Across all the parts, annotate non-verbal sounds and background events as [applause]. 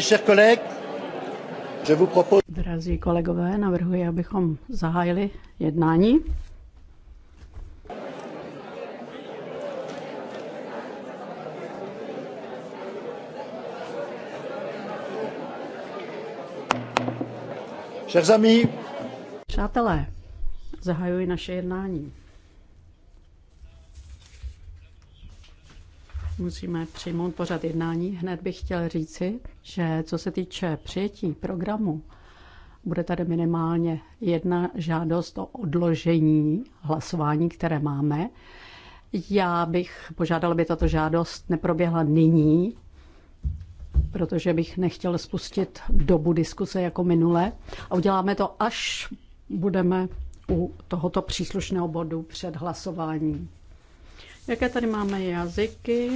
chers collègues, je vous propose... Drazí kolegové, navrhuji, abychom zahájili jednání. Chers amis, Přátelé, zahajuji naše jednání. musíme přijmout pořad jednání. Hned bych chtěl říci, že co se týče přijetí programu, bude tady minimálně jedna žádost o odložení hlasování, které máme. Já bych požádala, aby tato žádost neproběhla nyní, protože bych nechtěl spustit dobu diskuse jako minule. A uděláme to, až budeme u tohoto příslušného bodu před hlasováním. Jaké tady máme jazyky?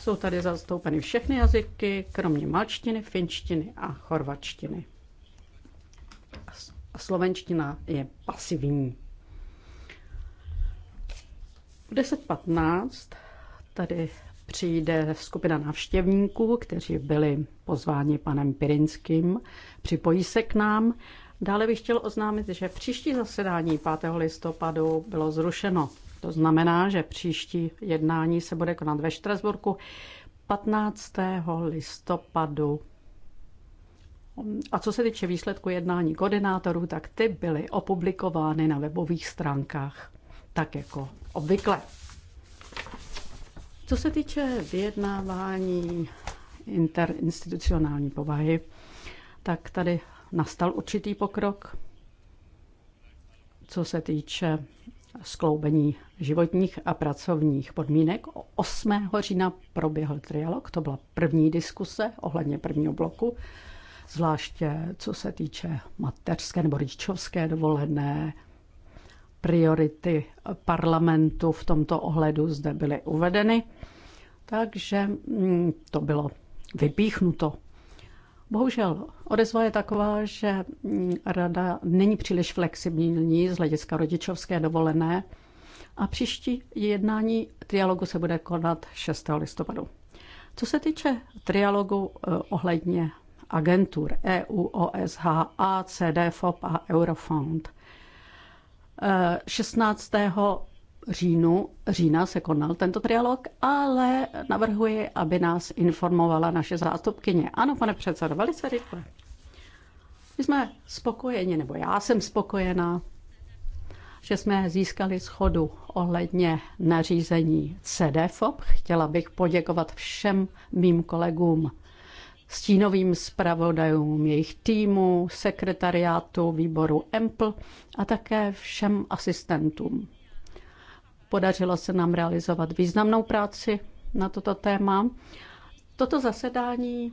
Jsou tady zastoupeny všechny jazyky, kromě malčtiny, finštiny a chorvačtiny. A slovenština je pasivní. V 10.15 tady přijde skupina návštěvníků, kteří byli pozváni panem Pirinským, připojí se k nám. Dále bych chtěl oznámit, že příští zasedání 5. listopadu bylo zrušeno to znamená, že příští jednání se bude konat ve Štrasburku 15. listopadu. A co se týče výsledku jednání koordinátorů, tak ty byly opublikovány na webových stránkách, tak jako obvykle. Co se týče vyjednávání interinstitucionální povahy, tak tady nastal určitý pokrok, co se týče skloubení životních a pracovních podmínek. 8. října proběhl trialog, to byla první diskuse ohledně prvního bloku, zvláště co se týče mateřské nebo rodičovské dovolené, priority parlamentu v tomto ohledu zde byly uvedeny. Takže mm, to bylo vypíchnuto Bohužel odezva je taková, že mm, rada není příliš flexibilní z hlediska rodičovské dovolené a příští jednání trialogu se bude konat 6. listopadu. Co se týče trialogu e, ohledně agentur EU, OSH, ACD, FOP a Eurofond, 16. E, říjnu, října se konal tento trialog, ale navrhuji, aby nás informovala naše zástupkyně. Ano, pane předsedo, velice rychle. My jsme spokojeni, nebo já jsem spokojená, že jsme získali schodu ohledně nařízení CDFOP. Chtěla bych poděkovat všem mým kolegům, stínovým zpravodajům, jejich týmu, sekretariátu výboru EMPL a také všem asistentům. Podařilo se nám realizovat významnou práci na toto téma. Toto zasedání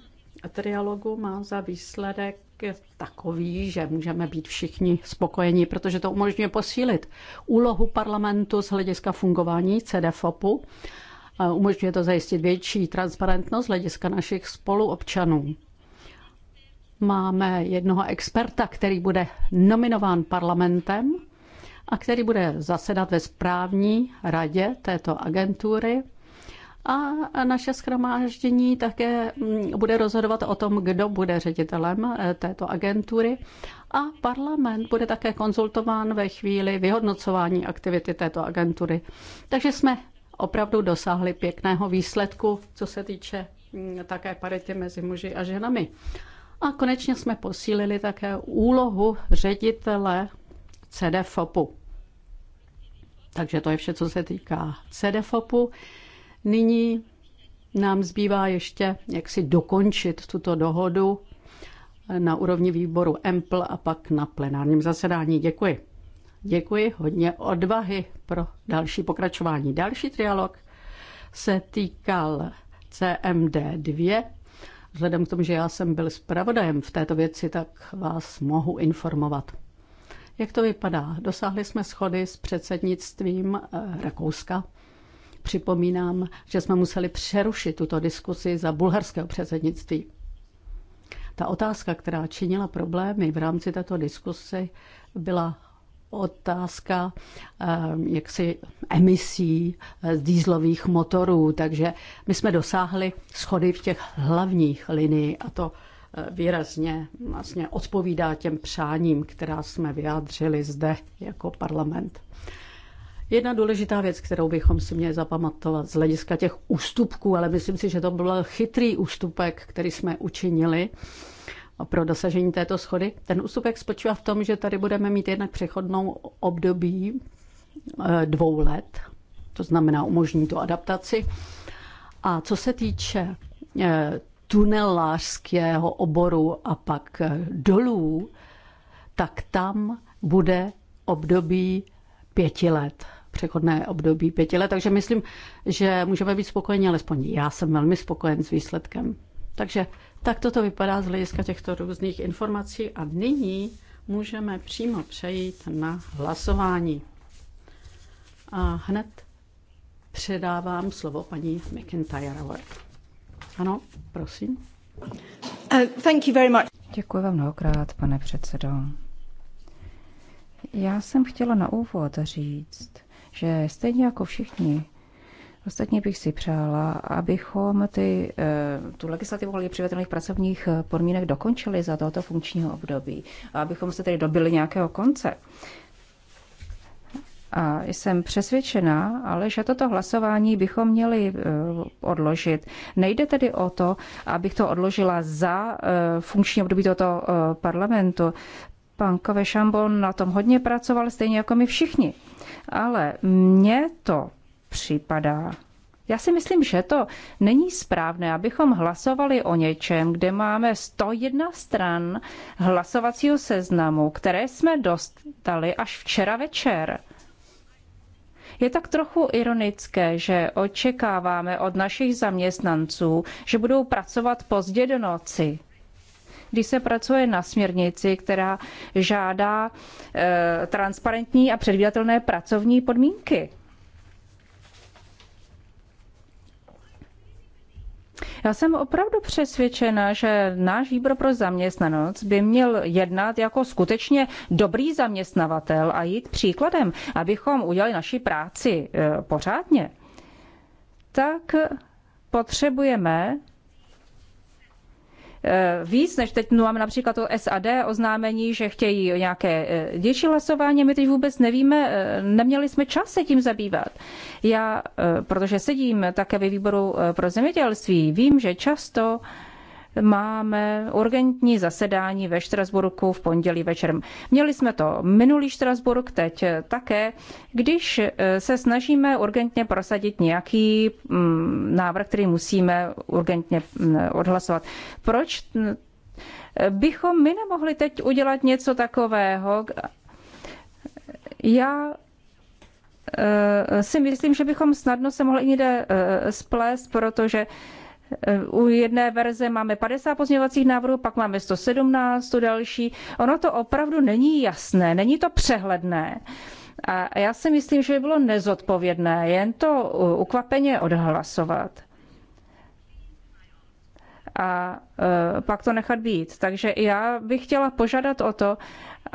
trialogu má za výsledek takový, že můžeme být všichni spokojeni, protože to umožňuje posílit úlohu parlamentu z hlediska fungování CDFOPu. Umožňuje to zajistit větší transparentnost z hlediska našich spoluobčanů. Máme jednoho experta, který bude nominován parlamentem a který bude zasedat ve správní radě této agentury. A naše schromáždění také mm, bude rozhodovat o tom, kdo bude ředitelem eh, této agentury. A parlament bude také konzultován ve chvíli vyhodnocování aktivity této agentury. Takže jsme opravdu dosáhli pěkného výsledku, co se týče mm, také parity mezi muži a ženami. A konečně jsme posílili také úlohu ředitele CDFOPu. Takže to je vše, co se týká CDFOPu. Nyní nám zbývá ještě, jak si dokončit tuto dohodu na úrovni výboru EMPL a pak na plenárním zasedání. Děkuji. Děkuji, hodně odvahy pro další pokračování. Další trialog se týkal CMD2. Vzhledem k tomu, že já jsem byl zpravodajem v této věci, tak vás mohu informovat. Jak to vypadá? Dosáhli jsme schody s předsednictvím eh, Rakouska. Připomínám, že jsme museli přerušit tuto diskusi za bulharského předsednictví. Ta otázka, která činila problémy v rámci této diskusy, byla otázka eh, jaksi emisí eh, z dýzlových motorů, takže my jsme dosáhli schody v těch hlavních linií a to výrazně vlastně odpovídá těm přáním, která jsme vyjádřili zde jako parlament. Jedna důležitá věc, kterou bychom si měli zapamatovat z hlediska těch ústupků, ale myslím si, že to byl chytrý ústupek, který jsme učinili pro dosažení této schody. Ten ústupek spočívá v tom, že tady budeme mít jednak přechodnou období eh, dvou let, to znamená umožní tu adaptaci. A co se týče eh, tunelářského oboru a pak eh, dolů, tak tam bude období pěti let. Přechodné období pěti let. Takže myslím, že můžeme být spokojeni, alespoň já jsem velmi spokojen s výsledkem. Takže tak toto vypadá z hlediska těchto různých informací a nyní můžeme přímo přejít na hlasování. A hned předávám slovo paní McIntyreové. Ano, prosím. Uh, thank you very much. Děkuji vám mnohokrát, pane předsedo. Já jsem chtěla na úvod říct, že stejně jako všichni Ostatně bych si přála, abychom ty, eh, tu legislativu o přivedených pracovních eh, podmínek dokončili za tohoto funkčního období a abychom se tedy dobili nějakého konce. A jsem přesvědčena, ale že toto hlasování bychom měli eh, odložit. Nejde tedy o to, abych to odložila za eh, funkční období tohoto eh, parlamentu. Pan Šambon na tom hodně pracoval, stejně jako my všichni. Ale mně to připadá já si myslím, že to není správné, abychom hlasovali o něčem, kde máme 101 stran hlasovacího seznamu, které jsme dostali až včera večer. Je tak trochu ironické, že očekáváme od našich zaměstnanců, že budou pracovat pozdě do noci, když se pracuje na směrnici, která žádá e, transparentní a předvídatelné pracovní podmínky. Já jsem opravdu přesvědčena, že náš výbor pro zaměstnanost by měl jednat jako skutečně dobrý zaměstnavatel a jít příkladem, abychom udělali naši práci eh, pořádně. Tak potřebujeme Eh, víc, než teď no, máme například to SAD oznámení, že chtějí nějaké eh, dější hlasování. My teď vůbec nevíme, eh, neměli jsme čas se tím zabývat. Já, protože sedím také ve výboru pro zemědělství, vím, že často máme urgentní zasedání ve Štrasburku v pondělí večer. Měli jsme to minulý Štrasburk, teď také. Když eh, se snažíme urgentně prosadit nějaký mm, návrh, který musíme urgentně mm, odhlasovat, proč mm, bychom my nemohli teď udělat něco takového? Já eh, si myslím, že bychom snadno se mohli někde eh, splést, protože u jedné verze máme 50 pozměňovacích návrhů, pak máme 117, tu další. Ono to opravdu není jasné, není to přehledné. A já si myslím, že by bylo nezodpovědné jen to ukvapeně odhlasovat. A e, pak to nechat být. Takže já bych chtěla požádat o to,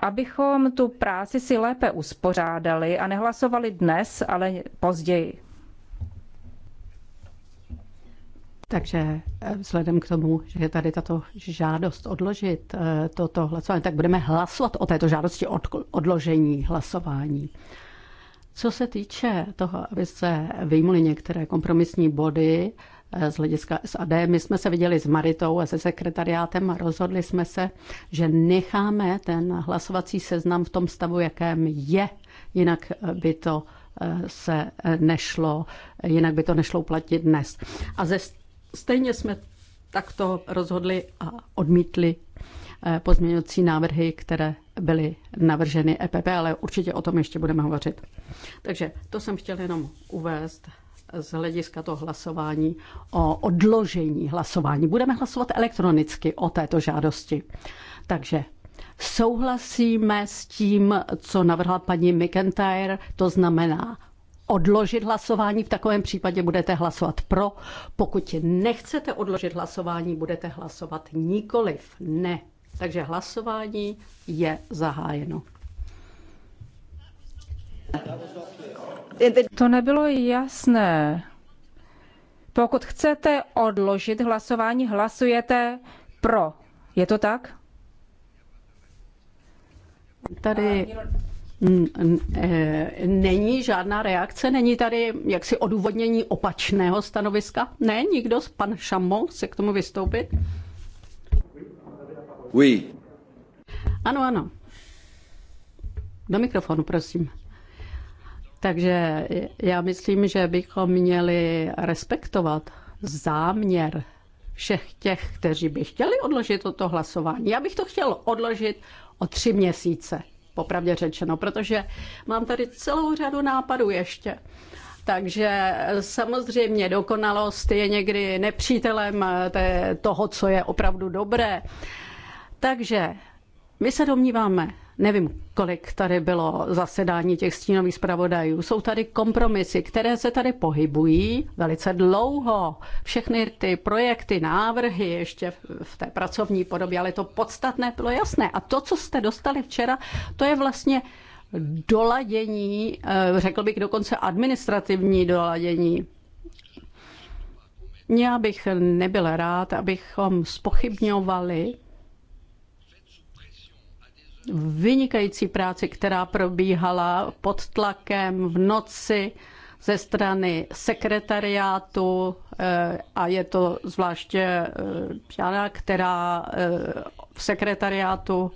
abychom tu práci si lépe uspořádali a nehlasovali dnes, ale později. Takže eh, vzhledem k tomu, že je tady tato žádost odložit eh, toto hlasování, tak budeme hlasovat o této žádosti odložení hlasování. Co se týče toho, aby se vyjmuli některé kompromisní body eh, z hlediska SAD, my jsme se viděli s Maritou a se sekretariátem a rozhodli jsme se, že necháme ten hlasovací seznam v tom stavu, jakém je, jinak by to se nešlo, jinak by to nešlo platit dnes. A ze Stejně jsme takto rozhodli a odmítli eh, pozměňovací návrhy, které byly navrženy EPP, ale určitě o tom ještě budeme hovořit. Takže to jsem chtěl jenom uvést z hlediska toho hlasování o odložení hlasování. Budeme hlasovat elektronicky o této žádosti. Takže souhlasíme s tím, co navrhla paní McIntyre, to znamená odložit hlasování, v takovém případě budete hlasovat pro. Pokud nechcete odložit hlasování, budete hlasovat nikoliv ne. Takže hlasování je zahájeno. To nebylo jasné. Pokud chcete odložit hlasování, hlasujete pro. Je to tak? Tady E, není žádná reakce, není tady jaksi odůvodnění opačného stanoviska? Ne, nikdo, pan Šamo se k tomu vystoupit? Oui. Ano, ano. Do mikrofonu, prosím. Takže já myslím, že bychom měli respektovat záměr všech těch, kteří by chtěli odložit toto hlasování. Já bych to chtěl odložit o tři měsíce popravdě řečeno, protože mám tady celou řadu nápadů ještě. Takže samozřejmě dokonalost je někdy nepřítelem toho, co je opravdu dobré. Takže my se domníváme, Nevím, kolik tady bylo zasedání těch stínových zpravodajů. Jsou tady kompromisy, které se tady pohybují velice dlouho. Všechny ty projekty, návrhy ještě v té pracovní podobě, ale to podstatné bylo jasné. A to, co jste dostali včera, to je vlastně doladění, eh, řekl bych dokonce administrativní doladění. Já bych nebyl rád, abychom spochybňovali vynikající práci, která probíhala pod tlakem v noci ze strany sekretariátu eh, a je to zvláště eh, žena, která eh, v sekretariátu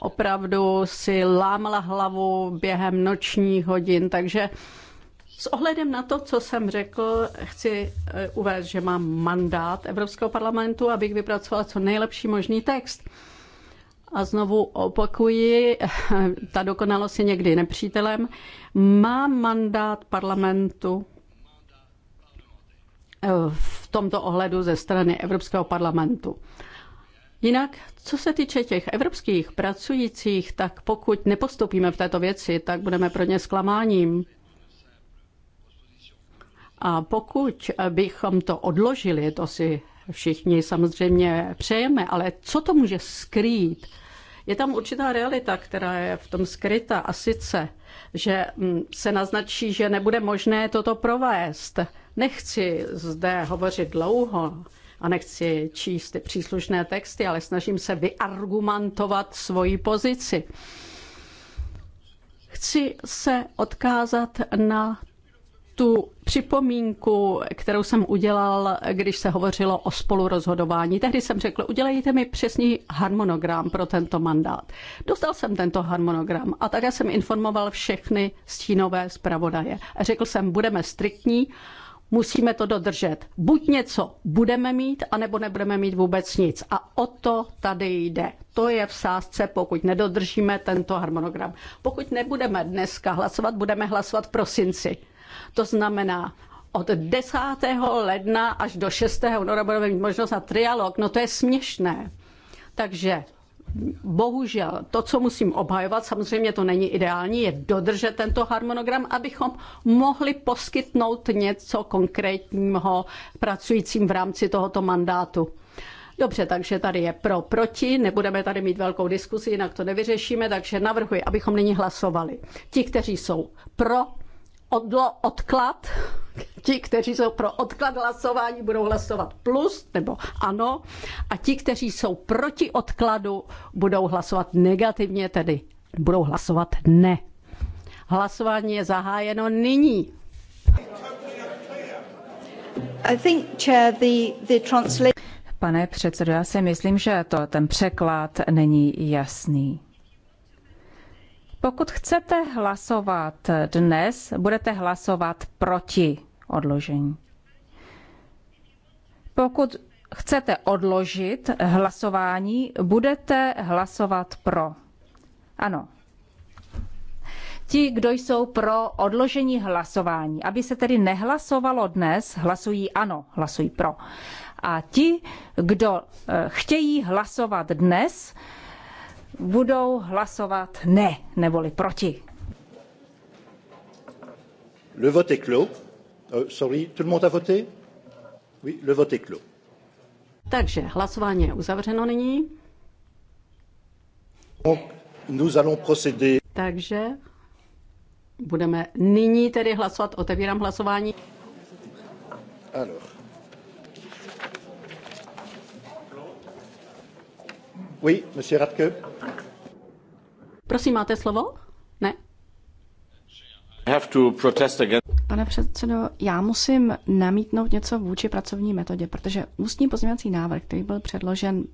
opravdu si lámala hlavu během nočních hodin, takže s ohledem na to, co jsem řekl, chci uvést, že mám mandát Evropského parlamentu, abych vypracoval co nejlepší možný text a znovu opakuji, [laughs] ta dokonalost je někdy nepřítelem, má mandát parlamentu eh, v tomto ohledu ze strany Evropského parlamentu. Jinak, co se týče těch evropských pracujících, tak pokud nepostupíme v této věci, tak budeme pro ně zklamáním. A pokud bychom to odložili, to si všichni samozřejmě přejeme, ale co to může skrýt? Je tam určitá realita, která je v tom skryta a sice, že mm, se naznačí, že nebude možné toto provést. Nechci zde hovořit dlouho a nechci číst ty příslušné texty, ale snažím se vyargumentovat svoji pozici. Chci se odkázat na tu připomínku, kterou jsem udělal, když se hovořilo o spolurozhodování. Tehdy jsem řekl, udělejte mi přesný harmonogram pro tento mandát. Dostal jsem tento harmonogram a také jsem informoval všechny stínové zpravodaje. A řekl jsem, budeme striktní, musíme to dodržet. Buď něco budeme mít, anebo nebudeme mít vůbec nic. A o to tady jde. To je v sázce, pokud nedodržíme tento harmonogram. Pokud nebudeme dneska hlasovat, budeme hlasovat v prosinci. To znamená, od 10. ledna až do 6. února budeme mít možnost na trialog. No to je směšné. Takže bohužel to, co musím obhajovat, samozřejmě to není ideální, je dodržet tento harmonogram, abychom mohli poskytnout něco konkrétního pracujícím v rámci tohoto mandátu. Dobře, takže tady je pro, proti, nebudeme tady mít velkou diskusi, jinak to nevyřešíme, takže navrhuji, abychom nyní hlasovali. Ti, kteří jsou pro, odlo, odklad. Ti, kteří jsou pro odklad hlasování, budou hlasovat plus nebo ano. A ti, kteří jsou proti odkladu, budou hlasovat negativně, tedy budou hlasovat ne. Hlasování je zahájeno nyní. I think, chair, the, the Pane předsedo, já si myslím, že to ten překlad není jasný. Pokud chcete hlasovat dnes, budete hlasovat proti odložení. Pokud chcete odložit hlasování, budete hlasovat pro. Ano. Ti, kdo jsou pro odložení hlasování, aby se tedy nehlasovalo dnes, hlasují ano, hlasují pro. A ti, kdo eh, chtějí hlasovat dnes, budou hlasovat ne, neboli proti. Le vote est clos. Uh, sorry, tout le monde a voté? Oui, le vote est clos. Takže hlasování je uzavřeno nyní. Donc, nous allons procéder. Takže budeme nyní tedy hlasovat. Otevírám hlasování. Alors. Oui, monsieur Radke. Prosím, máte slovo? Ne? Have to protest again. Pane předsedo, já musím namítnout něco vůči pracovní metodě, protože ústní pozměňovací návrh, který byl předložen,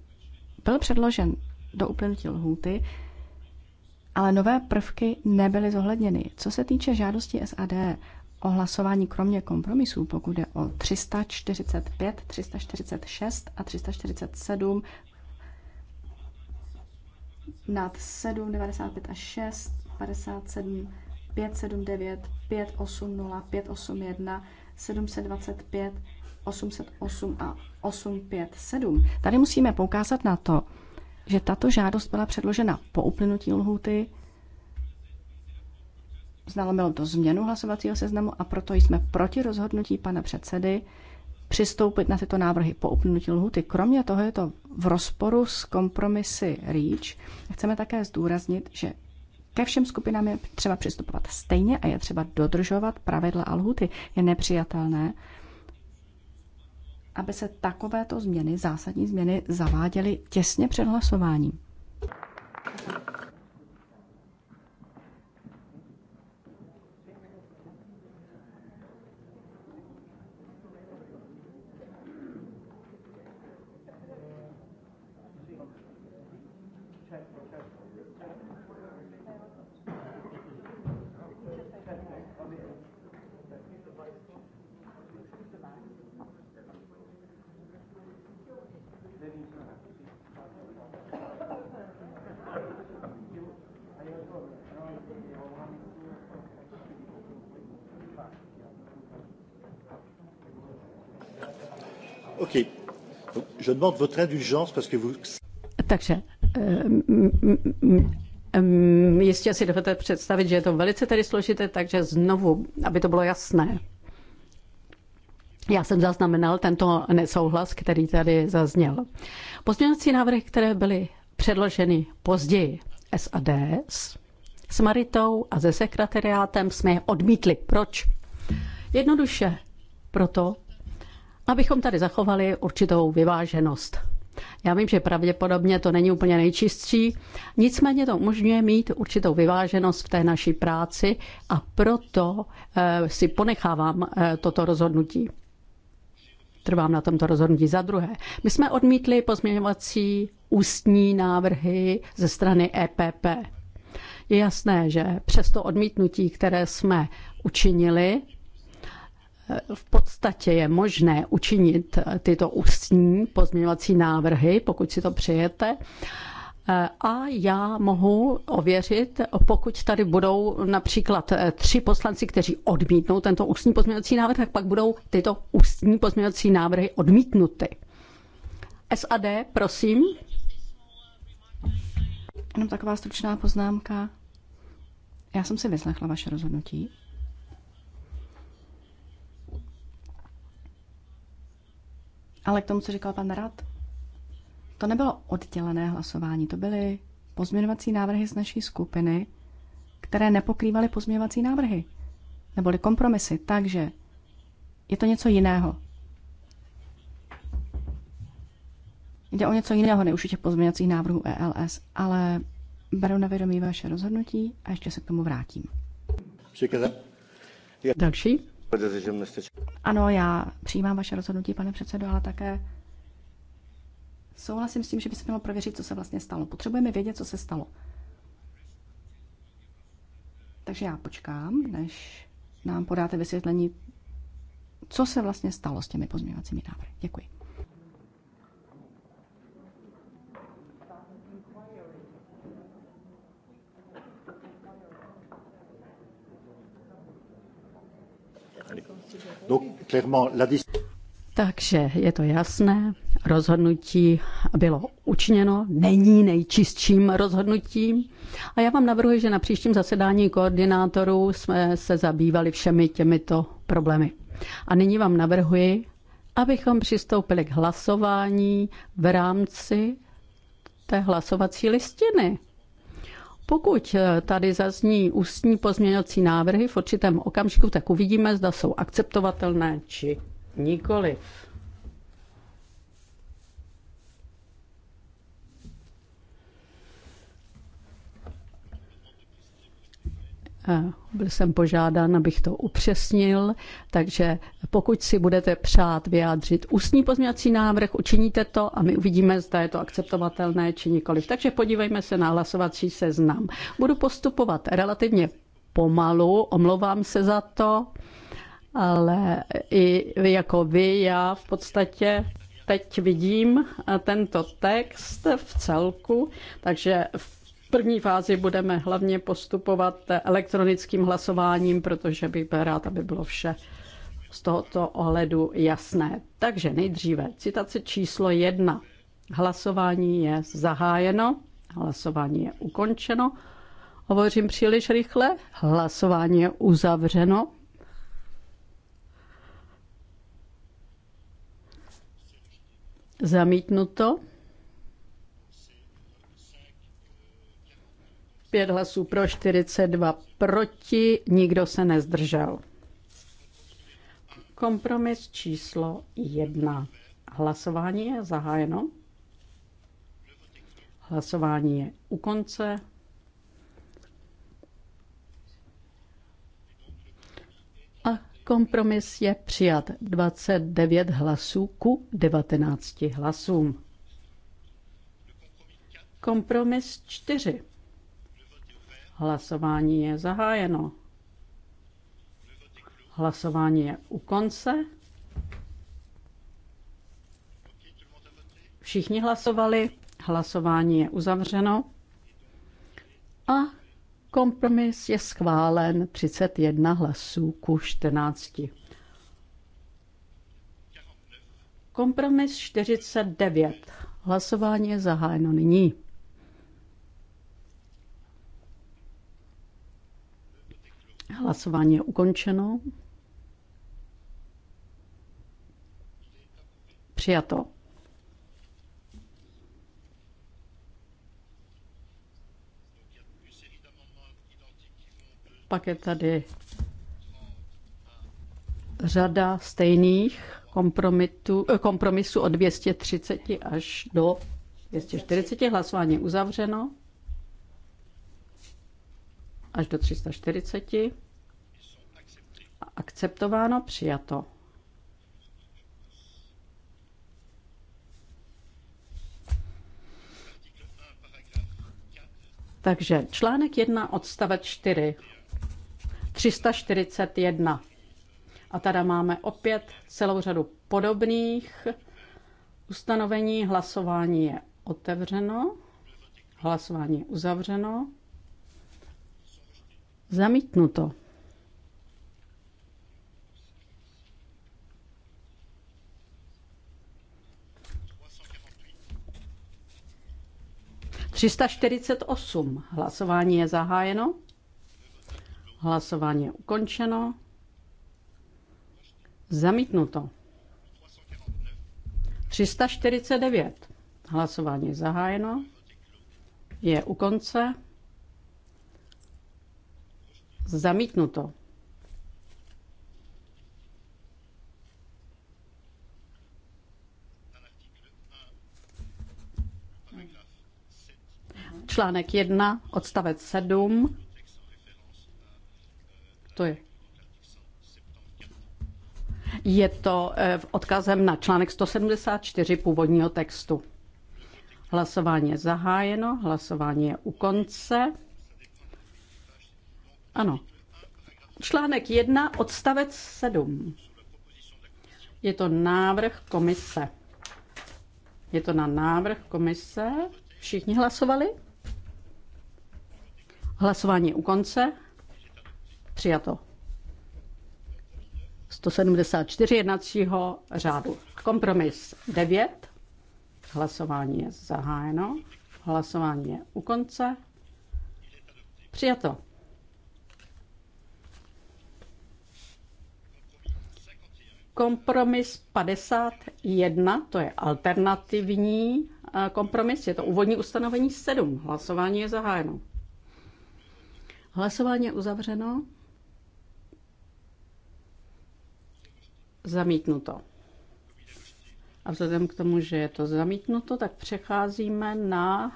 byl předložen do uplynutí lhůty, ale nové prvky nebyly zohledněny. Co se týče žádosti SAD o hlasování kromě kompromisů, pokud je o 345, 346 a 347 nad 7, 95 až 6, 57, 579, 580, 581, 725, 808 a 857. Tady musíme poukázat na to, že tato žádost byla předložena po uplynutí lhuty. Znalo bylo to změnu hlasovacího seznamu a proto jsme proti rozhodnutí pana předsedy, přistoupit na tyto návrhy po uplynutí lhuty. Kromě toho je to v rozporu s kompromisy REACH. Chceme také zdůraznit, že ke všem skupinám je třeba přistupovat stejně a je třeba dodržovat pravidla a lhuty. Je nepřijatelné, aby se takovéto změny, zásadní změny, zaváděly těsně před hlasováním. Je demande votre indulgence parce que vous... Takže eh, mm, mm, mm, jistě si dovedete představit, že je to velice tedy složité, takže znovu, aby to bylo jasné. Já jsem zaznamenal tento nesouhlas, který tady zazněl. Pozměňovací návrhy, které byly předloženy později SADS, s Maritou a se sekretariátem jsme je odmítli. Proč? Jednoduše proto, abychom tady zachovali určitou vyváženost. Já vím, že pravděpodobně to není úplně nejčistší, nicméně to umožňuje mít určitou vyváženost v té naší práci a proto eh, si ponechávám eh, toto rozhodnutí. Trvám na tomto rozhodnutí za druhé. My jsme odmítli pozměňovací ústní návrhy ze strany EPP. Je jasné, že přes to odmítnutí, které jsme učinili, v podstatě je možné učinit eh, tyto ústní pozměňovací návrhy, pokud si to přejete. Eh, a já mohu ověřit, pokud tady budou například eh, tři poslanci, kteří odmítnou tento ústní pozměňovací návrh, tak pak budou tyto ústní pozměňovací návrhy odmítnuty. SAD, prosím. Jenom taková stručná poznámka. Já jsem si vyslechla vaše rozhodnutí. Ale k tomu, co říkal pan Rad, to nebylo oddělené hlasování, to byly pozměňovací návrhy z naší skupiny, které nepokrývaly pozměňovací návrhy, neboli kompromisy, takže je to něco jiného. Jde o něco jiného, než u těch pozměňovacích návrhů ELS, ale beru na vědomí vaše rozhodnutí a ještě se k tomu vrátím. Další. Ano, já přijímám vaše rozhodnutí, pane předsedo, ale také souhlasím s tím, že by se mělo prověřit, co se vlastně stalo. Potřebujeme vědět, co se stalo. Takže já počkám, než nám podáte vysvětlení, co se vlastně stalo s těmi pozměňovacími návrhy. Děkuji. No, Takže je to jasné, rozhodnutí bylo učiněno, není nejčistším rozhodnutím. A já vám navrhuji, že na příštím zasedání koordinátorů jsme se zabývali všemi těmito problémy. A nyní vám navrhuji, abychom přistoupili k hlasování v rámci té hlasovací listiny. Pokud eh, tady zazní ústní pozměňovací návrhy v určitém okamžiku, tak uvidíme, zda jsou akceptovatelné či nikoliv. Eh, byl jsem požádán, abych to upřesnil, takže pokud si budete přát vyjádřit ústní pozměňovací návrh, učiníte to a my uvidíme, zda je to akceptovatelné či nikoliv. Takže podívejme se na hlasovací seznam. Budu postupovat relativně pomalu, omlouvám se za to, ale i vy jako vy, já v podstatě teď vidím eh, tento text v celku, takže v první fázi budeme hlavně postupovat elektronickým hlasováním, protože bych byl rád, aby bylo vše z tohoto ohledu jasné. Takže nejdříve citace číslo jedna. Hlasování je zahájeno, hlasování je ukončeno. Hovořím příliš rychle, hlasování je uzavřeno. Zamítnuto. 5 hlasů pro, 42 proti, nikdo se nezdržel. Kompromis číslo 1. Hlasování je zahájeno. Hlasování je u konce. A kompromis je přijat 29 hlasů ku 19 hlasům. Kompromis 4. Hlasování je zahájeno. Hlasování je u konce. Všichni hlasovali, hlasování je uzavřeno a kompromis je schválen 31 hlasů ku 14. Kompromis 49. Hlasování je zahájeno nyní. Hlasování je ukončeno. Přijato. Pak je tady řada stejných eh, kompromisů od 230 až do 240. Hlasování uzavřeno až do 340. Akceptováno, přijato. Takže článek 1 odstavec 4. 341. A tady máme opět celou řadu podobných ustanovení. Hlasování je otevřeno. Hlasování je uzavřeno. Zamítnuto. 348. Hlasování je zahájeno. Hlasování je ukončeno. Zamítnuto. 349. Hlasování je zahájeno. Je u konce. Zamítnuto. Článek 1, odstavec 7, to je je to e, v odkazem na článek 174 původního textu. Hlasování je zahájeno, hlasování je u konce. Ano. Článek 1, odstavec 7. Je to návrh komise. Je to na návrh komise. Všichni hlasovali? Hlasování u konce. Přijato. 174 jednacího řádu. Kompromis 9. Hlasování je zahájeno. Hlasování je u konce. Přijato. Kompromis 51, to je alternativní eh, kompromis, je to úvodní ustanovení 7. Hlasování je zahájeno. Hlasování je uzavřeno. Zamítnuto. A vzhledem k tomu, že je to zamítnuto, tak přecházíme na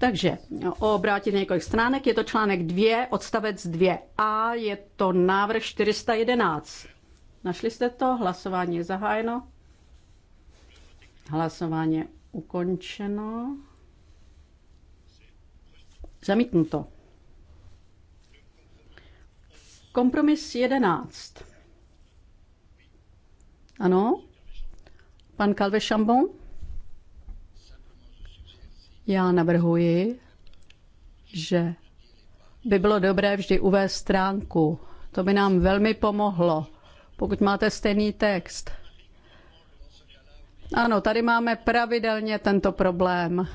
Takže obrátit několik stránek, je to článek 2, odstavec 2a, je to návrh 411. Našli jste to? Hlasování je zahájeno. Hlasování je ukončeno. Zamítnuto. Kompromis 11. Ano? Pan Calvé Chambon? Já navrhuji, že by bylo dobré vždy uvést stránku. To by nám velmi pomohlo, pokud máte stejný text. Ano, tady máme pravidelně tento problém.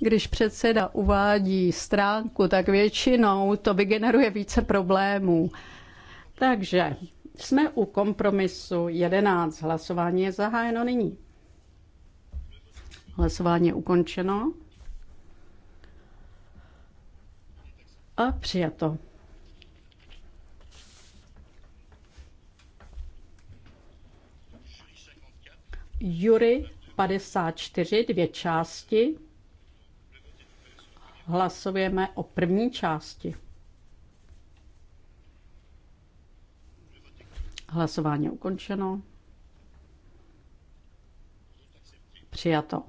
Když předseda uvádí stránku, tak většinou to vygeneruje více problémů. Takže jsme u kompromisu 11. Hlasování je zahájeno nyní. Hlasování je ukončeno. A přijato. Jury 54, dvě části. Hlasujeme o první části. Hlasování ukončeno. Přijato.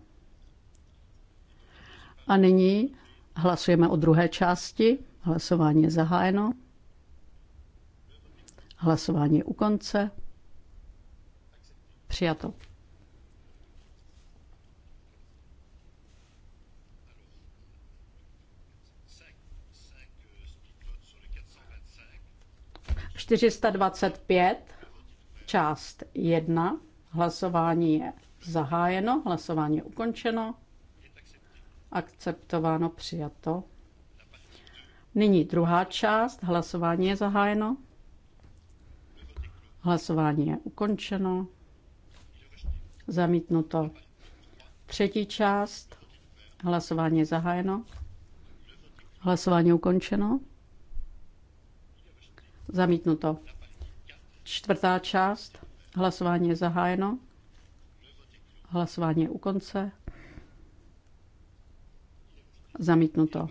A nyní hlasujeme o druhé části. Hlasování je zahájeno. Hlasování je u konce. Přijato. Čtyřista dvacet pět, část jedna. Hlasování je zahájeno, hlasování je ukončeno. Akceptováno, přijato. Nyní druhá část. Hlasování je zahájeno. Hlasování je ukončeno. Zamítnuto. Třetí část. Hlasování je zahájeno. Hlasování je ukončeno. Zamítnuto. Čtvrtá část. Hlasování je zahájeno. Hlasování je u konce. Zamítnuto.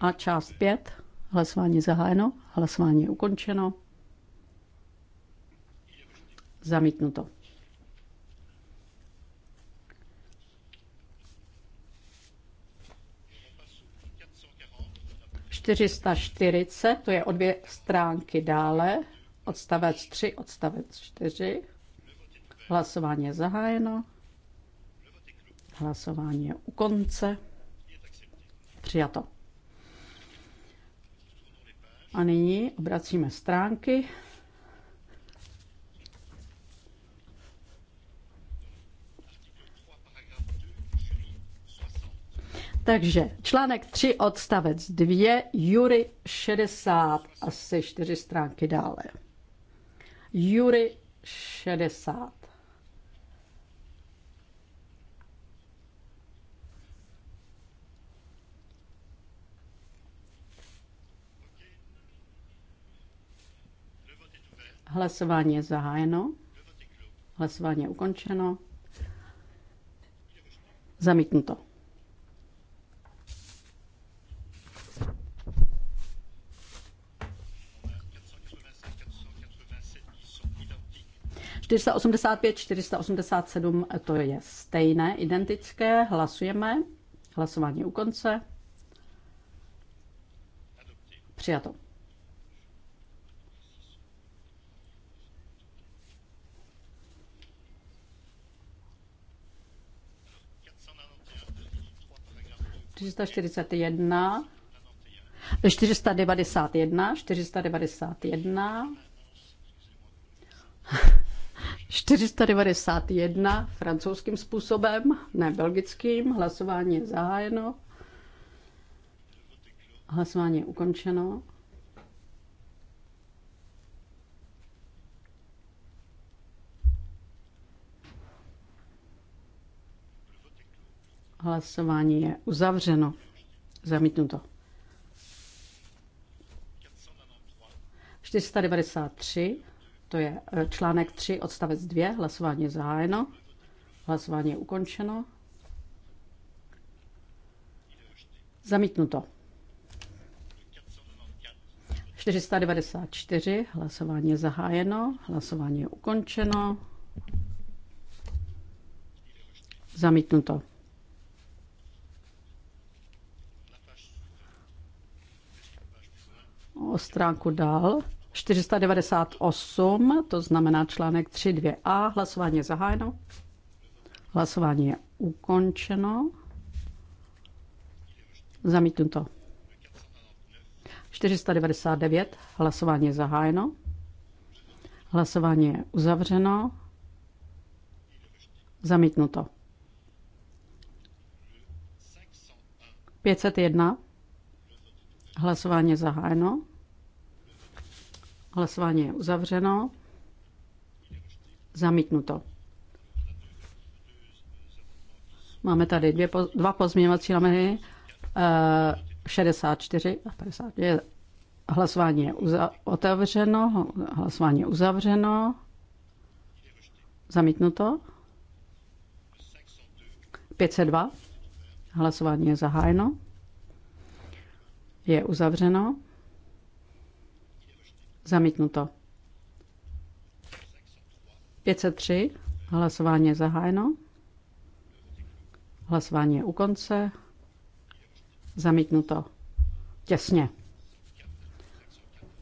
A část 5. Hlasování zahájeno. Hlasování ukončeno. Zamítnuto. ...440, to je o dvě stránky dále, odstavec 3, odstavec 4. Hlasování je zahájeno. Hlasování je u konce. Přijato. A nyní obracíme stránky. Takže článek 3 odstavec 2, Jury 60, asi 4 stránky dále. Jury 60. Hlasování je zahájeno. Hlasování je ukončeno. Zamítnuto. Čtyřista osmdesát pět, to je stejné, identické. Hlasujeme. Hlasování u konce. Přijato. 441, 491, 491, 491 francouzským způsobem, ne belgickým. Hlasování je zahájeno. Hlasování je ukončeno. Hlasování je uzavřeno. Zamítnuto. 493, to je e, článek 3, odstavec 2, hlasování je zahájeno, hlasování je ukončeno. Zamítnuto. 494, hlasování je zahájeno, hlasování je ukončeno. Zamítnuto. o stránku dál. 498, to znamená článek 3.2a, hlasování je zahájeno. Hlasování je ukončeno. to. 499, hlasování je zahájeno. Hlasování je uzavřeno. Zamítnuto. 501. Hlasování je zahájeno. Hlasování je uzavřeno. Zamítnuto. Máme tady dvě, dva pozměňovací návrhy. 64 eh, a 50. Je, hlasování je uza, otevřeno, hlasování je uzavřeno. Zamítnuto. 502. Hlasování je zahájeno je uzavřeno. Zamítnuto. 503. Hlasování je zahájeno. Hlasování je u konce. Zamítnuto. Těsně.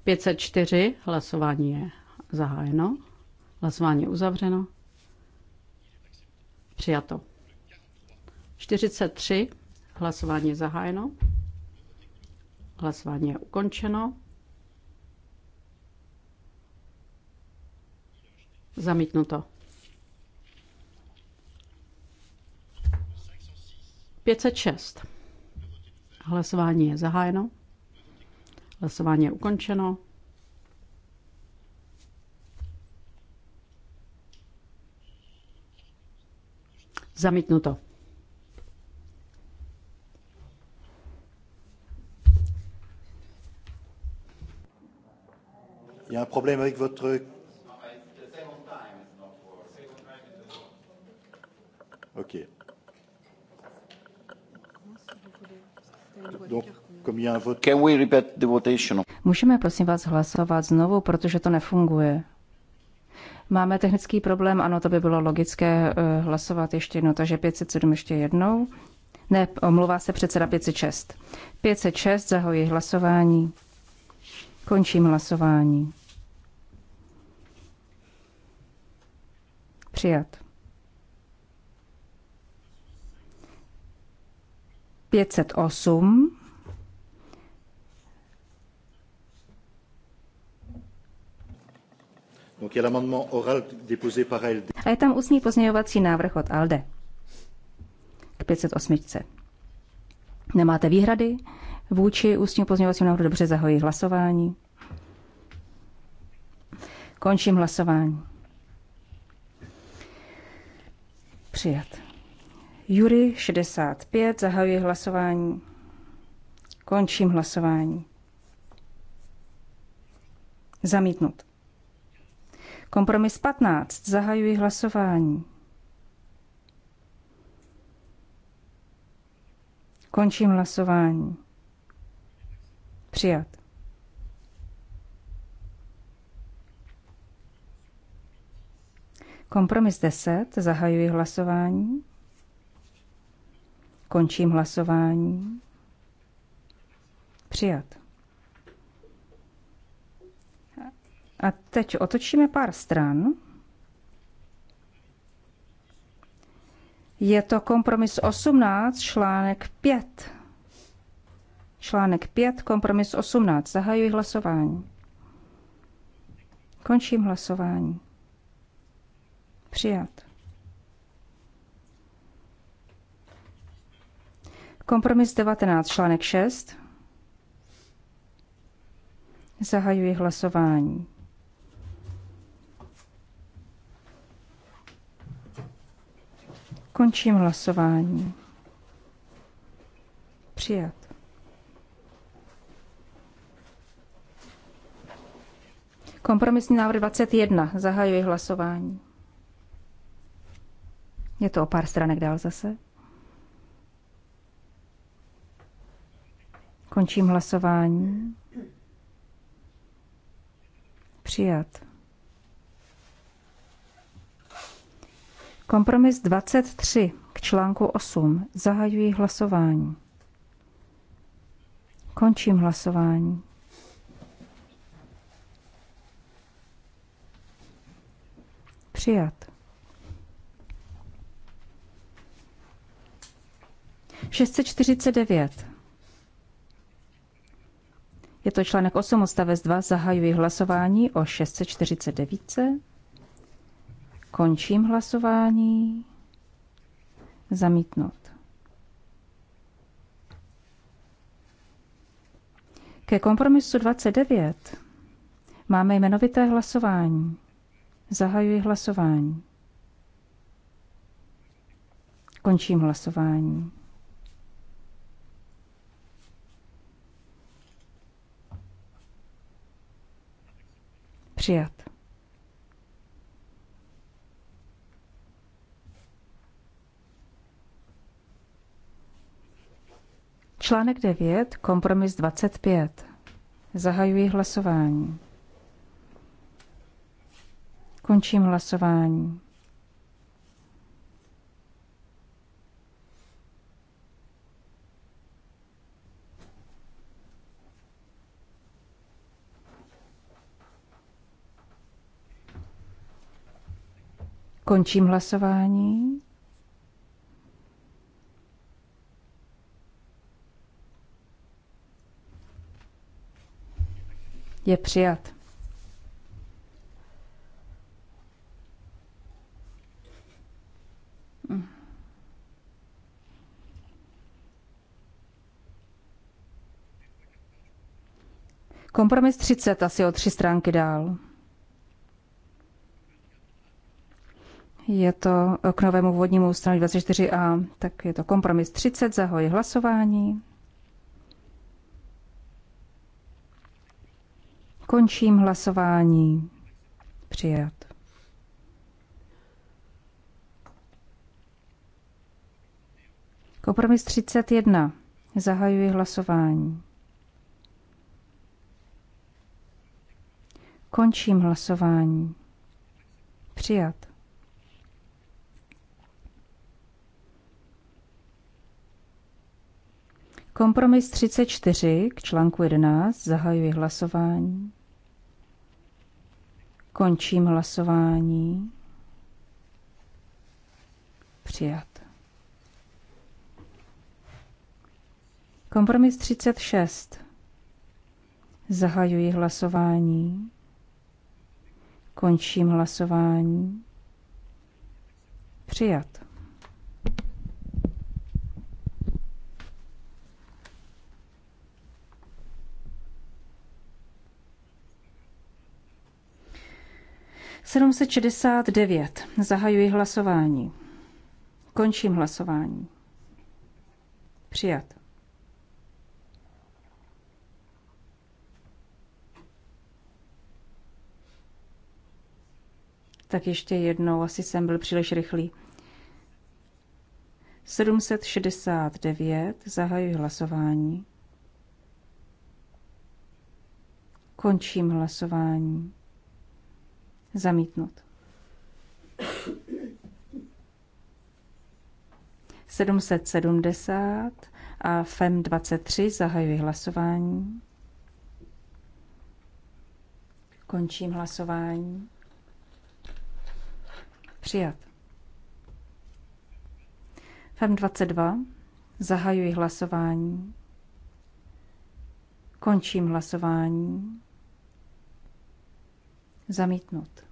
504. Hlasování je zahájeno. Hlasování je uzavřeno. Přijato. 43. Hlasování je zahájeno. Hlasování je ukončeno. Zamítnuto. 506. Hlasování je zahájeno. Hlasování je ukončeno. Zamítnuto. Il y a un problème avec votre... Ok. Donc, comme il y a un vote... Can we repeat the votation? Můžeme prosím vás hlasovat znovu, protože to nefunguje. Máme technický problém, ano, to by bylo logické eh, hlasovat ještě jednou, takže 507 ještě jednou. Ne, omluvá se předseda 506. 506, zahojí hlasování. Končím hlasování. Přijat. 508. A je tam ústní pozměňovací návrh od ALDE k 508. Nemáte výhrady? vůči ústnímu pozměňovacímu návrhu. Dobře, zahoji hlasování. Končím hlasování. Přijat. Jury 65, zahajuji hlasování. Končím hlasování. Zamítnut. Kompromis 15, zahajuji hlasování. Končím hlasování. Přijat. Kompromis 10. Zahajuji hlasování. Končím hlasování. Přijat. A teď otočíme pár stran. Je to kompromis 18, článek 5. Článek 5, kompromis 18. Zahajuji hlasování. Končím hlasování. Přijat. Kompromis 19, článek 6. Zahajuji hlasování. Končím hlasování. Přijat. Kompromisní návrh 21. Zahajuji hlasování. Je to o pár stranek dál zase. Končím hlasování. Přijat. Kompromis 23 k článku 8. Zahajuji hlasování. Končím hlasování. Přijat. 649. Je to článek 8 odstavec 2. Zahajuji hlasování o 649. Končím hlasování. Zamítnout. Ke kompromisu 29 máme jmenovité hlasování. Zahajuji hlasování. Končím hlasování. Přijat. Článek 9, kompromis 25. Zahajuji hlasování. Končím hlasování. Končím hlasování. Je přijat. Kompromis 30, asi o tři stránky dál. Je to k novému vodnímu stranu 24a, tak je to kompromis 30, zahoj hlasování. Končím hlasování. Přijat. Kompromis 31. Zahajuji hlasování. Končím hlasování. Přijat. Kompromis 34 k článku 11 zahajuji hlasování. Končím hlasování. Přijat. Kompromis 36. Zahajuji hlasování. Končím hlasování. Přijat. Sedmset šedesát devět. Zahajuji hlasování. Končím hlasování. Přijat. tak ještě jednou, asi jsem byl příliš rychlý. 769, zahajuji hlasování. Končím hlasování. Zamítnut. 770 a FEM 23 zahajuji hlasování. Končím hlasování. Přijat. FEM 22. Zahajuji hlasování. Končím hlasování. Zamítnut.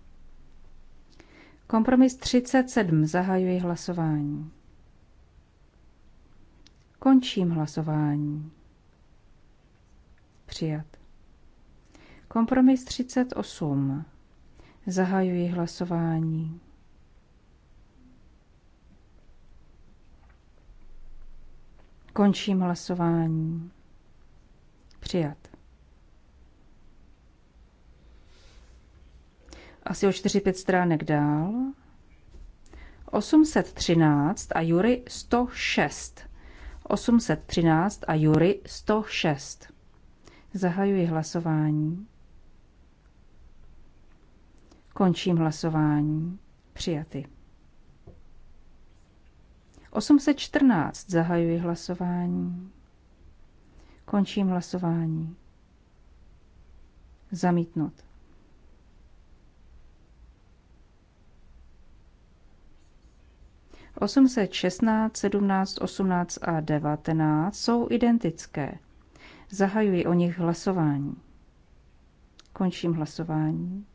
Kompromis 37. Zahajuji hlasování. Končím hlasování. Přijat. Kompromis 38. Zahajuji hlasování. Končím hlasování. Přijat. Asi o 4-5 stránek dál. 813 a Jury 106. 813 a Jury 106. Zahajuji hlasování. Končím hlasování. Přijaty. 814 zahajuji hlasování. Končím hlasování. Zamítnut. Osmset šestnáct sedmnáct osmnáct a devatenáct jsou identické. Zahajuji o nich hlasování. Končím hlasování.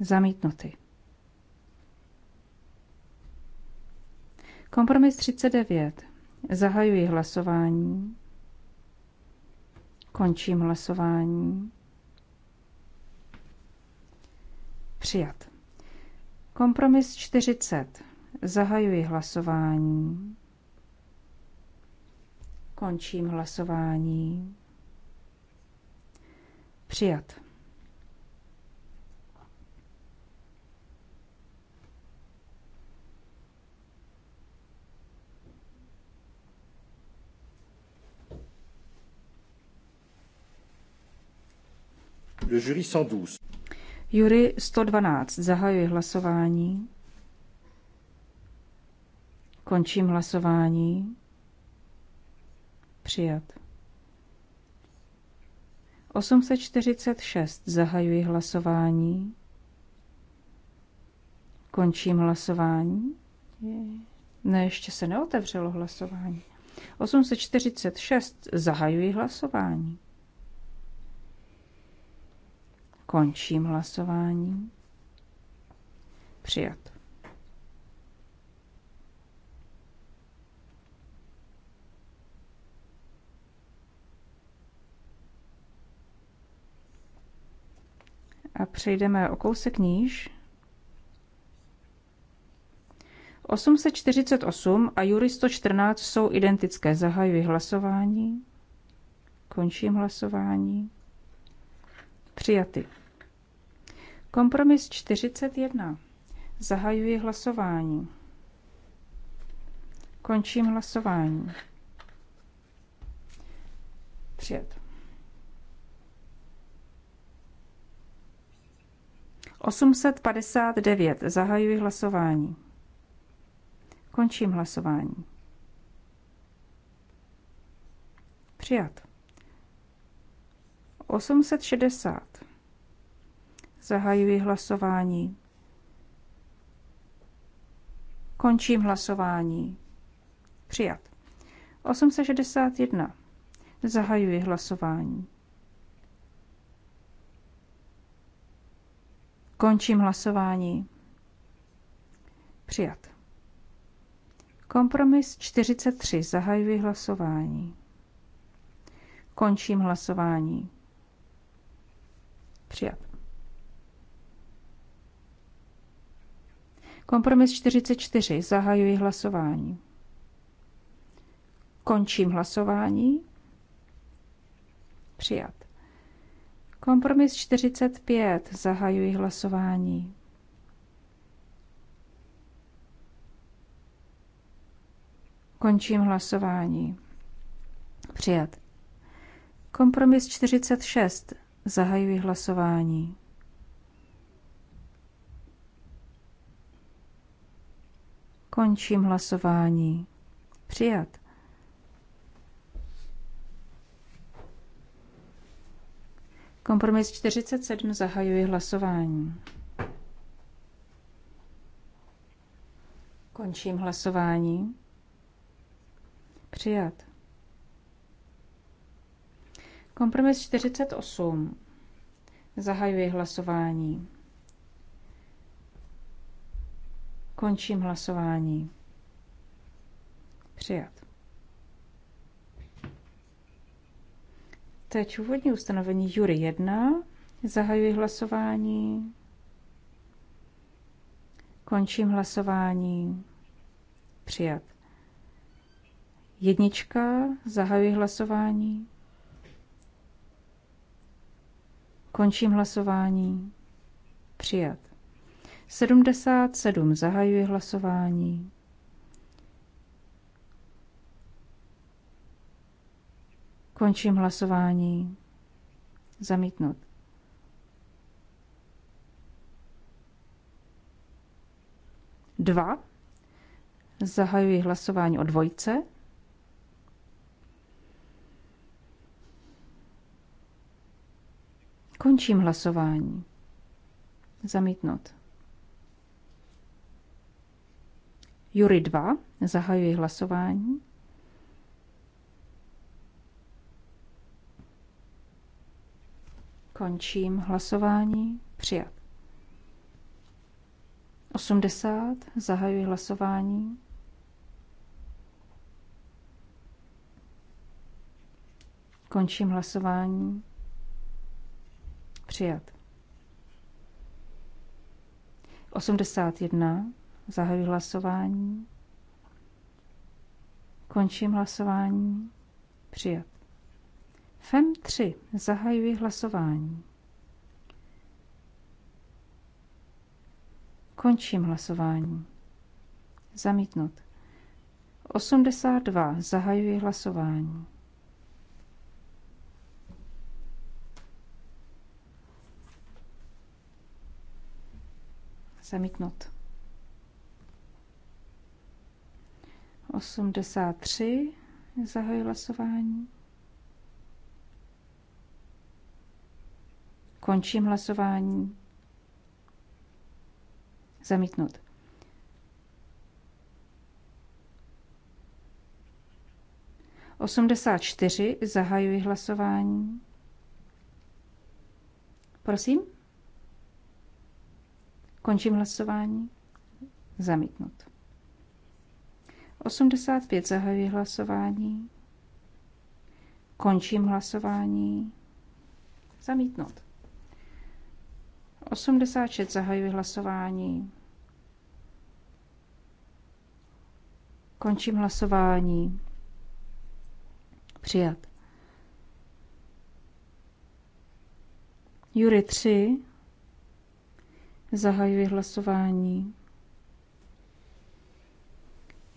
Zamítnuty. Kompromis 39. Zahajuji hlasování. Končím hlasování. Přijat. Kompromis 40. Zahajuji hlasování. Končím hlasování. Přijat. Le jury 112. Jury 112. Zahajuji hlasování. Končím hlasování. Přijat. 846. Zahajuji hlasování. Končím hlasování. Ne, ještě se neotevřelo hlasování. 846. Zahajuji hlasování. Končím hlasování. Přijat. A přejdeme o kousek níž. 848 a Jury 114 jsou identické. Zahajuji hlasování. Končím hlasování. Přijaty. Kompromis 41. Zahajuji hlasování. Končím hlasování. Přijat. 859. Zahajuji hlasování. Končím hlasování. Přijat. 860. Zahajuji hlasování. Končím hlasování. Přijat. 861. Zahajuji hlasování. Končím hlasování. Přijat. Kompromis 43. Zahajuji hlasování. Končím hlasování. Přijat. Kompromis 44. Zahajuji hlasování. Končím hlasování. Přijat. Kompromis 45. Zahajuji hlasování. Končím hlasování. Přijat. Kompromis 46. Zahajuji hlasování. Končím hlasování. Přijat. Kompromis 47 zahajuji hlasování. Končím hlasování. Přijat. Kompromis 48. Zahajuji hlasování. Končím hlasování. Přijat. Teď úvodní ustanovení Jury 1. Zahajuji hlasování. Končím hlasování. Přijat. Jednička. Zahajuji hlasování. Končím hlasování. Přijat. 77. Zahajuji hlasování. Končím hlasování. Zamítnut. Dva. Zahajuji hlasování o dvojce. Končím hlasování. Zamítnout. Jury 2. Zahajuji hlasování. Končím hlasování. Přijat. 80. Zahajuji hlasování. Končím hlasování. Přijat. 81. Zahajuji hlasování. Končím hlasování. Přijat. FEM 3. Zahajuji hlasování. Končím hlasování. Zamítnut. 82. Zahajuji hlasování. Zamítnut. 83. Zahajuji hlasování. Končím hlasování. Zamítnut. Osmdesát čtyři. Zahajuji hlasování. Prosím? Končím hlasování. Zamítnut. 85 zahajuji hlasování. Končím hlasování. Zamítnut. 86 zahajuji hlasování. Končím hlasování. Přijat. Jury 3 Zahajuji hlasování.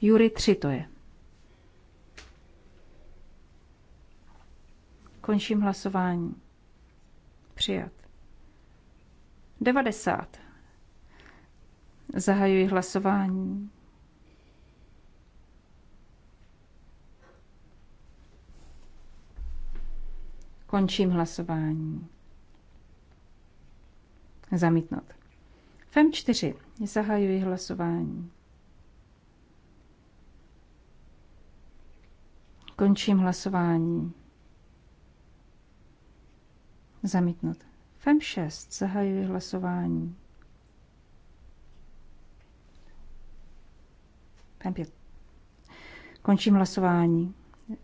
Jury 3 to je. Končím hlasování. Přijat. 90. Zahajuji hlasování. Končím hlasování. Zamítnout. FEM 4. Zahajuji hlasování. Končím hlasování. Zamítnut. FEM 6. Zahajuji hlasování. FEM 5. Končím hlasování.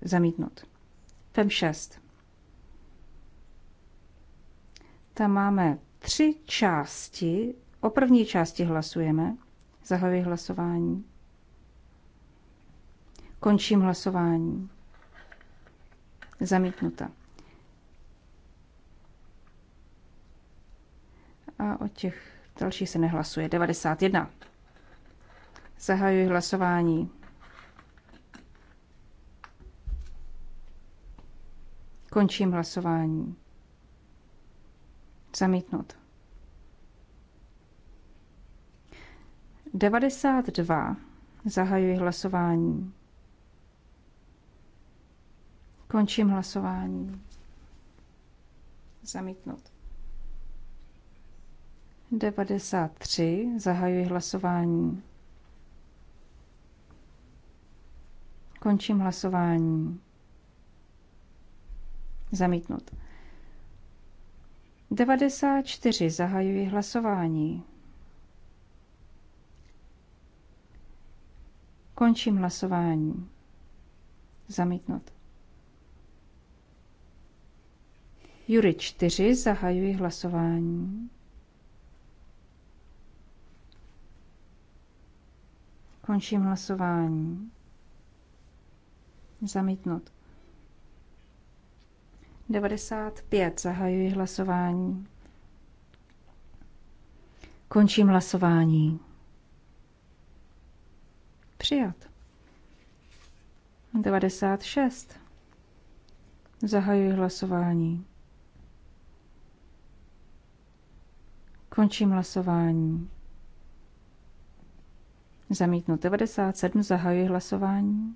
Zamítnut. FEM 6. Tam máme tři části O první části hlasujeme. Zahajuji hlasování. Končím hlasování. Zamítnuta. A o těch dalších se nehlasuje. 91. Zahajuji hlasování. Končím hlasování. Zamítnut. 92. Zahajuji hlasování. Končím hlasování. Zamítnout. 93. Zahajuji hlasování. Končím hlasování. Zamítnut. 94. Zahajuji hlasování. Končím hlasování. Zamítnout. Jury 4 zahajuji hlasování. Končím hlasování. Zamítnout. 95 zahajuji hlasování. Končím hlasování. Přijat. 96. Zahajuji hlasování. Končím hlasování. Zamítnu 97. Zahajuji hlasování.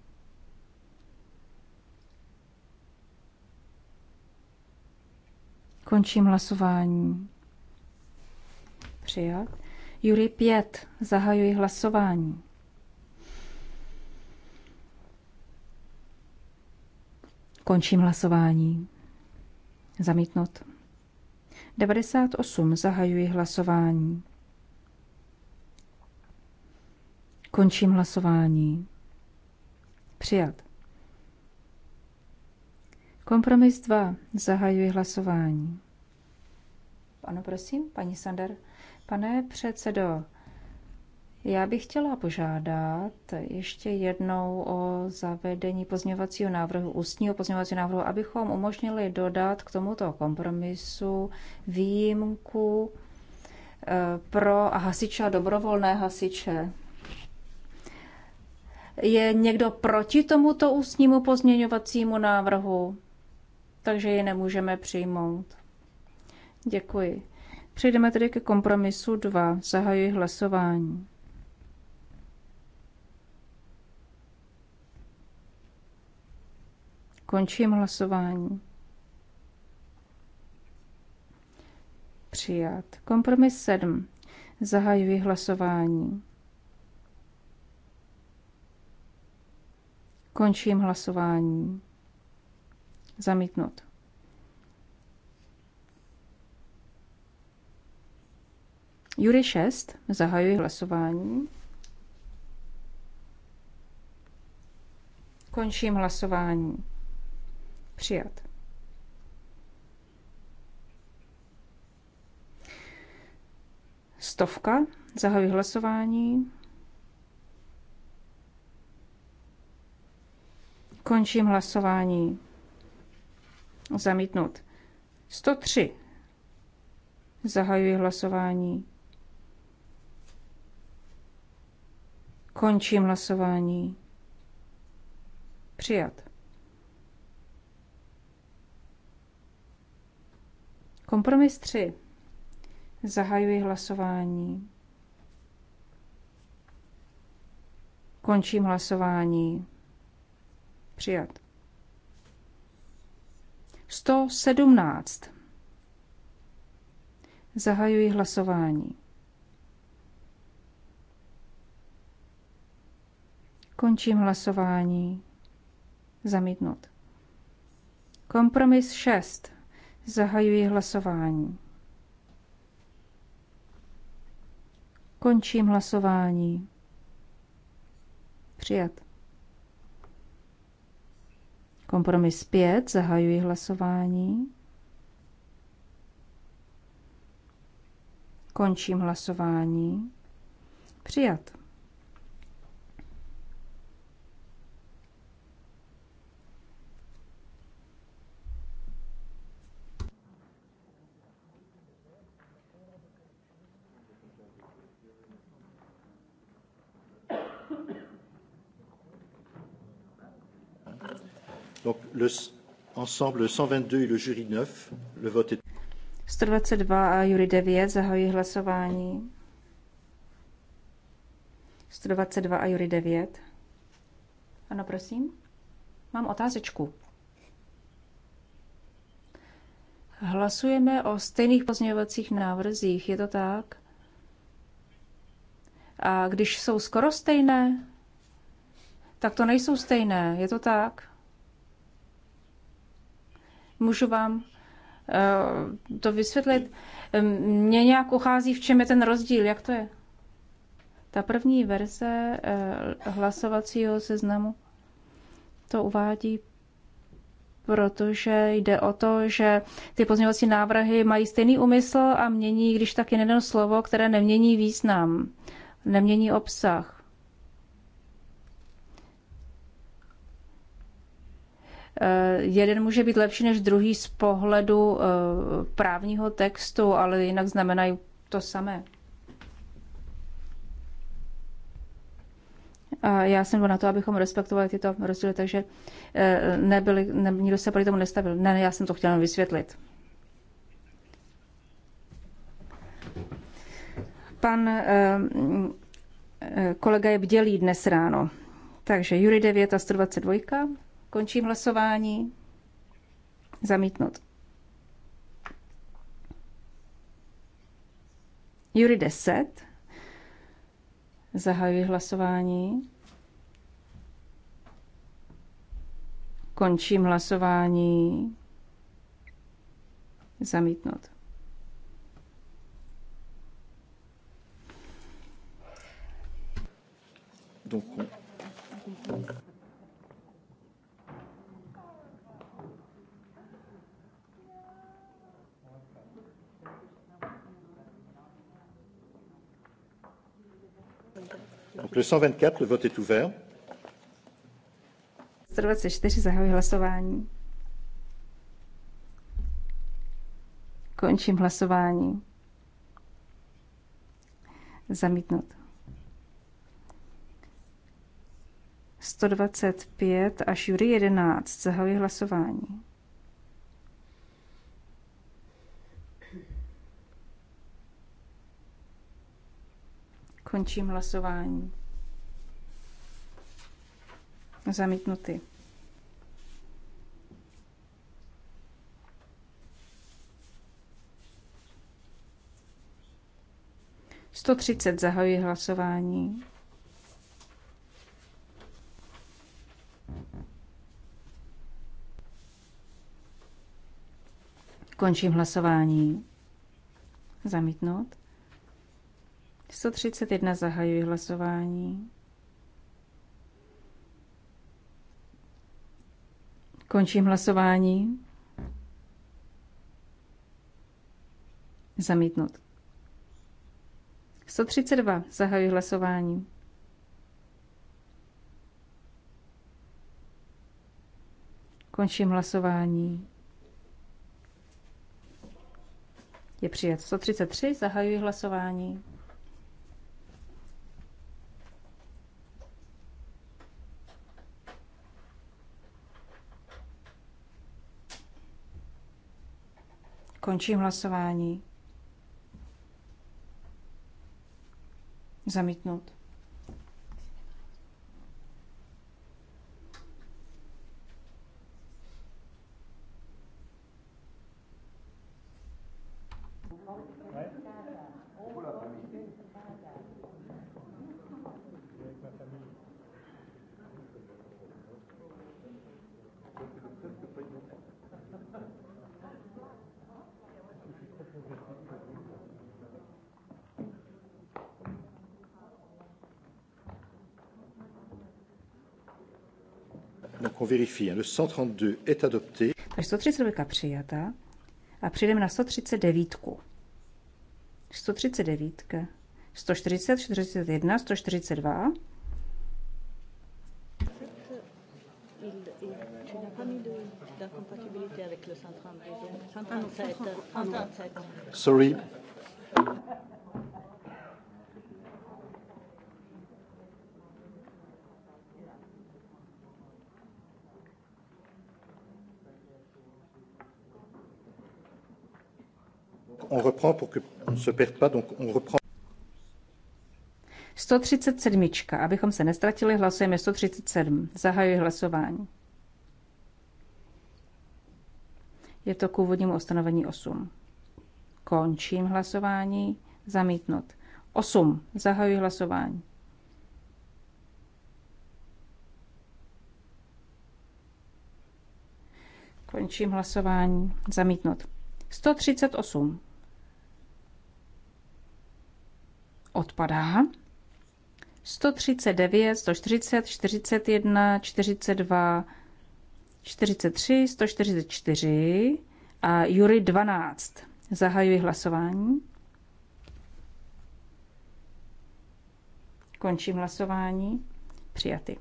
Končím hlasování. Přijat. Jury 5. Zahajuji hlasování. Končím hlasování. Zamítnout. 98. Zahajuji hlasování. Končím hlasování. Přijat. Kompromis 2. Zahajuji hlasování. Ano, prosím, paní Sander. Pane předsedo, já bych chtěla požádat ještě jednou o zavedení pozměňovacího návrhu, ústního pozměňovacího návrhu, abychom umožnili dodat k tomuto kompromisu výjimku eh, pro hasiče a dobrovolné hasiče. Je někdo proti tomuto ústnímu pozměňovacímu návrhu? Takže ji nemůžeme přijmout. Děkuji. Přejdeme tedy ke kompromisu 2. Zahajuji hlasování. Končím hlasování. Přijat. Kompromis 7. Zahajuji hlasování. Končím hlasování. Zamítnut. Jury 6. Zahajuji hlasování. Končím hlasování. Přijat. Stovka. Zahajuji hlasování. Končím hlasování. Zamítnut. 103. Zahajuji hlasování. Končím hlasování. Přijat. Kompromis 3. Zahajuji hlasování. Končím hlasování. Přijat. 117. Zahajuji hlasování. Končím hlasování. Zamítnut. Kompromis 6. Zahajuji hlasování. Končím hlasování. Přijat. Kompromis 5. Zahajuji hlasování. Končím hlasování. Přijat. le, ensemble 122 et le jury 9. Le vote est... 122 a jury 9 zahají hlasování. 122 a jury 9. Ano, prosím. Mám otázečku. Hlasujeme o stejných pozměňovacích návrzích, je to tak? A když jsou skoro stejné, tak to nejsou stejné, je to tak? Můžu vám eh, to vysvětlit? Mně nějak uchází, v čem je ten rozdíl, jak to je? Ta první verze eh, hlasovacího seznamu to uvádí protože jde o to, že ty pozměňovací návrhy mají stejný úmysl a mění, když tak jen jedno slovo, které nemění význam, nemění obsah. Eh, jeden může být lepší než druhý z pohledu eh, právního textu, ale jinak znamenají to samé. A já jsem na to, abychom respektovali tyto rozdíly, takže eh, nebyli, ne, nikdo se proti tomu nestavil. Ne, já jsem to chtěla vysvětlit. Pan kolega je bdělý dnes ráno. Takže Jury 9 a 122. Končím hlasování. Zamítnout. Jury 10. Zahajuji hlasování. Končím hlasování. Zamítnout. Donc on, le 124, le vote est ouvert. 124 zahajuji hlasování. Končím hlasování. Zamítnut. 125 až jury 11 zahajuji hlasování. Končím hlasování. Zamítnuty. Sto třicet zahajuji hlasování. Končím hlasování. Zamítnout. 131 zahajuji hlasování. Končím hlasování. Zamítnut. 132. Zahajuji hlasování. Končím hlasování. Je přijat 133. Zahajuji hlasování. Končím hlasování. Zamítnout. vérifie. Le 132 est adopté. Takže 132 přijata. A přijdeme na 139. 139. 140, 41, 142. Sorry, reprend pour que on se perde pas, donc on reprend. 137. Abychom se nestratili, hlasujeme 137. Zahajuji hlasování. Je to k úvodnímu ustanovení 8. Končím hlasování. Zamítnout. 8. Zahajuji hlasování. Končím hlasování. Zamítnout. 138. odpadá. 139, 140, 41, 42, 43, 144 a Jury 12. Zahajuji hlasování. Končím hlasování. Přijaty.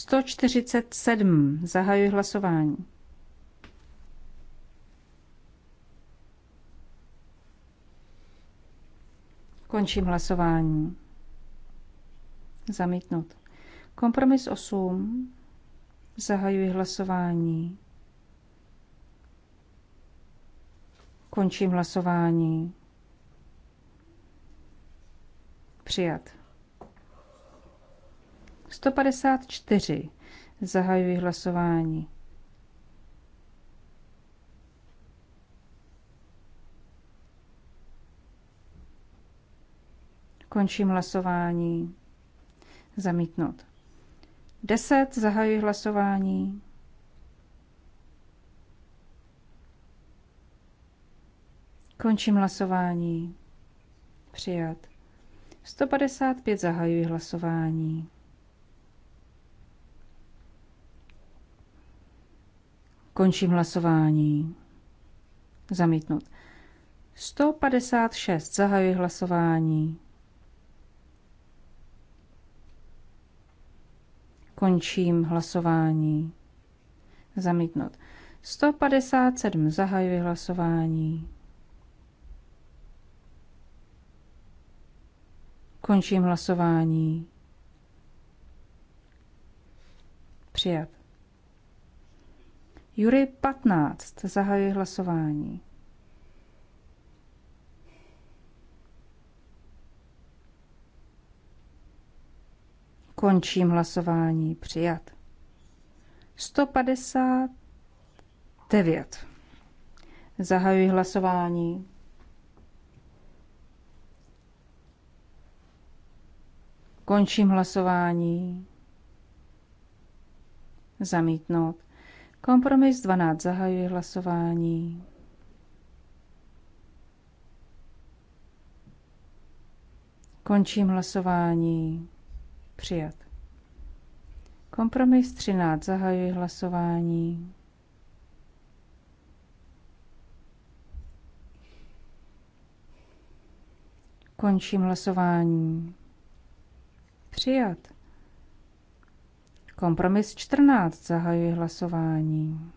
147. Zahajuji hlasování. Končím hlasování. Zamítnut. Kompromis 8. Zahajuji hlasování. Končím hlasování. Přijat. 154. Zahajuji hlasování. Končím hlasování. Zamítnout. 10. Zahajuji hlasování. Končím hlasování. Přijat. 155 zahajuji hlasování. Končím hlasování. Zamítnut. 156. Zahajuji hlasování. Končím hlasování. Zamítnout. 157. Zahajuji hlasování. Končím hlasování. Přijat. Jury 15. Zahajuji hlasování. Končím hlasování. Přijat. 159. Zahajuji hlasování. Končím hlasování. Zamítnout. Kompromis 12. zahajuje hlasování. Končím hlasování. Přijat. Kompromis 13. zahajuje hlasování. Končím hlasování. Přijat. Kompromis 14. Zahajuji hlasování.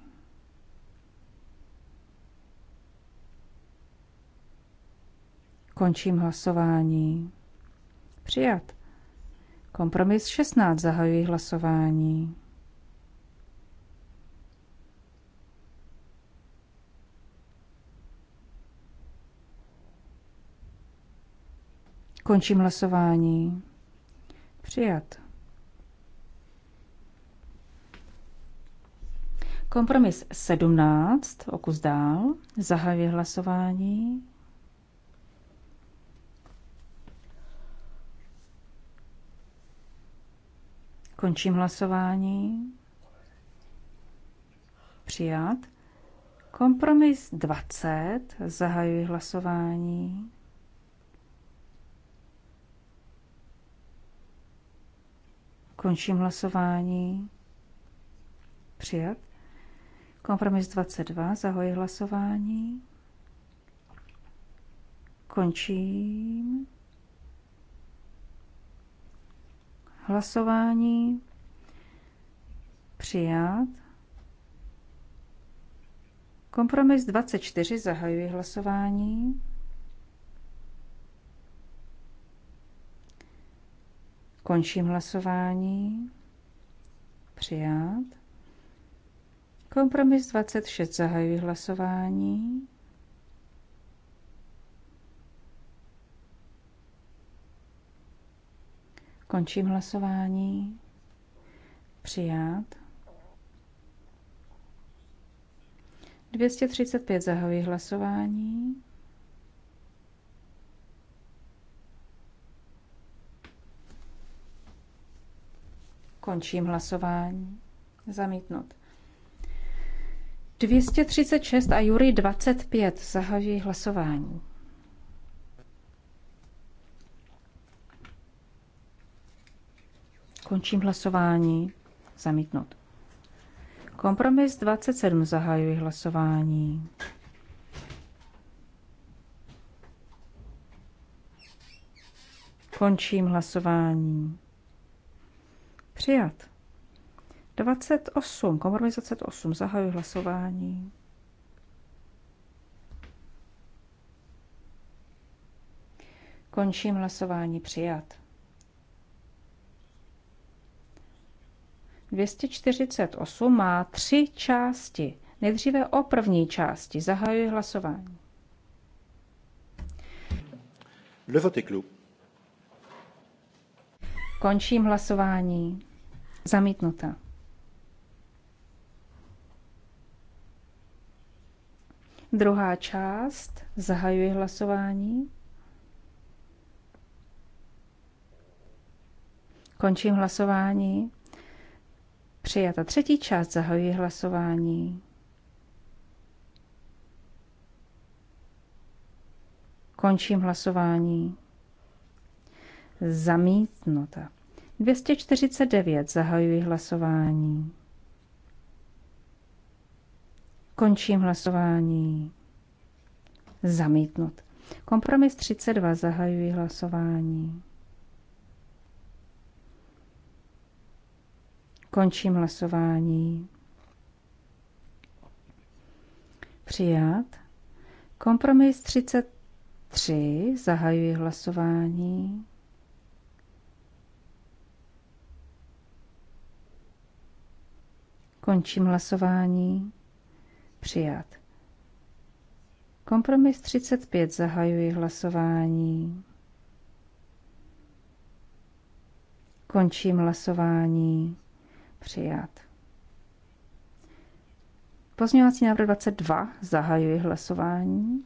Končím hlasování. Přijat. Kompromis 16. Zahajuji hlasování. Končím hlasování. Přijat. Kompromis 17, okus dál, zahajuje hlasování. Končím hlasování. Přijat. Kompromis 20, zahajuje hlasování. Končím hlasování. Přijat. Kompromis 22, zahoji hlasování. Končím. Hlasování. Přijat. Kompromis 24, zahajuji hlasování. Končím hlasování. Přijat. Kompromis 26 zahajuji hlasování. Končím hlasování. Přijat. 235 zahajuji hlasování. Končím hlasování. Zamítnout. 236 a Jury 25. Zahajuji hlasování. Končím hlasování. Zamítnout. Kompromis 27. Zahajuji hlasování. Končím hlasování. Přijat. 28. Kompromis 28. Zahajuji hlasování. Končím hlasování přijat. 248 má tři části. Nejdříve o první části. Zahajuji hlasování. Le vote est clos. Končím hlasování. Zamítnuta. Druhá část. Zahajuji hlasování. Končím hlasování. Přijata třetí část. Zahajuji hlasování. Končím hlasování. Zamítnuta. 249. Zahajuji hlasování. Končím hlasování. Zamítnut. Kompromis 32. Zahajuji hlasování. Končím hlasování. Přijat. Kompromis 33. Zahajuji hlasování. Končím hlasování. Přijat. Kompromis 35. Zahajuji hlasování. Končím hlasování. Přijat. Pozměňovací návrh 22. Zahajuji hlasování.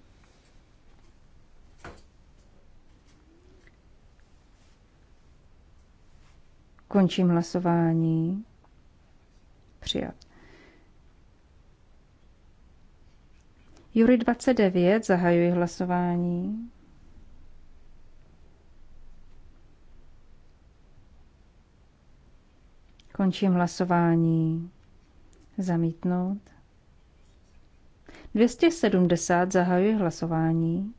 Končím hlasování. Přijat. Jury 29 zahajuji hlasování. Končím hlasování. Zamítnout. 270 zahajuji hlasování.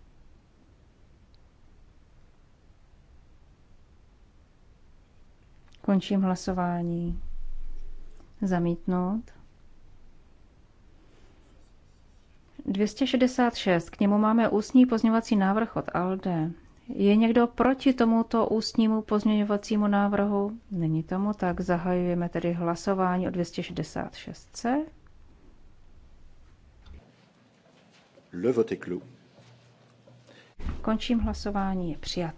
Končím hlasování. Zamítnout. 266. K němu máme ústní pozměňovací návrh od ALDE. Je někdo proti tomuto ústnímu pozměňovacímu návrhu? Není tomu tak. Zahajujeme tedy hlasování o 266C. Le vote est clos. Končím hlasování. Je přijat.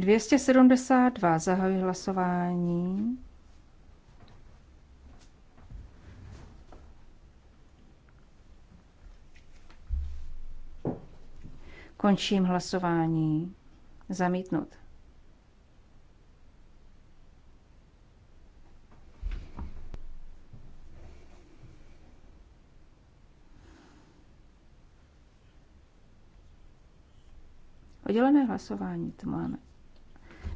272. Zahajuji hlasování. Končím hlasování. Zamítnut. Oddělené hlasování to máme.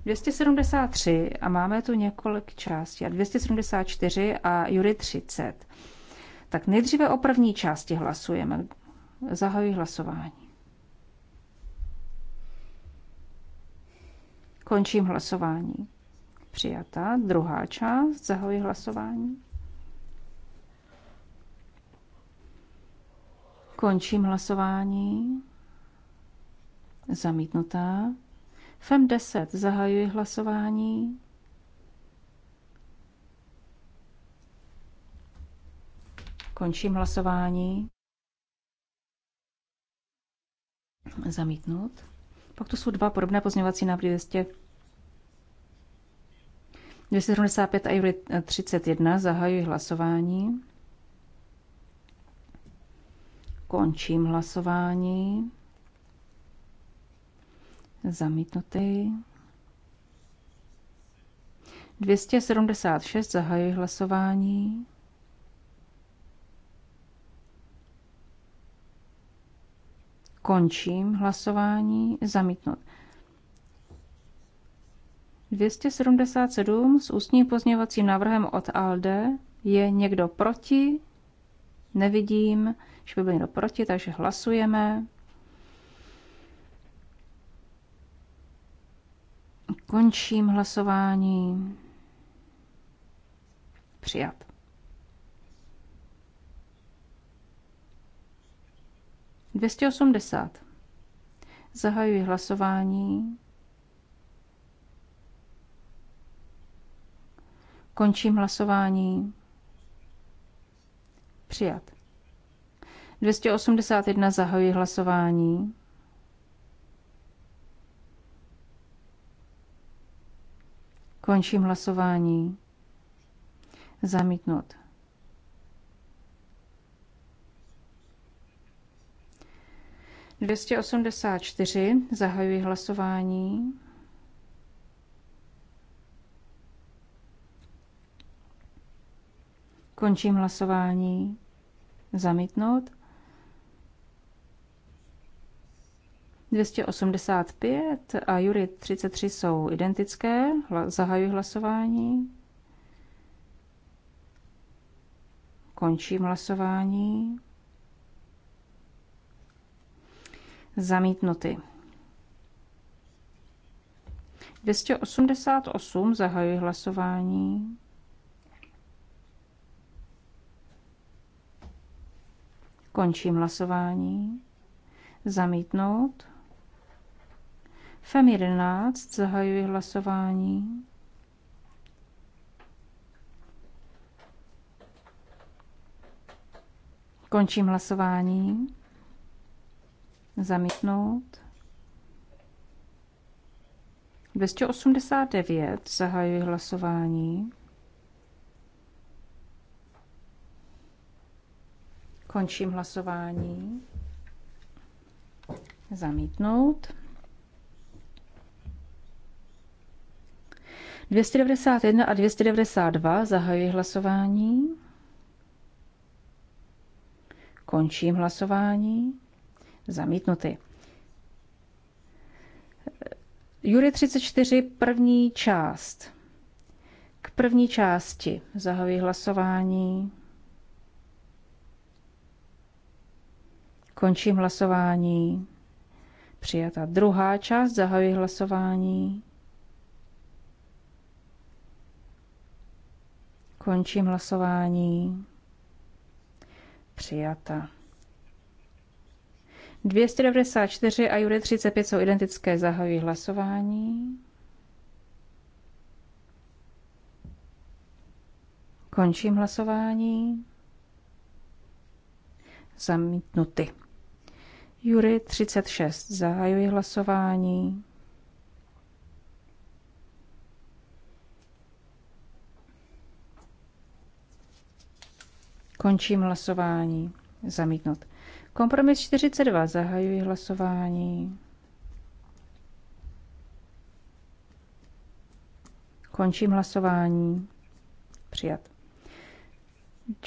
273 a máme tu několik částí, a 274 a Jury 30. Tak nejdříve o první části hlasujeme. Zahajuji hlasování. Končím hlasování. Přijata. Druhá část. Zahajuji hlasování. Končím hlasování. Zamítnutá. FEM 10 zahajuji hlasování. Končím hlasování. Zamítnout. Pak tu jsou dva podobné pozměňovací návrhy 200. 275 a 31 zahajuji hlasování. Končím hlasování. Zamítnutý. 276 zahajuji hlasování. Končím hlasování. Zamítnut. 277 s ústním pozměňovacím návrhem od ALDE. Je někdo proti? Nevidím, že by byl někdo proti, takže hlasujeme. Končím hlasování. Přijat. Dvěstě osmdesát. Zahajuji hlasování. Končím hlasování. Přijat. 281 zahajuji hlasování. Končím hlasování. Zamítnut. Dvěstě osmdesát čtyři. Zahajuji hlasování. Končím hlasování. Zamítnout. 285 a Jury 33 jsou identické. Zahajuji hlasování. Končím hlasování. Zamítnuty. 288 zahajuji hlasování. Končím hlasování. Zamítnout. FEM 11, zahajuji hlasování. Končím hlasování. Zamítnout. 289, zahajuji hlasování. Končím hlasování. Zamítnout. 291 a 292 zahajuji hlasování. Končím hlasování. Zamítnuty. Jury 34, první část. K první části zahajuji hlasování. Končím hlasování. Přijata druhá část, zahajuji hlasování. Končím hlasování. Přijata. 294 a Jure 35 jsou identické. Zahajuji hlasování. Končím hlasování. Zamítnuty. Jury 36. Zahajuji hlasování. Končím hlasování. Zamítnout. Kompromis 42. Zahajuji hlasování. Končím hlasování. Přijat.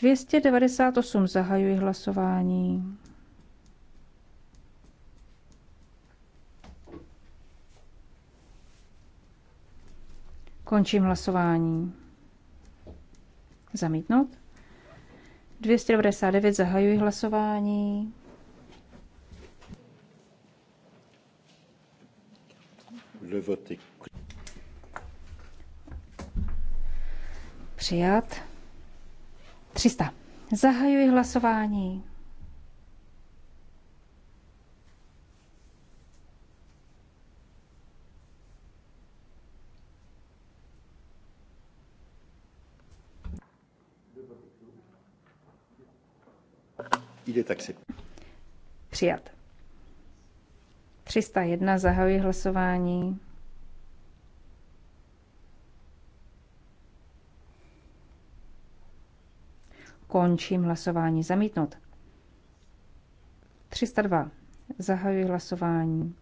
298. Zahajuji hlasování. Končím hlasování. Zamítnout. 299 zahajuji hlasování. Le vote est... Přijat. 300. Zahajuji hlasování. Il est accepté. Přijat. 301 zahajuji hlasování. Končím hlasování. Zamítnout. 302. Zahajuji hlasování.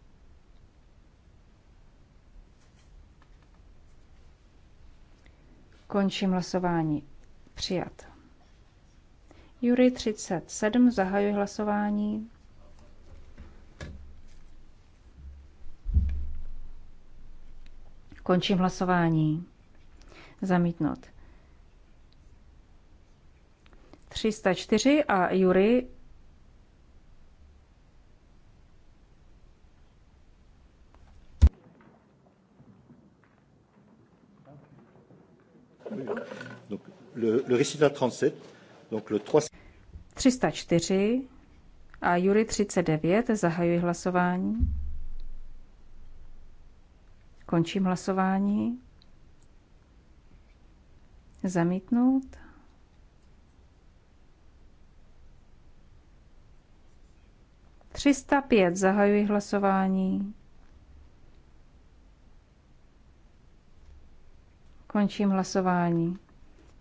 Končím hlasování. Přijat. Jury 37, zahajuji hlasování. Končím hlasování. Zamítnout. 304 a Jury Le, le récital 37, donc le 300. 304 a Jury 39 zahajuji hlasování. Končím hlasování. Zamítnout. Třista pět zahajuji hlasování. Končím hlasování.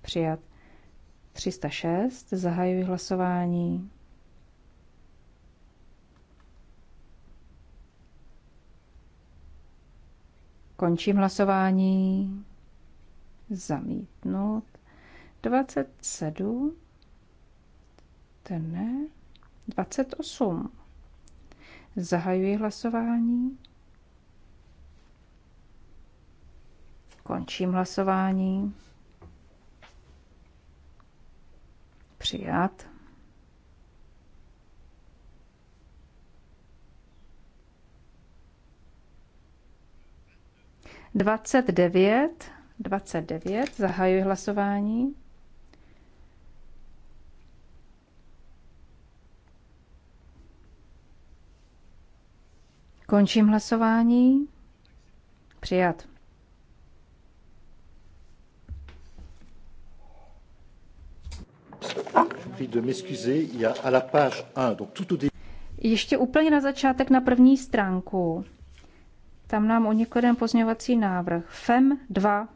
Přijat. 306. Zahajuji hlasování. Končím hlasování. Zamítnout. 27. Ten ne. 28. Zahajuji hlasování. Končím hlasování. Přijat. Dvacet devět. Dvacet devět. Zahajuji hlasování. Končím hlasování. Přijat. Ještě úplně na začátek na první stránku. Tam nám unikl jeden pozměňovací návrh. FEM 2.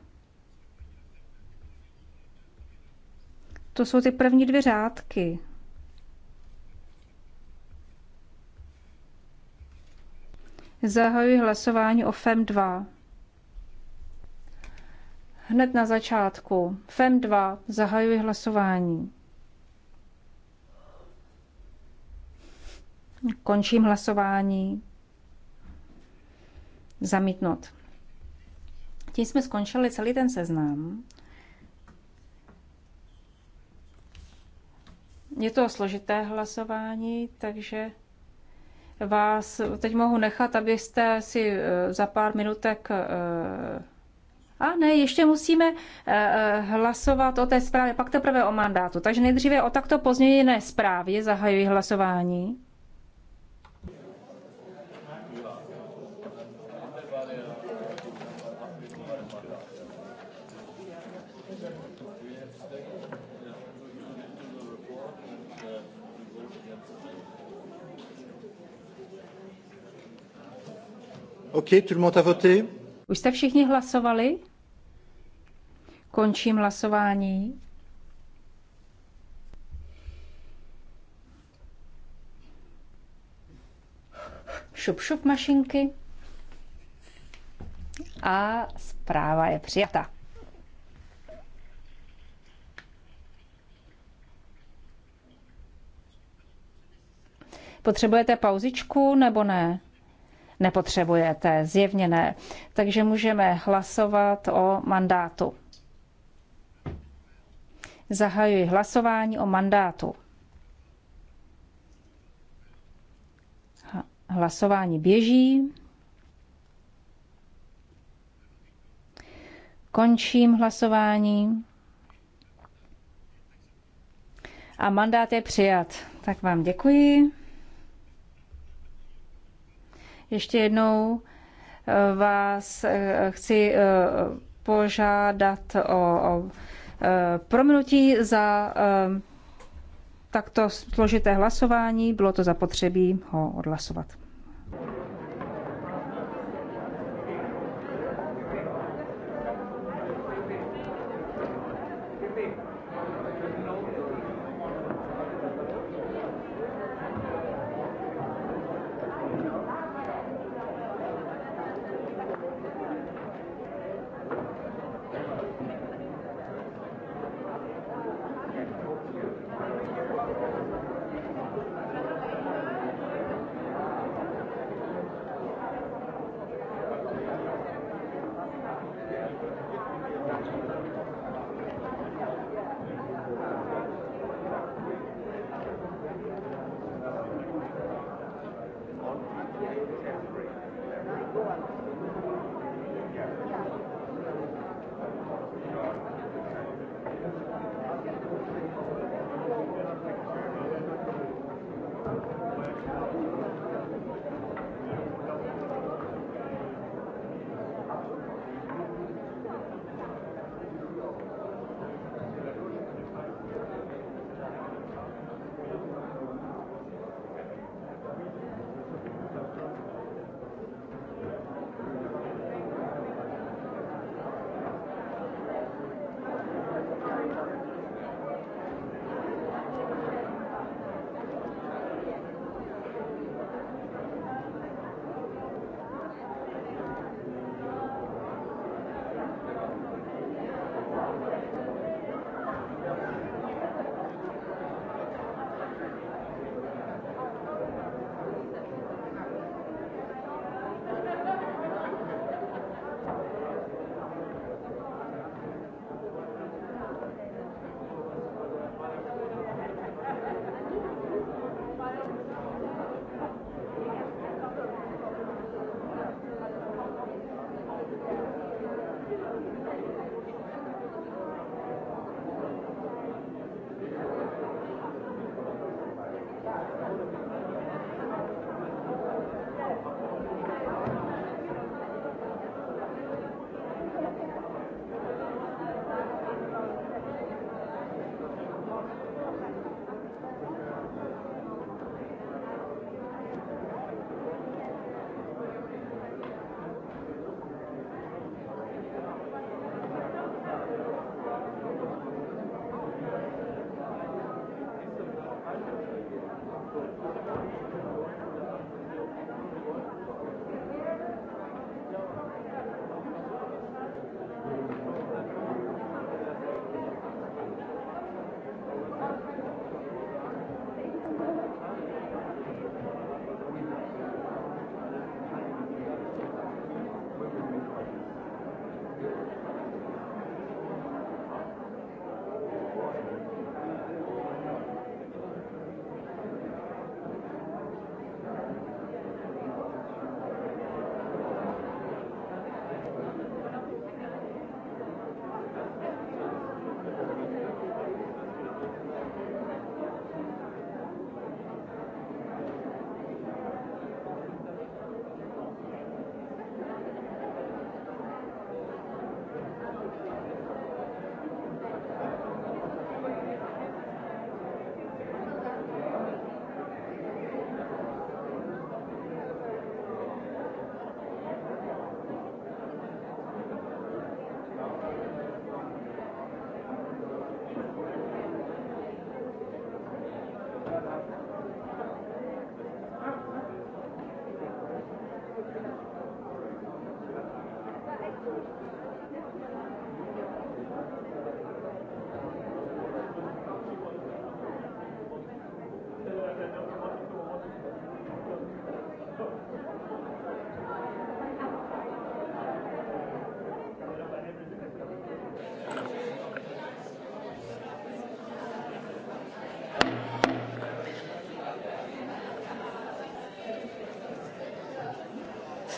To jsou ty první dvě řádky. Zahajuji hlasování o FEM 2. Hned na začátku. FEM 2. Zahajuji hlasování. Končím hlasování. Zamítnout. Tím jsme skončili celý ten seznam. Je to složité hlasování, takže vás teď mohu nechat, abyste si eh, za pár minutek. Eh, a ne, ještě musíme eh, hlasovat o té zprávě, pak teprve o mandátu. Takže nejdříve o takto pozměněné zprávě zahajuji hlasování. OK, tout le monde a voté. Už jste všichni hlasovali? Končím hlasování. Šup, šup mašinky. A zpráva je přijata. Potřebujete pauzičku nebo ne? nepotřebujete, zjevně ne. Takže můžeme hlasovat o mandátu. Zahajuji hlasování o mandátu. Hlasování běží. Končím hlasování. A mandát je přijat. Tak vám děkuji. Ještě jednou eh, vás eh, chci eh, požádat o, o prominutí za takto složité hlasování. Bylo to zapotřebí ho odhlasovat.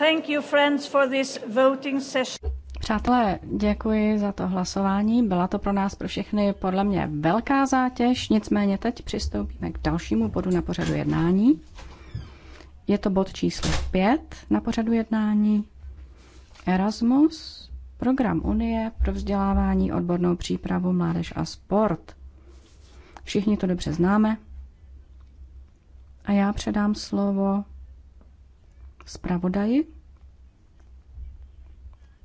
Thank you, friends, for this voting session. Přátelé, děkuji za to hlasování. Byla to pro nás, pro všechny, podle mě velká zátěž. Nicméně teď přistoupíme k dalšímu bodu na pořadu jednání. Je to bod číslo 5 na pořadu jednání. Erasmus, program Unie pro vzdělávání, odbornou přípravu, mládež a sport. Všichni to dobře známe. A já předám slovo zpravodaji,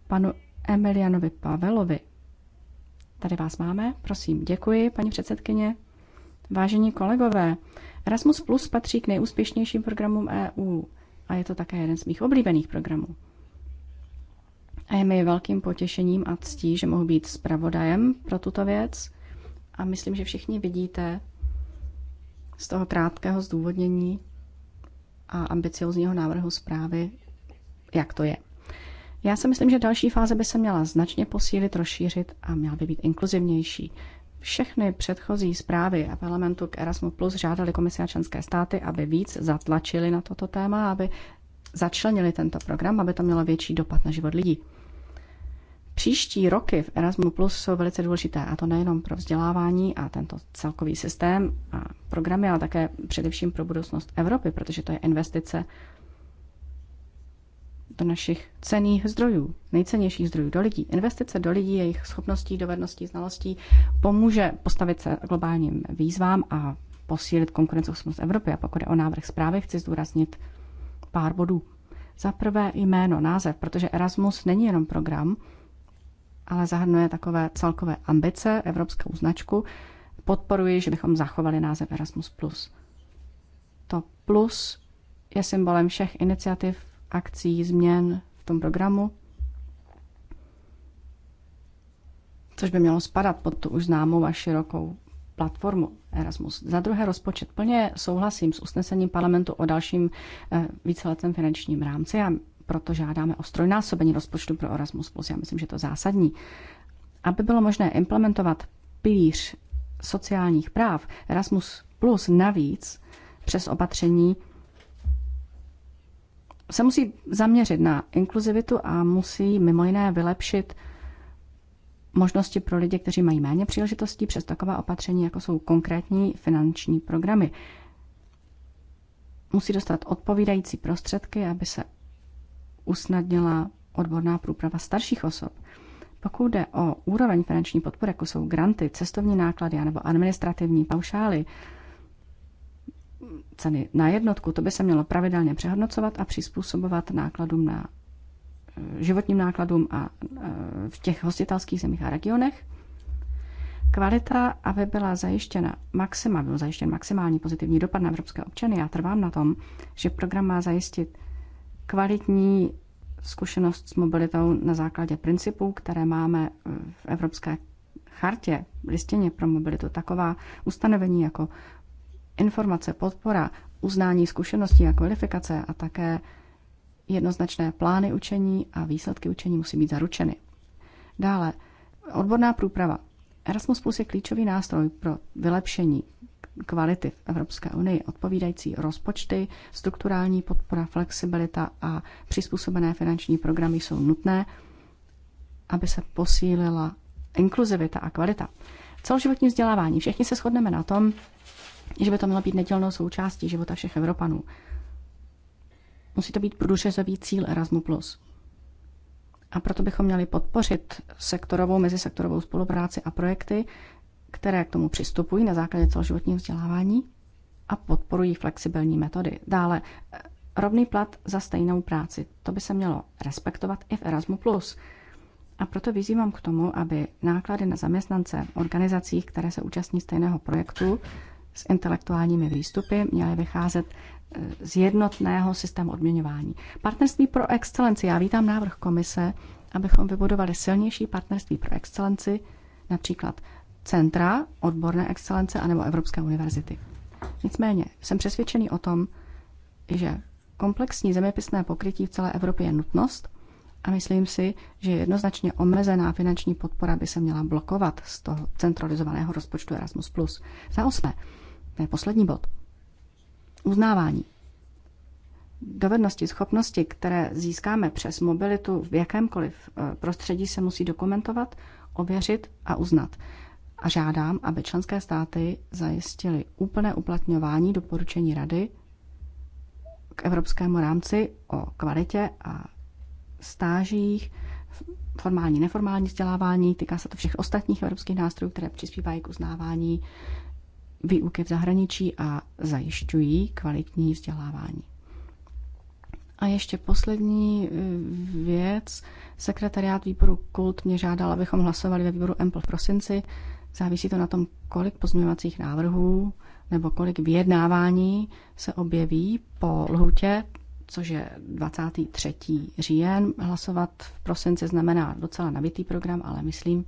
panu Emilianovi Pavelovi. Tady vás máme, prosím, děkuji, paní předsedkyně. Vážení kolegové, Erasmus Plus patří k nejúspěšnějším programům EU a je to také jeden z mých oblíbených programů. A je mi velkým potěšením a ctí, že mohu být zpravodajem pro tuto věc a myslím, že všichni vidíte z toho krátkého zdůvodnění, a ambiciozního návrhu zprávy, jak to je. Já si myslím, že další fáze by se měla značně posílit, rozšířit a měla by být inkluzivnější. Všechny předchozí zprávy a parlamentu k Erasmus Plus žádali komise a členské státy, aby víc zatlačili na toto téma, aby začlenili tento program, aby to mělo větší dopad na život lidí. Příští roky v Erasmu Plus jsou velice důležité, a to nejenom pro vzdělávání a tento celkový systém a programy, ale také především pro budoucnost Evropy, protože to je investice do našich cených zdrojů, nejcennějších zdrojů, do lidí. Investice do lidí, jejich schopností, dovedností, znalostí pomůže postavit se globálním výzvám a posílit konkurenceschopnost Evropy. A pokud je o návrh zprávy, chci zdůraznit pár bodů. Za prvé jméno, název, protože Erasmus není jenom program, ale zahrnuje takové celkové ambice, evropskou značku. Podporuji, že bychom zachovali název Erasmus+. To plus je symbolem všech iniciativ, akcí, změn v tom programu, což by mělo spadat pod tu už známou a širokou platformu Erasmus. Za druhé rozpočet. Plně souhlasím s usnesením parlamentu o dalším eh, víceletém finančním rámci. Já proto žádáme o strojnásobení rozpočtu pro Erasmus+. Já myslím, že to je zásadní. Aby bylo možné implementovat pilíř sociálních práv, Erasmus Plus navíc přes opatření se musí zaměřit na inkluzivitu a musí mimo jiné vylepšit možnosti pro lidi, kteří mají méně příležitostí přes taková opatření, jako jsou konkrétní finanční programy. Musí dostat odpovídající prostředky, aby se usnadnila odborná průprava starších osob. Pokud jde o úroveň finanční podpory, jako jsou granty, cestovní náklady nebo administrativní paušály, ceny na jednotku, to by se mělo pravidelně přehodnocovat a přizpůsobovat nákladům na eh, životním nákladům a eh, v těch hostitelských zemích a regionech. Kvalita, aby byla zajištěna maxima, byl zajištěn maximální pozitivní dopad na evropské občany. Já trvám na tom, že program má zajistit kvalitní zkušenost s mobilitou na základě principů, které máme eh, v Evropské chartě, listině pro mobilitu, taková ustanovení jako informace, podpora, uznání zkušeností a kvalifikace a také jednoznačné plány učení a výsledky učení musí být zaručeny. Dále, odborná průprava. Erasmus Plus je klíčový nástroj pro vylepšení kvality v Evropské unii, odpovídající rozpočty, strukturální podpora, flexibilita a přizpůsobené finanční programy jsou nutné, aby se posílila inkluzivita a kvalita. Celoživotní vzdělávání. Všichni se shodneme na tom, že by to mělo být nedělnou součástí života všech Evropanů. Musí to být průřezový cíl Erasmus+. A proto bychom měli podpořit sektorovou, mezisektorovou spolupráci a projekty, které k tomu přistupují na základě celoživotního vzdělávání a podporují flexibilní metody. Dále eh, rovný plat za stejnou práci. To by se mělo respektovat i v Erasmus+. A proto vyzývám k tomu, aby náklady na zaměstnance organizacích, které se účastní stejného projektu s intelektuálními výstupy, měly vycházet eh, z jednotného systému odměňování. Partnerství pro excelenci. Já vítám návrh komise, abychom vybudovali silnější partnerství pro excelenci, například centra odborné excelence anebo Evropské univerzity. Nicméně jsem přesvědčený o tom, že komplexní zeměpisné pokrytí v celé Evropě je nutnost a myslím si, že jednoznačně omezená finanční podpora by se měla blokovat z toho centralizovaného rozpočtu Erasmus+. Za osmé, to je poslední bod, uznávání. Dovednosti, schopnosti, které získáme přes mobilitu v jakémkoliv eh, prostředí, se musí dokumentovat, ověřit a uznat a žádám, aby členské státy zajistily úplné uplatňování doporučení Rady k evropskému rámci o kvalitě a stážích, formální, neformální vzdělávání, týká se to všech ostatních evropských nástrojů, které přispívají k uznávání výuky v zahraničí a zajišťují kvalitní vzdělávání. A ještě poslední eh, věc. Sekretariát výboru Kult mě žádal, abychom hlasovali ve výboru M v prosinci. Závisí to na tom, kolik pozměňovacích návrhů nebo kolik vyjednávání se objeví po lhutě, což je 23. říjen. Hlasovat v prosinci znamená docela nabitý program, ale myslím,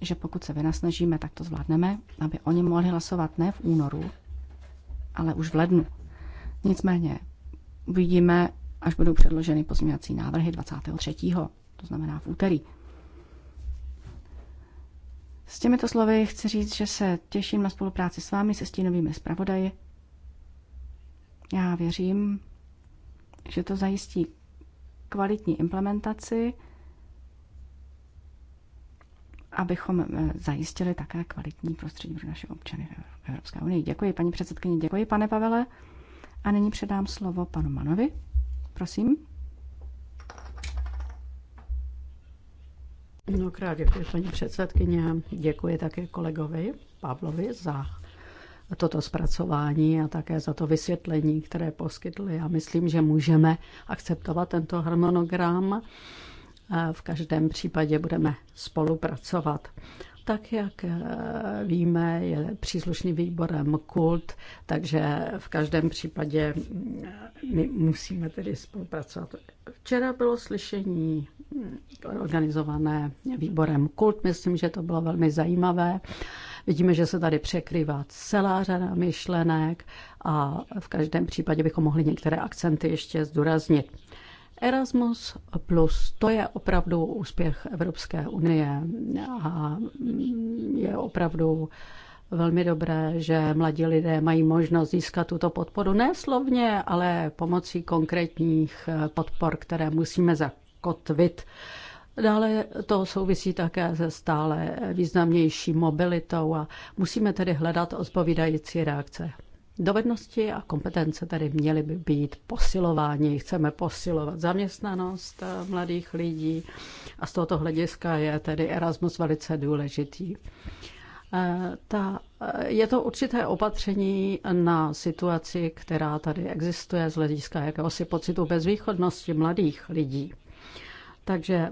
že pokud se vynasnažíme, tak to zvládneme, aby oni mohli hlasovat ne v únoru, ale už v lednu. Nicméně uvidíme, až budou předloženy pozměňovací návrhy 23. to znamená v úterý. S těmito slovy chci říct, že se těším na spolupráci s vámi, se stínovými zpravodaji. Já věřím, že to zajistí kvalitní implementaci, abychom eh, zajistili také kvalitní prostředí pro naše občany v Evropské unii. Děkuji, paní předsedkyně, děkuji, pane Pavele. A nyní předám slovo panu Manovi. Prosím. Mnohokrát děkuji paní předsedkyně, děkuji také kolegovi Pavlovi za toto zpracování a také za to vysvětlení, které poskytli. Já myslím, že můžeme akceptovat tento harmonogram. V každém případě budeme spolupracovat. Tak jak eh, víme, je příslušný výborem kult, takže v každém případě mm, my musíme tedy spolupracovat. Včera bylo slyšení mm, organizované výborem kult, myslím, že to bylo velmi zajímavé. Vidíme, že se tady překrývá celá řada myšlenek a v každém případě bychom mohli některé akcenty ještě zdůraznit. Erasmus Plus, to je opravdu úspěch Evropské unie a je opravdu velmi dobré, že mladí lidé mají možnost získat tuto podporu ne slovně, ale pomocí konkrétních podpor, které musíme zakotvit. Dále to souvisí také se stále významnější mobilitou a musíme tedy hledat odpovídající reakce. Dovednosti a kompetence tady měly by být posilováni. Chceme posilovat zaměstnanost eh, mladých lidí a z tohoto hlediska je tedy Erasmus velice důležitý. Eh, ta, eh, je to určité opatření na situaci, která tady existuje z hlediska jakéhosi pocitu bezvýchodnosti mladých lidí. Takže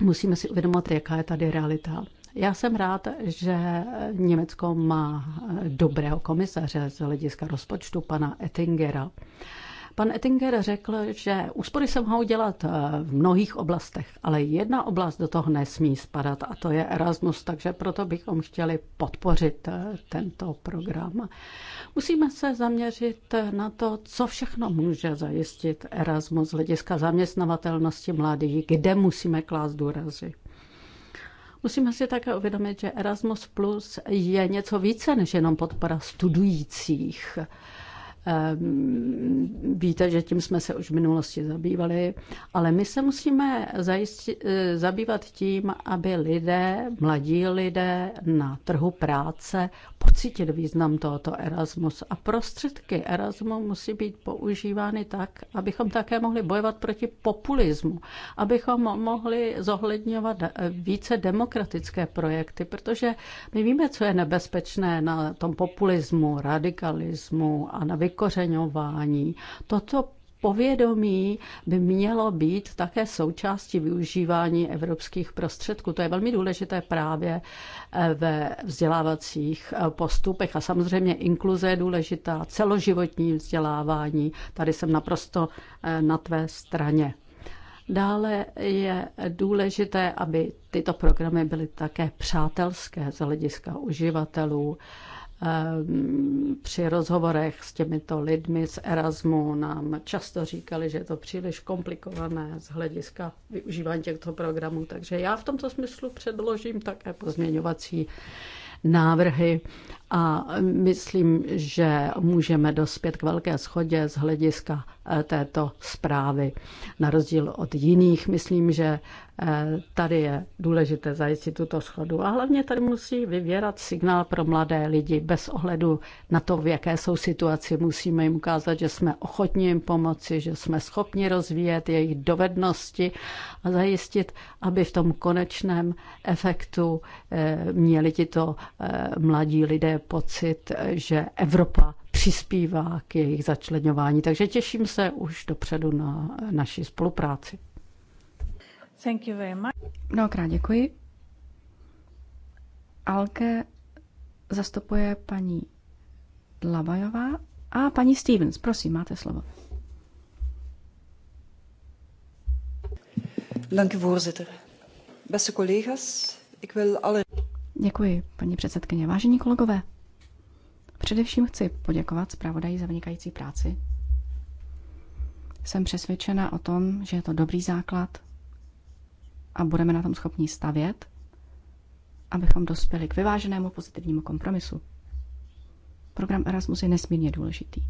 musíme si uvědomit, jaká je tady realita. Já jsem rád, že Německo má dobrého komisaře z hlediska rozpočtu, pana Ettingera. Pan Ettinger řekl, že úspory se mohou dělat eh, v mnohých oblastech, ale jedna oblast do toho nesmí spadat a to je Erasmus, takže proto bychom chtěli podpořit eh, tento program. Musíme se zaměřit eh, na to, co všechno může zajistit Erasmus z hlediska zaměstnavatelnosti mladých, kde musíme klást důrazy. Musíme si také uvědomit, že Erasmus Plus je něco více než jenom podpora studujících. Ehm, víte, že tím jsme se už v minulosti zabývali, ale my se musíme zajistit, eh, zabývat tím, aby lidé, mladí lidé na trhu práce pocítili význam tohoto Erasmus a prostředky Erasmu musí být používány tak, abychom také mohli bojovat proti populismu, abychom mohli zohledňovat eh, více demokratické projekty, protože my víme, co je nebezpečné na tom populismu, radikalismu a na vykořeňování. Toto povědomí by mělo být také součástí využívání evropských prostředků. To je velmi důležité právě eh, ve vzdělávacích eh, postupech a samozřejmě inkluze je důležitá, celoživotní vzdělávání. Tady jsem naprosto eh, na tvé straně. Dále je důležité, aby tyto programy byly také přátelské z hlediska uživatelů Ehm, při rozhovorech s těmito lidmi z Erasmu nám často říkali, že je to příliš komplikované z hlediska využívání těchto programů. Takže já v tomto smyslu předložím také pozměňovací návrhy a myslím, že můžeme dospět k velké schodě z hlediska eh, této zprávy. Na rozdíl od jiných, myslím, že Tady je důležité zajistit tuto schodu a hlavně tady musí vyvěrat signál pro mladé lidi bez ohledu na to, v jaké jsou situaci. Musíme jim ukázat, že jsme ochotní jim pomoci, že jsme schopni rozvíjet jejich dovednosti a zajistit, aby v tom konečném efektu eh, měli tito eh, mladí lidé pocit, že Evropa přispívá k jejich začlenování. Takže těším se už dopředu na naši spolupráci. Thank you very much. Mnohokrát děkuji. Alke zastupuje paní Dlabajová a paní Stevens. Prosím, máte slovo. Dank voorzitter. Beste collega's, ik wil alle... Děkuji, paní předsedkyně. Vážení kolegové, především chci poděkovat zpravodaji za vynikající práci. Jsem přesvědčena o tom, že je to dobrý základ a budeme na tom schopni stavět, abychom dospěli k vyváženému pozitivnímu kompromisu. Program Erasmus je nesmírně důležitý.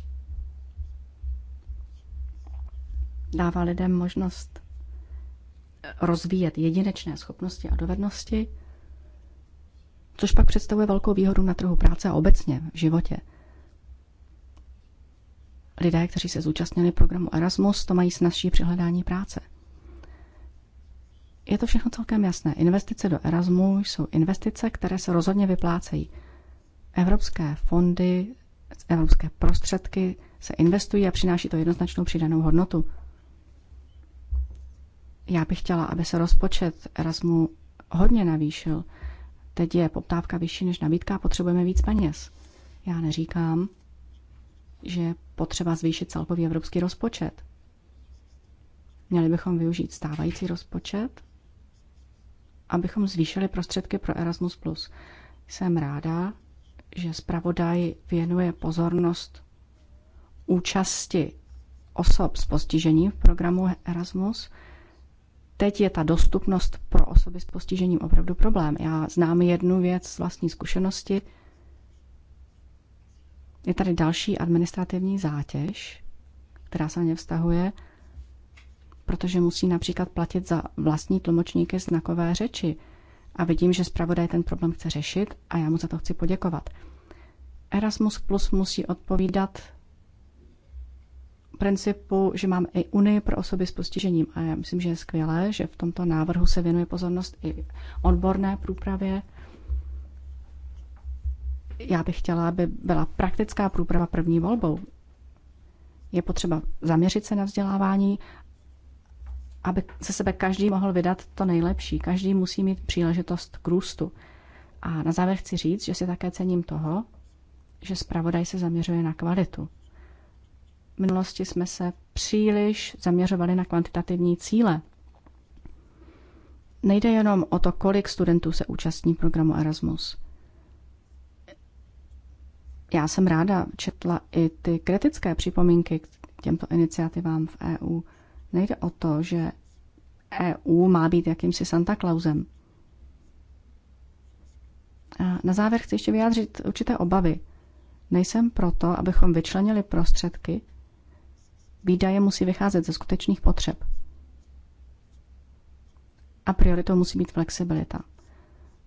Dává lidem možnost rozvíjet jedinečné schopnosti a dovednosti, což pak představuje velkou výhodu na trhu práce a obecně v životě. Lidé, kteří se zúčastnili programu Erasmus, to mají snazší přihledání práce. Je to všechno celkem jasné. Investice do Erasmu jsou investice, které se rozhodně vyplácejí. Evropské fondy, evropské prostředky se investují a přináší to jednoznačnou přidanou hodnotu. Já bych chtěla, aby se rozpočet Erasmu hodně navýšil. Teď je poptávka vyšší než nabídka a potřebujeme víc peněz. Já neříkám, že je potřeba zvýšit celkový evropský rozpočet. Měli bychom využít stávající rozpočet abychom zvýšili prostředky pro Erasmus+. Jsem ráda, že zpravodaj věnuje pozornost účasti osob s postižením v programu Erasmus. Teď je ta dostupnost pro osoby s postižením opravdu problém. Já znám jednu věc z vlastní zkušenosti. Je tady další administrativní zátěž, která se na ně vztahuje protože musí například platit za vlastní tlumočníky znakové řeči. A vidím, že zpravodaj ten problém chce řešit a já mu za to chci poděkovat. Erasmus Plus musí odpovídat principu, že mám i Unii pro osoby s postižením. A já myslím, že je skvělé, že v tomto návrhu se věnuje pozornost i odborné průpravě. Já bych chtěla, aby byla praktická průprava první volbou. Je potřeba zaměřit se na vzdělávání aby se sebe každý mohl vydat to nejlepší. Každý musí mít příležitost k růstu. A na závěr chci říct, že si také cením toho, že zpravodaj se zaměřuje na kvalitu. V minulosti jsme se příliš zaměřovali na kvantitativní cíle. Nejde jenom o to, kolik studentů se účastní programu Erasmus. Já jsem ráda četla i ty kritické připomínky k těmto iniciativám v EU – Nejde o to, že EU má být jakýmsi Santa Clausem. A na závěr chci ještě vyjádřit určité obavy. Nejsem proto, abychom vyčlenili prostředky. Výdaje musí vycházet ze skutečných potřeb. A prioritou musí být flexibilita.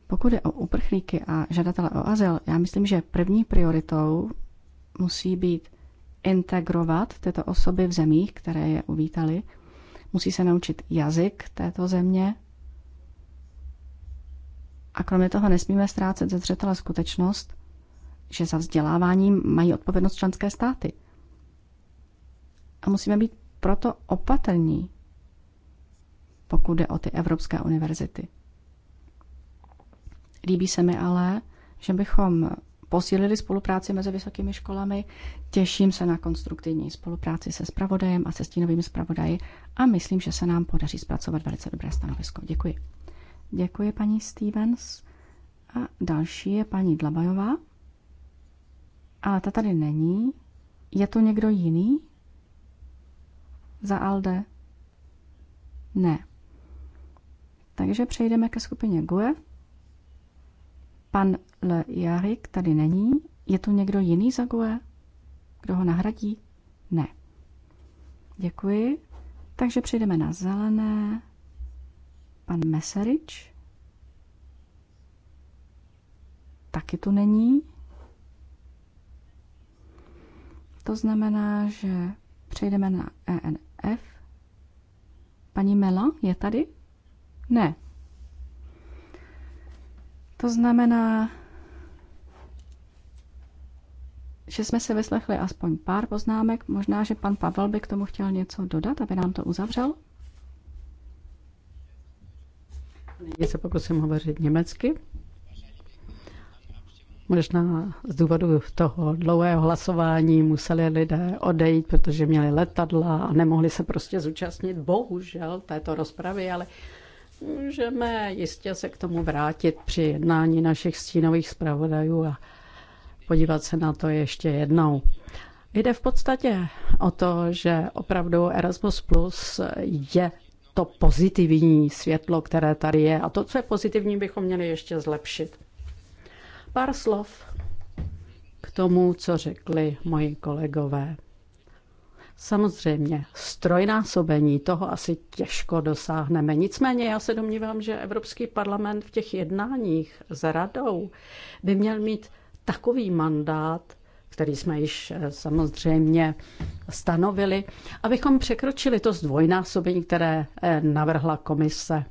Pokud je o uprchlíky a žadatele o azyl, já myslím, že první prioritou musí být integrovat tyto osoby v zemích, které je uvítali. Musí se naučit jazyk této země. A kromě toho nesmíme ztrácet ze zřetele skutečnost, že za vzdělávání mají odpovědnost členské státy. A musíme být proto opatrní, pokud jde o ty evropské univerzity. Líbí se mi ale, že bychom posílili spolupráci mezi vysokými školami. Těším se na konstruktivní spolupráci se spravodajem a se stínovými spravodaji a myslím, že se nám podaří zpracovat velice dobré stanovisko. Děkuji. Děkuji paní Stevens. A další je paní Dlabajová. Ale ta tady není. Je to někdo jiný? Za Alde? Ne. Takže přejdeme ke skupině GUE. Pan Le Jarik tady není. Je tu někdo jiný za GUE? Kdo ho nahradí? Ne. Děkuji. Takže přijdeme na zelené. Pan Meserič. Taky tu není. To znamená, že přejdeme na ENF. Paní Mela je tady? Ne. To znamená, že jsme si vyslechli aspoň pár poznámek. Možná, že pan Pavel by k tomu chtěl něco dodat, aby nám to uzavřel. Nyní se pokusím hovořit německy. Možná z důvodu toho dlouhého hlasování museli lidé odejít, protože měli letadla a nemohli se prostě zúčastnit, bohužel, této rozpravy, ale můžeme jistě se k tomu vrátit při jednání našich stínových zpravodajů a podívat se na to ještě jednou. Jde v podstatě o to, že opravdu Erasmus Plus je to pozitivní světlo, které tady je. A to, co je pozitivní, bychom měli ještě zlepšit. Pár slov k tomu, co řekli moji kolegové. Samozřejmě, strojnásobení toho asi těžko dosáhneme. Nicméně já se domnívám, že Evropský parlament v těch jednáních s radou by měl mít takový mandát, který jsme již eh, samozřejmě stanovili, abychom překročili to zdvojnásobení, které eh, navrhla komise.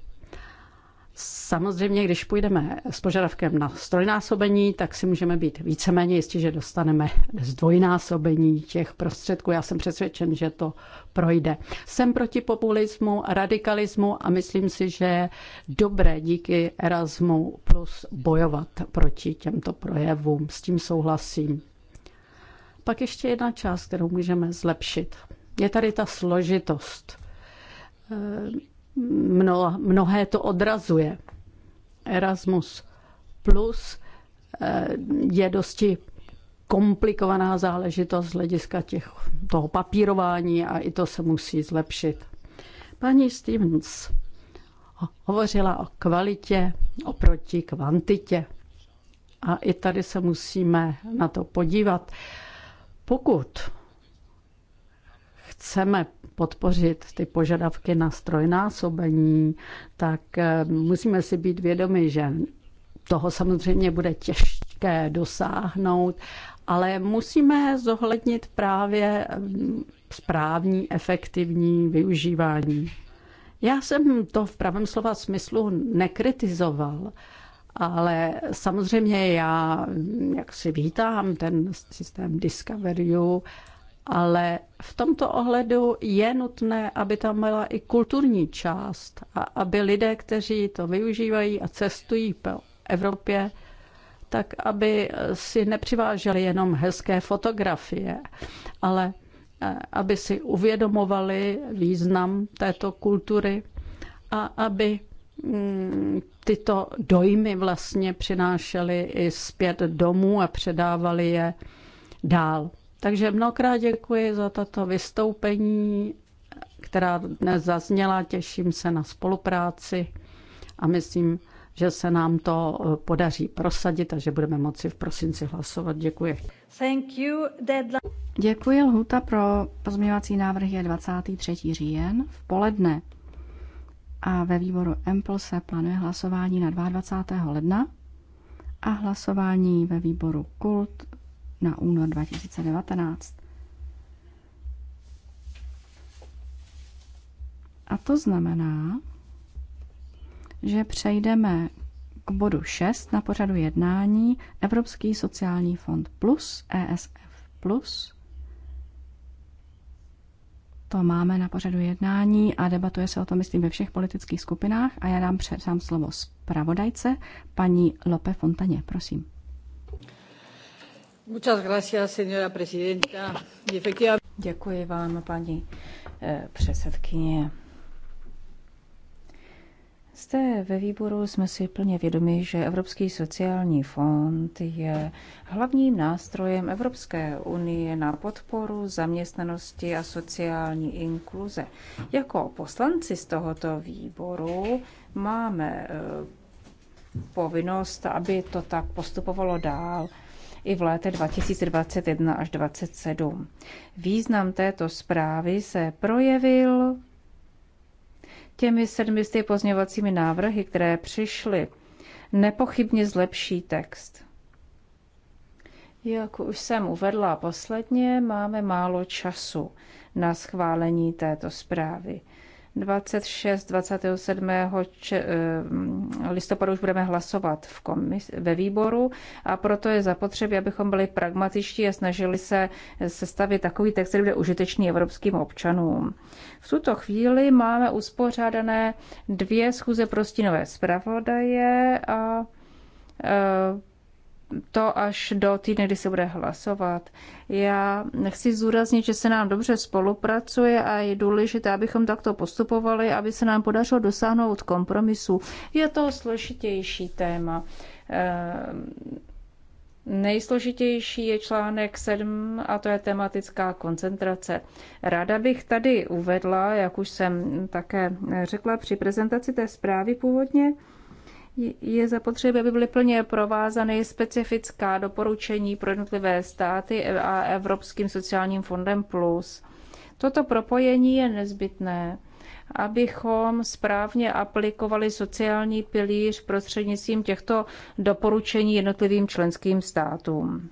Samozřejmě, když půjdeme s požadavkem na strojnásobení, tak si můžeme být víceméně jistí, že dostaneme zdvojnásobení těch prostředků. Já jsem přesvědčen, že to projde. Jsem proti populismu, radikalismu a myslím si, že je dobré díky Erasmu plus bojovat proti těmto projevům. S tím souhlasím. Pak ještě jedna část, kterou můžeme zlepšit. Je tady ta složitost Mno, mnohé to odrazuje. Erasmus plus eh, je dosti komplikovaná záležitost z hlediska těch, toho papírování a i to se musí zlepšit. Paní Stevens hovořila o kvalitě oproti kvantitě. A i tady se musíme na to podívat. Pokud chceme podpořit ty požadavky na strojnásobení, tak eh, musíme si být vědomi, že toho samozřejmě bude těžké dosáhnout, ale musíme zohlednit právě eh, správní, efektivní využívání. Já jsem to v pravém slova smyslu nekritizoval, ale samozřejmě já jak si vítám ten systém Discoveryu ale v tomto ohledu je nutné, aby tam byla i kulturní část a aby lidé, kteří to využívají a cestují po Evropě, tak aby si nepřiváželi jenom hezké fotografie, ale eh, aby si uvědomovali význam této kultury a aby mm, tyto dojmy vlastně přinášely i zpět domů a předávali je dál. Takže mnohokrát děkuji za tato vystoupení, která dnes zazněla. Těším se na spolupráci a myslím, že se nám to eh, podaří prosadit a že budeme moci v prosinci hlasovat. Děkuji. Thank you, Děkuji. Lhuta pro pozměňovací návrh je 23. říjen v poledne. A ve výboru EMPL se plánuje hlasování na 22. ledna a hlasování ve výboru KULT na únor 2019. A to znamená, že přejdeme k bodu 6 na pořadu jednání Evropský sociální fond plus, ESF plus. To máme na pořadu jednání a debatuje se o tom, myslím, ve všech politických skupinách. A já dám sám slovo zpravodajce, paní Lope Fontaně, prosím. Děkuji vám, paní eh, předsedkyně. Zde ve výboru jsme si plně vědomi, že Evropský sociální fond je hlavním nástrojem Evropské unie na podporu zaměstnanosti a sociální inkluze. Jako poslanci z tohoto výboru máme eh, povinnost, aby to tak postupovalo dál i v létech 2021 až 2027. Význam této zprávy se projevil těmi sedmisty pozměňovacími návrhy, které přišly. Nepochybně zlepší text. Jak už jsem uvedla posledně, máme málo času na schválení této zprávy. 26. 27. Če, eh, listopadu už budeme hlasovat v komis, ve výboru a proto je zapotřebí, abychom byli pragmatičtí a snažili se sestavit takový text, který bude užitečný evropským občanům. V tuto chvíli máme uspořádané dvě schůze prostinové stínové zpravodaje a eh, to až do týdne, kdy se bude hlasovat. Já chci zúraznit, že se nám dobře spolupracuje a je důležité, abychom takto postupovali, aby se nám podařilo dosáhnout kompromisu. Je to složitější téma. Ehm, nejsložitější je článek 7 a to je tematická koncentrace. Ráda bych tady uvedla, jak už jsem také řekla při prezentaci té zprávy původně, je zapotřebí, aby byly plně provázané specifická doporučení pro jednotlivé státy a Evropským sociálním fondem Plus. Toto propojení je nezbytné, abychom správně aplikovali sociální pilíř prostřednictvím těchto doporučení jednotlivým členským státům.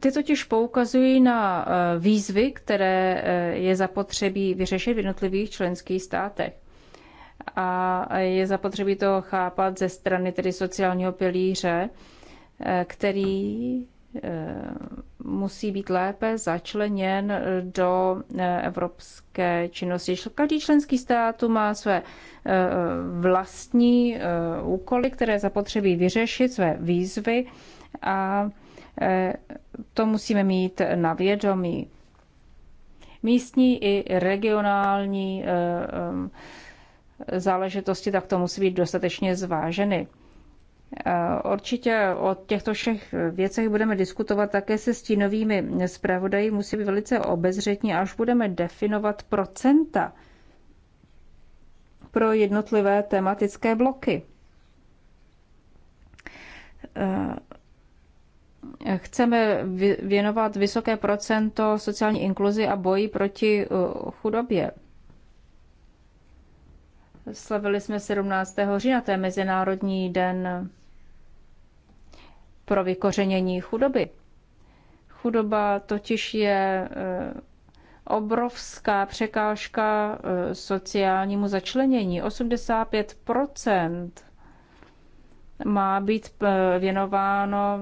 Ty totiž poukazují na eh, výzvy, které eh, je zapotřebí vyřešit v jednotlivých členských státech a je zapotřebí to chápat ze strany tedy sociálního pilíře, eh, který eh, musí být lépe začleněn do eh, evropské činnosti. Každý členský stát má své vlastní úkoly, které zapotřebí vyřešit, své výzvy a to musíme mít na vědomí. Místní i regionální záležitosti, tak to musí být dostatečně zváženy. Eh, určitě o těchto všech věcech budeme diskutovat také se stínovými zpravodaji. Musí být velice obezřetní, až budeme definovat procenta pro jednotlivé tematické bloky. Eh, chceme věnovat vysoké procento sociální inkluzi a boji proti eh, chudobě. Slavili jsme 17. října, to je Mezinárodní den pro vykořenění chudoby. Chudoba totiž je eh, obrovská překážka eh, sociálnímu začlenění. 85 má být eh, věnováno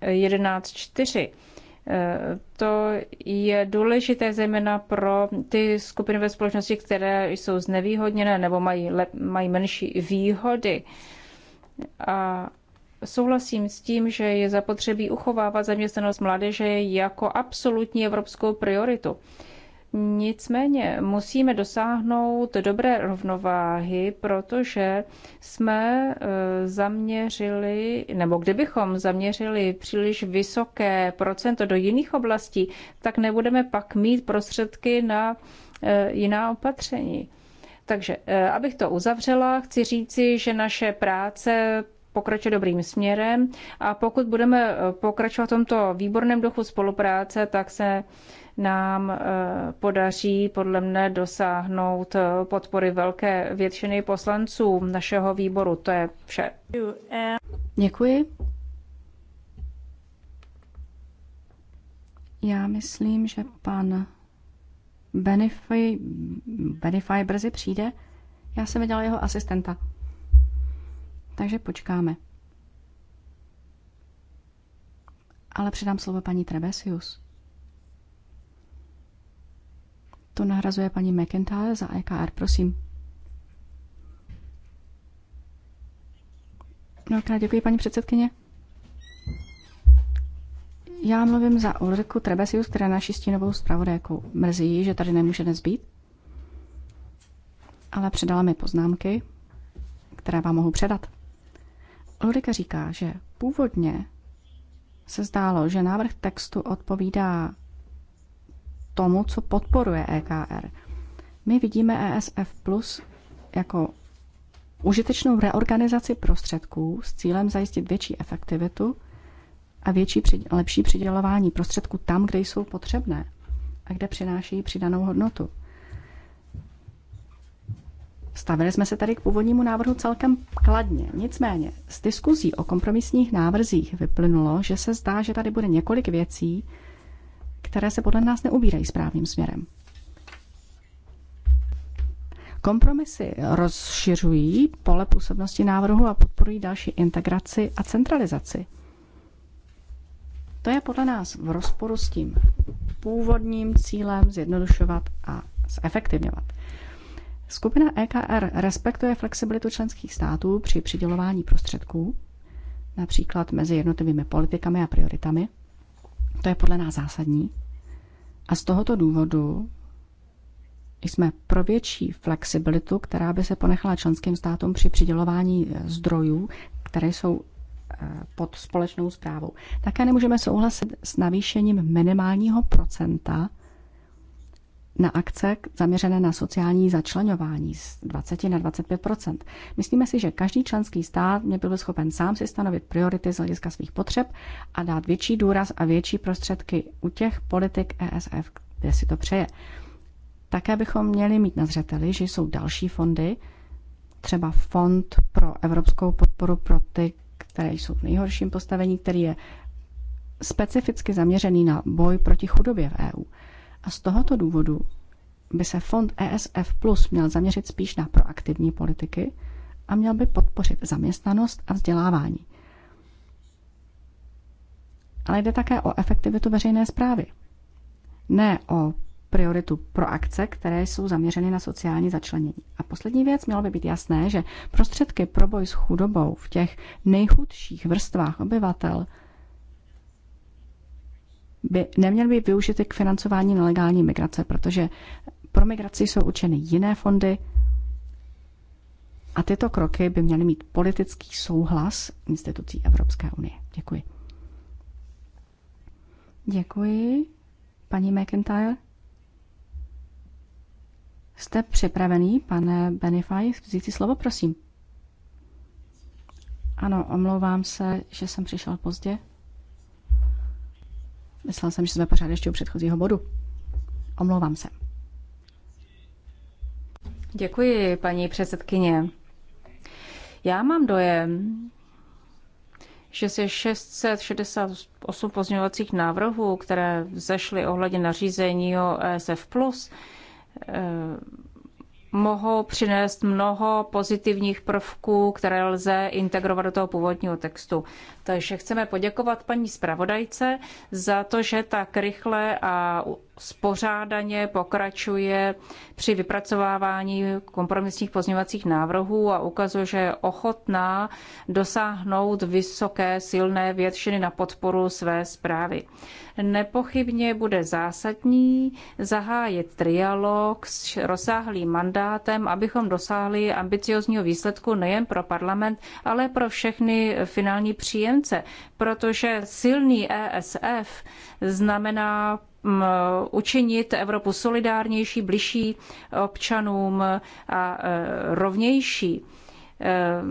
11.4. Mm, to je důležité zejména pro ty skupiny ve společnosti, které jsou znevýhodněné nebo mají, mají menší výhody. A souhlasím s tím, že je zapotřebí uchovávat zaměstnanost mládeže jako absolutní evropskou prioritu. Nicméně musíme dosáhnout dobré rovnováhy, protože jsme e, zaměřili, nebo kdybychom zaměřili příliš vysoké procento do jiných oblastí, tak nebudeme pak mít prostředky na e, jiná opatření. Takže, e, abych to uzavřela, chci říci, že naše práce pokračuje dobrým směrem a pokud budeme pokračovat v tomto výborném duchu spolupráce, tak se nám eh, podaří podle mne dosáhnout eh, podpory velké většiny poslanců našeho výboru. To je vše. Děkuji. Já myslím, že pan Benify, Benify brzy přijde. Já jsem viděla jeho asistenta. Takže počkáme. Ale předám slovo paní Trebesius. To nahrazuje paní McIntyre za EKR, prosím. No, krát děkuji, paní předsedkyně. Já mluvím za Ulriku Trebesius, která je naší stínovou zpravodajkou. Mrzí ji, že tady nemůže dnes být, ale předala mi poznámky, které vám mohu předat. Ulrika říká, že původně se zdálo, že návrh textu odpovídá tomu, co podporuje EKR. My vidíme ESF Plus jako užitečnou reorganizaci prostředků s cílem zajistit větší efektivitu a větší, lepší přidělování prostředků tam, kde jsou potřebné a kde přináší přidanou hodnotu. Stavili jsme se tady k původnímu návrhu celkem kladně. Nicméně z diskuzí o kompromisních návrzích vyplynulo, že se zdá, že tady bude několik věcí, které se podle nás neubírají správným směrem. Kompromisy rozšiřují pole působnosti návrhu a podporují další integraci a centralizaci. To je podle nás v rozporu s tím původním cílem zjednodušovat a zefektivňovat. Skupina EKR respektuje flexibilitu členských států při přidělování prostředků, například mezi jednotlivými politikami a prioritami, to je podle nás zásadní. A z tohoto důvodu jsme pro větší flexibilitu, která by se ponechala členským státům při přidělování eh, zdrojů, které jsou eh, pod společnou zprávou. Také nemůžeme souhlasit s navýšením minimálního procenta na akce zaměřené na sociální začlenování z 20 na 25 Myslíme si, že každý členský stát mě byl schopen sám si stanovit priority z hlediska svých potřeb a dát větší důraz a větší prostředky u těch politik ESF, kde si to přeje. Také bychom měli mít na zřeteli, že jsou další fondy, třeba Fond pro evropskou podporu pro ty, které jsou v nejhorším postavení, který je specificky zaměřený na boj proti chudobě v EU. A z tohoto důvodu by se fond ESF Plus měl zaměřit spíš na proaktivní politiky a měl by podpořit zaměstnanost a vzdělávání. Ale jde také o efektivitu veřejné zprávy. Ne o prioritu pro akce, které jsou zaměřeny na sociální začlenění. A poslední věc, mělo by být jasné, že prostředky pro boj s chudobou v těch nejchudších vrstvách obyvatel – by neměly být využity k financování nelegální migrace, protože pro migraci jsou učeny jiné fondy a tyto kroky by měly mít politický souhlas institucí Evropské unie. Děkuji. Děkuji. Paní McIntyre? Jste připravený, pane Benify, vzít si slovo, prosím. Ano, omlouvám se, že jsem přišel pozdě. Myslel jsem, že jsme pořád ještě u předchozího bodu. Omlouvám se. Děkuji, paní předsedkyně. Já mám dojem, že se 668 pozměňovacích návrhů, které zešly ohledně nařízení o ESF+, mohou přinést mnoho pozitivních prvků, které lze integrovat do toho původního textu. Takže chceme poděkovat paní zpravodajce za to, že tak rychle a spořádaně pokračuje při vypracovávání kompromisních pozměňovacích návrhů a ukazuje, že je ochotná dosáhnout vysoké silné většiny na podporu své zprávy. Nepochybně bude zásadní zahájit trialog s rozsáhlým mandátem, abychom dosáhli ambiciozního výsledku nejen pro parlament, ale pro všechny finální příjemce, protože silný ESF znamená učinit Evropu solidárnější, bližší občanům a e, rovnější e,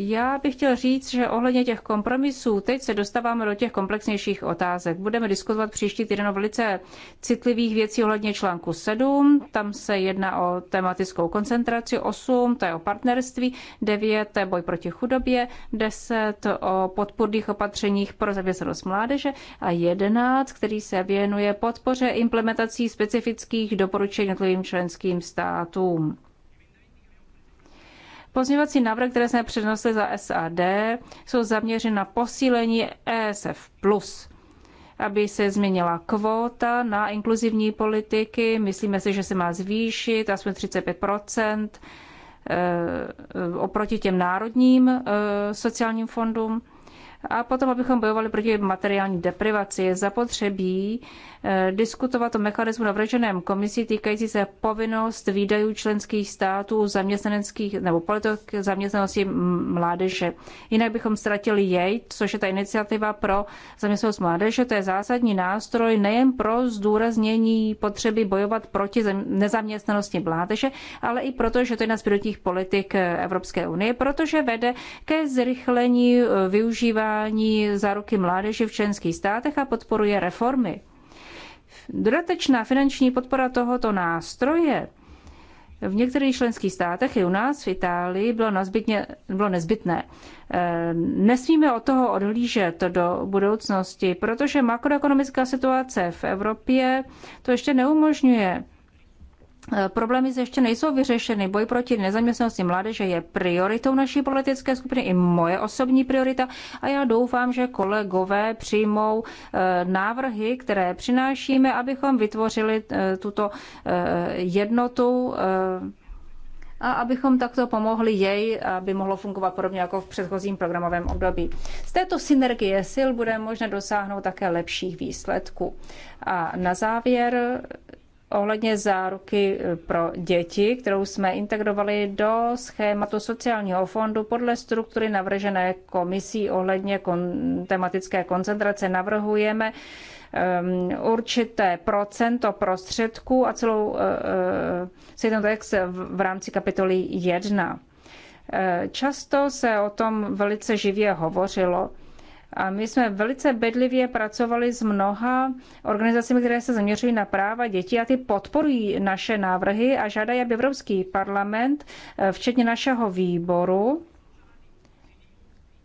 já bych chtěl říct, že ohledně těch kompromisů teď se dostáváme do těch komplexnějších otázek. Budeme diskutovat příští týden o velice citlivých věcí ohledně článku 7. Tam se jedná o tematickou koncentraci 8, to je o partnerství, 9, to je boj proti chudobě, 10 o podpůrných opatřeních pro zaměstnanost mládeže a 11, který se věnuje podpoře implementací specifických doporučení jednotlivým členským státům. Pozměňovací návrhy, které jsme přednosli za SAD, jsou zaměřeny na posílení ESF+, aby se změnila kvóta na inkluzivní politiky. Myslíme si, že se má zvýšit aspoň 35 eh, oproti těm národním eh, sociálním fondům. A potom, abychom bojovali proti materiální deprivaci, je zapotřebí eh, diskutovat o mechanismu navrženém komisí týkající se povinnost výdajů členských států zaměstnaneckých nebo politik zaměstnanosti mládeže. Jinak bychom ztratili jej, což je ta iniciativa pro zaměstnanost mládeže. To je zásadní nástroj nejen pro zdůraznění potřeby bojovat proti nezaměstnanosti mládeže, ale i proto, že to je na z politik eh, Evropské unie, protože vede ke zrychlení eh, využívání sociální záruky mládeže v členských státech a podporuje reformy. Dodatečná finanční podpora tohoto nástroje v některých členských státech i u nás v Itálii bylo, nazbytně, bylo nezbytné. E, nesmíme od toho odhlížet do budoucnosti, protože makroekonomická situace v Evropě to ještě neumožňuje. Eh, problémy se ještě nejsou vyřešeny. Boj proti nezaměstnanosti mládeže je prioritou naší politické skupiny, i moje osobní priorita. A já doufám, že kolegové přijmou eh, návrhy, které přinášíme, abychom vytvořili eh, tuto jednotu a abychom takto pomohli jej, aby mohlo fungovat podobně jako v předchozím programovém období. Z této synergie sil bude možné dosáhnout také lepších výsledků. A na závěr ohledně záruky eh, pro děti, kterou jsme integrovali do schématu sociálního fondu podle struktury navržené komisí ohledně kon- tematické koncentrace navrhujeme um, určité procento prostředků a celou uh, uh, text v, v rámci kapitoly 1. Často se o tom velice živě hovořilo. A my jsme velice bedlivě pracovali s mnoha organizacemi, které se zaměřují na práva dětí a ty podporují naše návrhy a žádají, aby Evropský parlament, eh, včetně našeho výboru,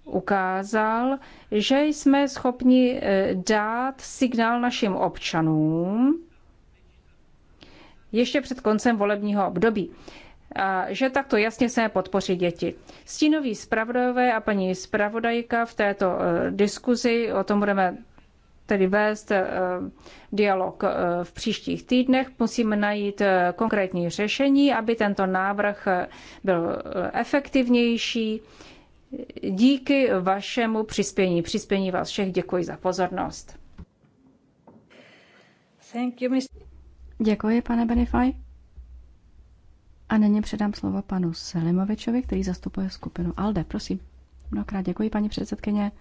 ukázal, že jsme schopni eh, dát signál našim občanům ještě před koncem volebního období a že takto jasně se podpoří děti. Stínoví zpravodajové a paní zpravodajka v této e, diskuzi, o tom budeme tedy vést e, dialog e, v příštích týdnech. Musíme najít konkrétní řešení, aby tento návrh byl efektivnější. Díky vašemu přispění, přispění vás všech, děkuji za pozornost. Thank you, Děkuji, pane Benefaj. A nyní předám slovo panu Selimovičovi, který zastupuje skupinu ALDE. Prosím. Mnohokrát děkuji, paní předsedkyně.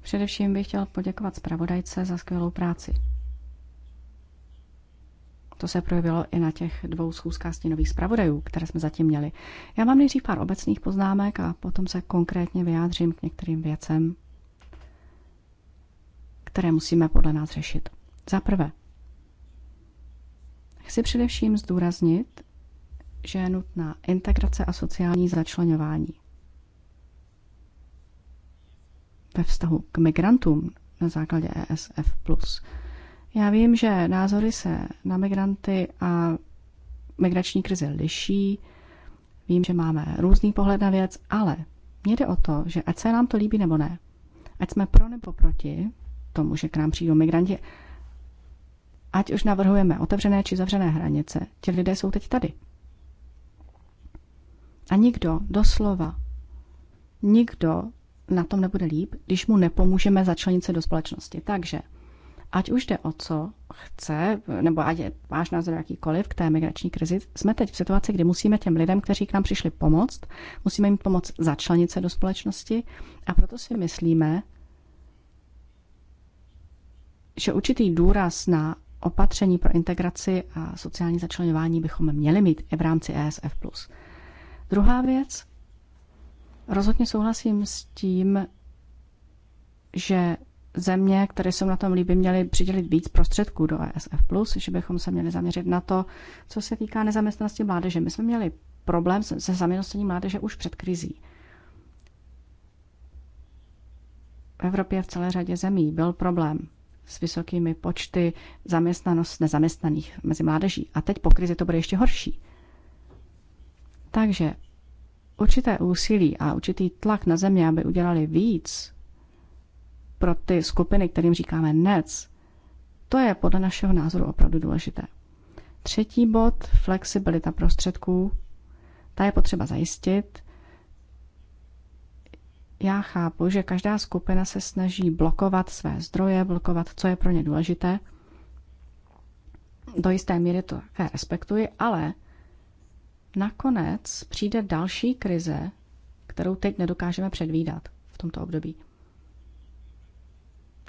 Především bych chtěl poděkovat zpravodajce za skvělou práci. To se projevilo i na těch dvou schůzkách stínových zpravodajů, které jsme zatím měli. Já mám nejdřív pár obecných poznámek a potom se konkrétně vyjádřím k některým věcem, které musíme podle nás řešit. Za prvé, chci především zdůraznit, že je nutná integrace a sociální začlenování. Ve vztahu k migrantům na základě ESF+. Já vím, že názory se na migranty a migrační krizi liší. Vím, že máme různý pohled na věc, ale mně jde o to, že ať se nám to líbí nebo ne, ať jsme pro nebo proti tomu, že k nám přijdou migranti, ať už navrhujeme otevřené či zavřené hranice, ti lidé jsou teď tady. A nikdo, doslova, nikdo na tom nebude líp, když mu nepomůžeme začlenit se do společnosti. Takže ať už jde o co chce, nebo ať je váš názor jakýkoliv k té migrační krizi, jsme teď v situaci, kdy musíme těm lidem, kteří k nám přišli pomoct, musíme jim pomoct začlenit se do společnosti a proto si myslíme, že určitý důraz na opatření pro integraci a sociální začlenování bychom měli mít i v rámci ESF+. Druhá věc, rozhodně souhlasím s tím, že země, které jsou na tom líbí, měly přidělit víc prostředků do ESF+, že bychom se měli zaměřit na to, co se týká nezaměstnanosti mládeže. My jsme měli problém se zaměstnaním mládeže už před krizí. V Evropě v celé řadě zemí byl problém s vysokými počty zaměstnanost nezaměstnaných mezi mládeží. A teď po krizi to bude ještě horší. Takže určité úsilí a určitý tlak na země, aby udělali víc pro ty skupiny, kterým říkáme NEC, to je podle našeho názoru opravdu důležité. Třetí bod, flexibilita prostředků. Ta je potřeba zajistit. Já chápu, že každá skupina se snaží blokovat své zdroje, blokovat, co je pro ně důležité. Do jisté míry to respektuji, ale nakonec přijde další krize, kterou teď nedokážeme předvídat v tomto období.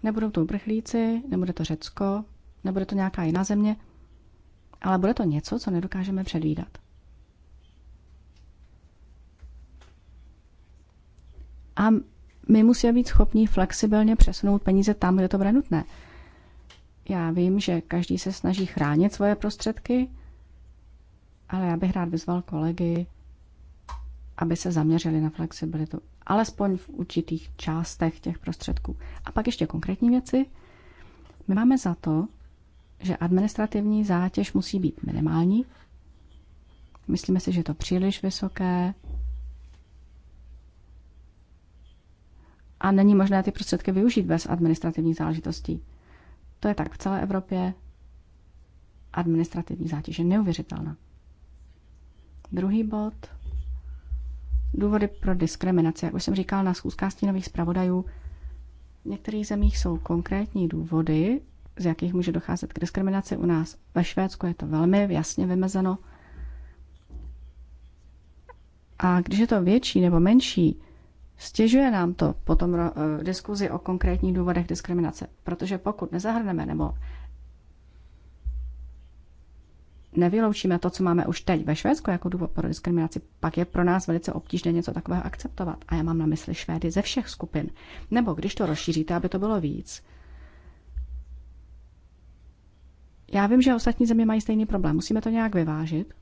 Nebudou to uprchlíci, nebude to Řecko, nebude to nějaká jiná země, ale bude to něco, co nedokážeme předvídat. A my musíme být schopni flexibilně přesunout peníze tam, kde to bude nutné. Já vím, že každý se snaží chránit svoje prostředky, ale já bych rád vyzval kolegy, aby se zaměřili na flexibilitu, alespoň v určitých částech těch prostředků. A pak ještě konkrétní věci. My máme za to, že administrativní zátěž musí být minimální. Myslíme si, že je to příliš vysoké a není možné ty prostředky využít bez administrativních záležitostí. To je tak v celé Evropě. Administrativní zátěž je neuvěřitelná. Druhý bod. Důvody pro diskriminaci. Jak už jsem říkal na schůzkách stínových zpravodajů, v některých zemích jsou konkrétní důvody, z jakých může docházet k diskriminaci. U nás ve Švédsku je to velmi jasně vymezeno. A když je to větší nebo menší, stěžuje nám to potom eh, diskuzi o konkrétních důvodech diskriminace. Protože pokud nezahrneme nebo nevyloučíme to, co máme už teď ve Švédsku jako důvod pro diskriminaci, pak je pro nás velice obtížné něco takového akceptovat. A já mám na mysli Švédy ze všech skupin. Nebo když to rozšíříte, aby to bylo víc. Já vím, že ostatní země mají stejný problém. Musíme to nějak vyvážit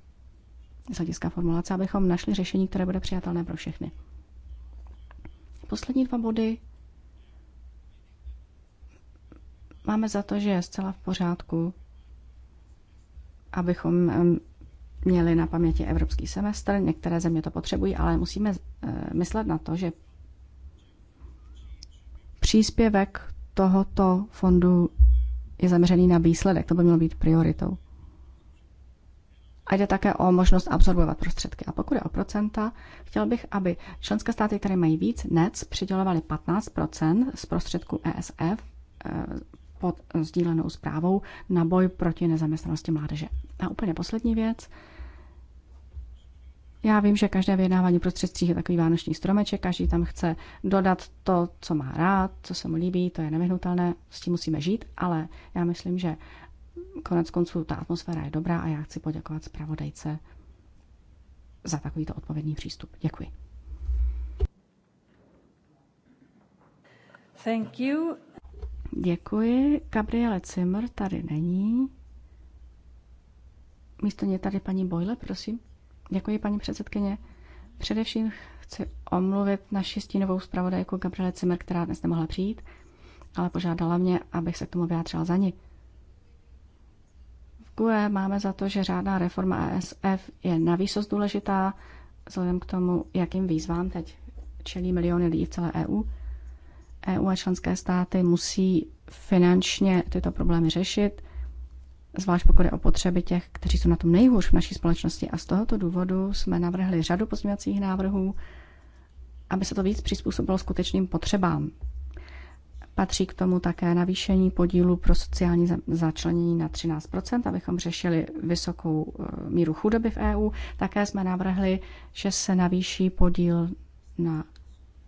z hlediska formulace, abychom našli řešení, které bude přijatelné pro všechny. Poslední dva body máme za to, že je zcela v pořádku abychom měli na paměti evropský semestr. Některé země to potřebují, ale musíme eh, myslet na to, že příspěvek tohoto fondu je zaměřený na výsledek. To by mělo být prioritou. A jde také o možnost absorbovat prostředky. A pokud je o procenta, chtěl bych, aby členské státy, které mají víc NEC, přidělovaly 15 z prostředků ESF eh, pod sdílenou zprávou na boj proti nezaměstnanosti mládeže. A úplně poslední věc. Já vím, že každé vyjednávání prostředcích je takový vánoční stromeček, každý tam chce dodat to, co má rád, co se mu líbí, to je nevyhnutelné, s tím musíme žít, ale já myslím, že konec konců ta atmosféra je dobrá a já chci poděkovat zpravodajce za takovýto odpovědný přístup. Děkuji. Thank you. Děkuji. Gabriele Zimmer tady není. Místo mě tady paní Bojle, prosím. Děkuji, paní předsedkyně. Především chci omluvit naši stínovou zpravodajku Gabriele Zimmer, která dnes nemohla přijít, ale požádala mě, abych se k tomu vyjádřila za ní. V GUE máme za to, že řádná reforma ASF e je navýsost důležitá, vzhledem k tomu, jakým výzvám teď čelí miliony lidí v celé EU – EU a členské státy musí finančně tyto problémy řešit, zvlášť pokud je o potřeby těch, kteří jsou na tom nejhůř v naší společnosti. A z tohoto důvodu jsme navrhli řadu pozměňovacích návrhů, aby se to víc přizpůsobilo skutečným potřebám. Patří k tomu také navýšení podílu pro sociální začlenění na 13 abychom řešili vysokou e, míru chudoby v EU. Také jsme navrhli, že se navýší podíl na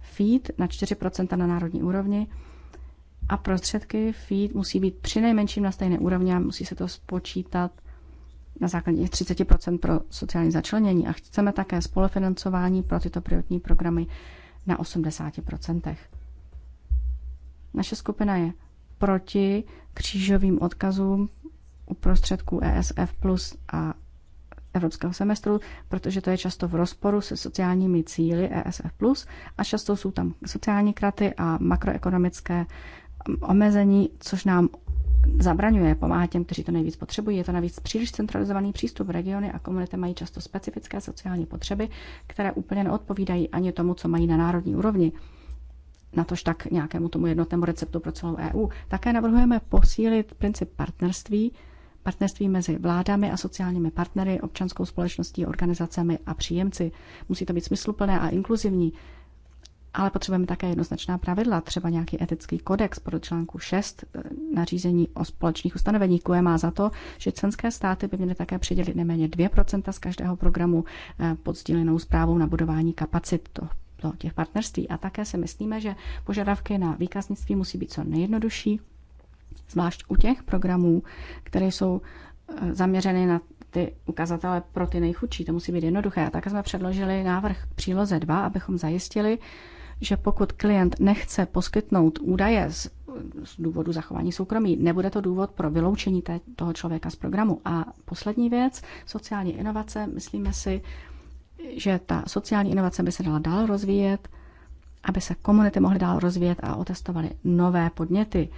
feed na 4% na národní úrovni a prostředky feed musí být při nejmenším na stejné úrovni a musí se to spočítat na základě 30% pro sociální začlenění a chceme také spolufinancování pro tyto prioritní programy na 80%. Naše skupina je proti křížovým odkazům u prostředků ESF plus a evropského semestru, protože to je často v rozporu se sociálními cíly ESF+, a často jsou tam sociální kraty a makroekonomické um, omezení, což nám zabraňuje, pomáhat těm, kteří to nejvíc potřebují. Je to navíc příliš centralizovaný přístup. Regiony a komunity mají často specifické sociální potřeby, které úplně neodpovídají ani tomu, co mají na národní úrovni na tož tak nějakému tomu jednotnému receptu pro celou EU. Také navrhujeme posílit princip partnerství, partnerství mezi vládami a sociálními partnery, občanskou společností, organizacemi a příjemci. Musí to být smysluplné a inkluzivní, ale potřebujeme také jednoznačná pravidla, třeba nějaký etický kodex podle článku 6 eh, nařízení o společných ustanoveních QE má za to, že členské státy by měly také přidělit nejméně 2% z každého programu eh, pod sdílenou zprávou na budování kapacit to, to těch partnerství. A také si myslíme, že požadavky na výkaznictví musí být co nejjednodušší, zvlášť u těch programů, které jsou eh, zaměřeny na ty ukazatele pro ty nejchudší. To musí být jednoduché. A tak jsme předložili návrh příloze 2, abychom zajistili, že pokud klient nechce poskytnout údaje z, z důvodu zachování soukromí, nebude to důvod pro vyloučení té, toho člověka z programu. A poslední věc, sociální inovace. Myslíme si, že ta sociální inovace by se dala dál rozvíjet, aby se komunity mohly dál rozvíjet a otestovaly nové podněty,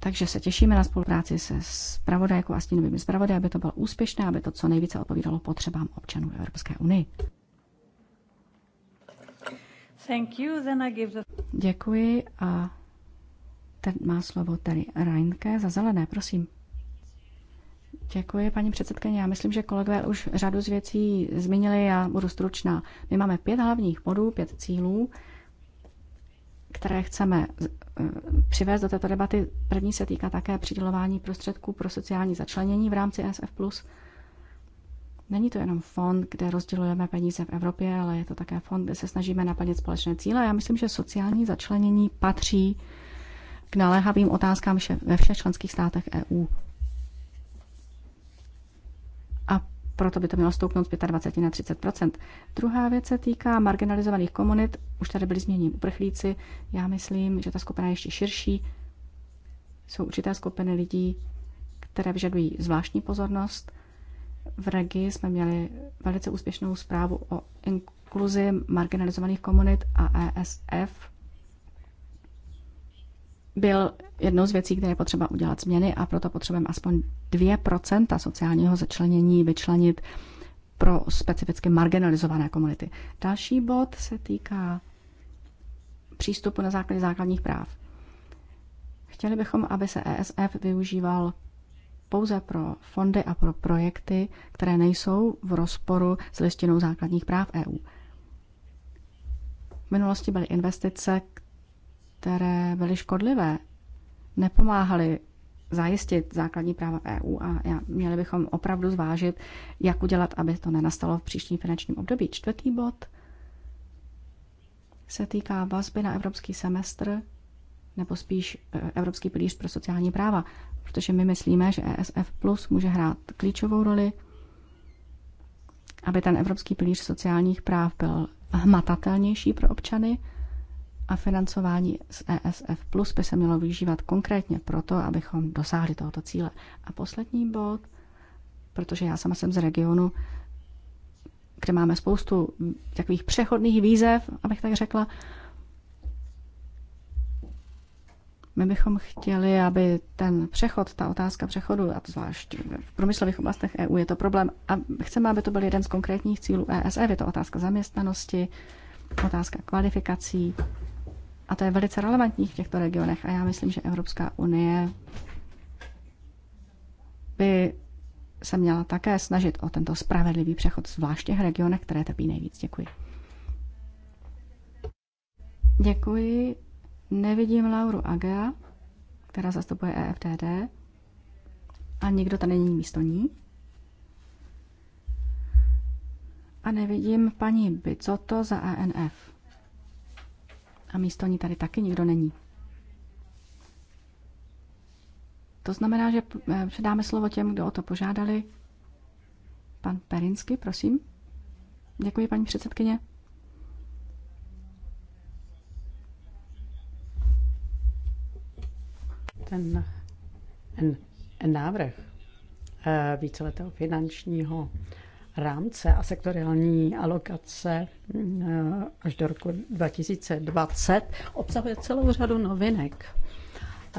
takže se těšíme na spolupráci se zpravodajkou a stínovými zpravody, aby to bylo úspěšné, aby to co nejvíce odpovídalo potřebám občanů Evropské unii. Thank you. Then I give the... Děkuji a ten má slovo tady Reinke za zelené, prosím. Děkuji, paní předsedkyně. Já myslím, že kolegové už řadu z věcí zmínili, já budu stručná. My máme pět hlavních bodů, pět cílů které chceme eh, přivést do této debaty. První se týká také přidělování prostředků pro sociální začlenění v rámci SF+. Není to jenom fond, kde rozdělujeme peníze v Evropě, ale je to také fond, kde se snažíme naplnit společné cíle. Já myslím, že sociální začlenění patří k naléhavým otázkám ve všech členských státech EU. proto by to mělo stoupnout z 25 na 30 Druhá věc se týká marginalizovaných komunit. Už tady byli změněni uprchlíci. Já myslím, že ta skupina je ještě širší. Jsou určité skupiny lidí, které vyžadují zvláštní pozornost. V Regi jsme měli velice úspěšnou zprávu o inkluzi marginalizovaných komunit a ESF byl jednou z věcí, kde je potřeba udělat změny a proto potřebujeme aspoň 2% sociálního začlenění vyčlenit pro specificky marginalizované komunity. Další bod se týká přístupu na základě základních práv. Chtěli bychom, aby se ESF využíval pouze pro fondy a pro projekty, které nejsou v rozporu s listinou základních práv EU. V minulosti byly investice, které byly škodlivé, nepomáhaly zajistit základní práva EU a já, měli bychom opravdu zvážit, jak udělat, aby to nenastalo v příštím finančním období. Čtvrtý bod se týká vazby na evropský semestr nebo spíš e, Evropský pilíř pro sociální práva, protože my myslíme, že ESF Plus může hrát klíčovou roli, aby ten Evropský pilíř sociálních práv byl hmatatelnější pro občany – a financování z ESF Plus by se mělo využívat konkrétně proto, abychom dosáhli tohoto cíle. A poslední bod, protože já sama jsem z regionu, kde máme spoustu takových přechodných výzev, abych tak řekla, My bychom chtěli, aby ten přechod, ta otázka přechodu, a to zvlášť v průmyslových oblastech EU je to problém, a chceme, aby to byl jeden z konkrétních cílů ESF. Je to otázka zaměstnanosti, otázka kvalifikací, a to je velice relevantní v těchto regionech. A já myslím, že Evropská unie by se měla také snažit o tento spravedlivý přechod, zvláště v regionech, které trpí nejvíc. Děkuji. Děkuji. Nevidím Lauru Agea, která zastupuje EFTD. A nikdo tady není místo ní. A nevidím paní Bicoto za ANF. E a místo ní tady taky nikdo není. To znamená, že předáme eh, slovo těm, kdo o to požádali. Pan Perinsky, prosím. Děkuji, paní předsedkyně. Ten, ten návrh eh, víceletého finančního rámce a sektoriální alokace eh, až do roku 2020 obsahuje celou řadu novinek.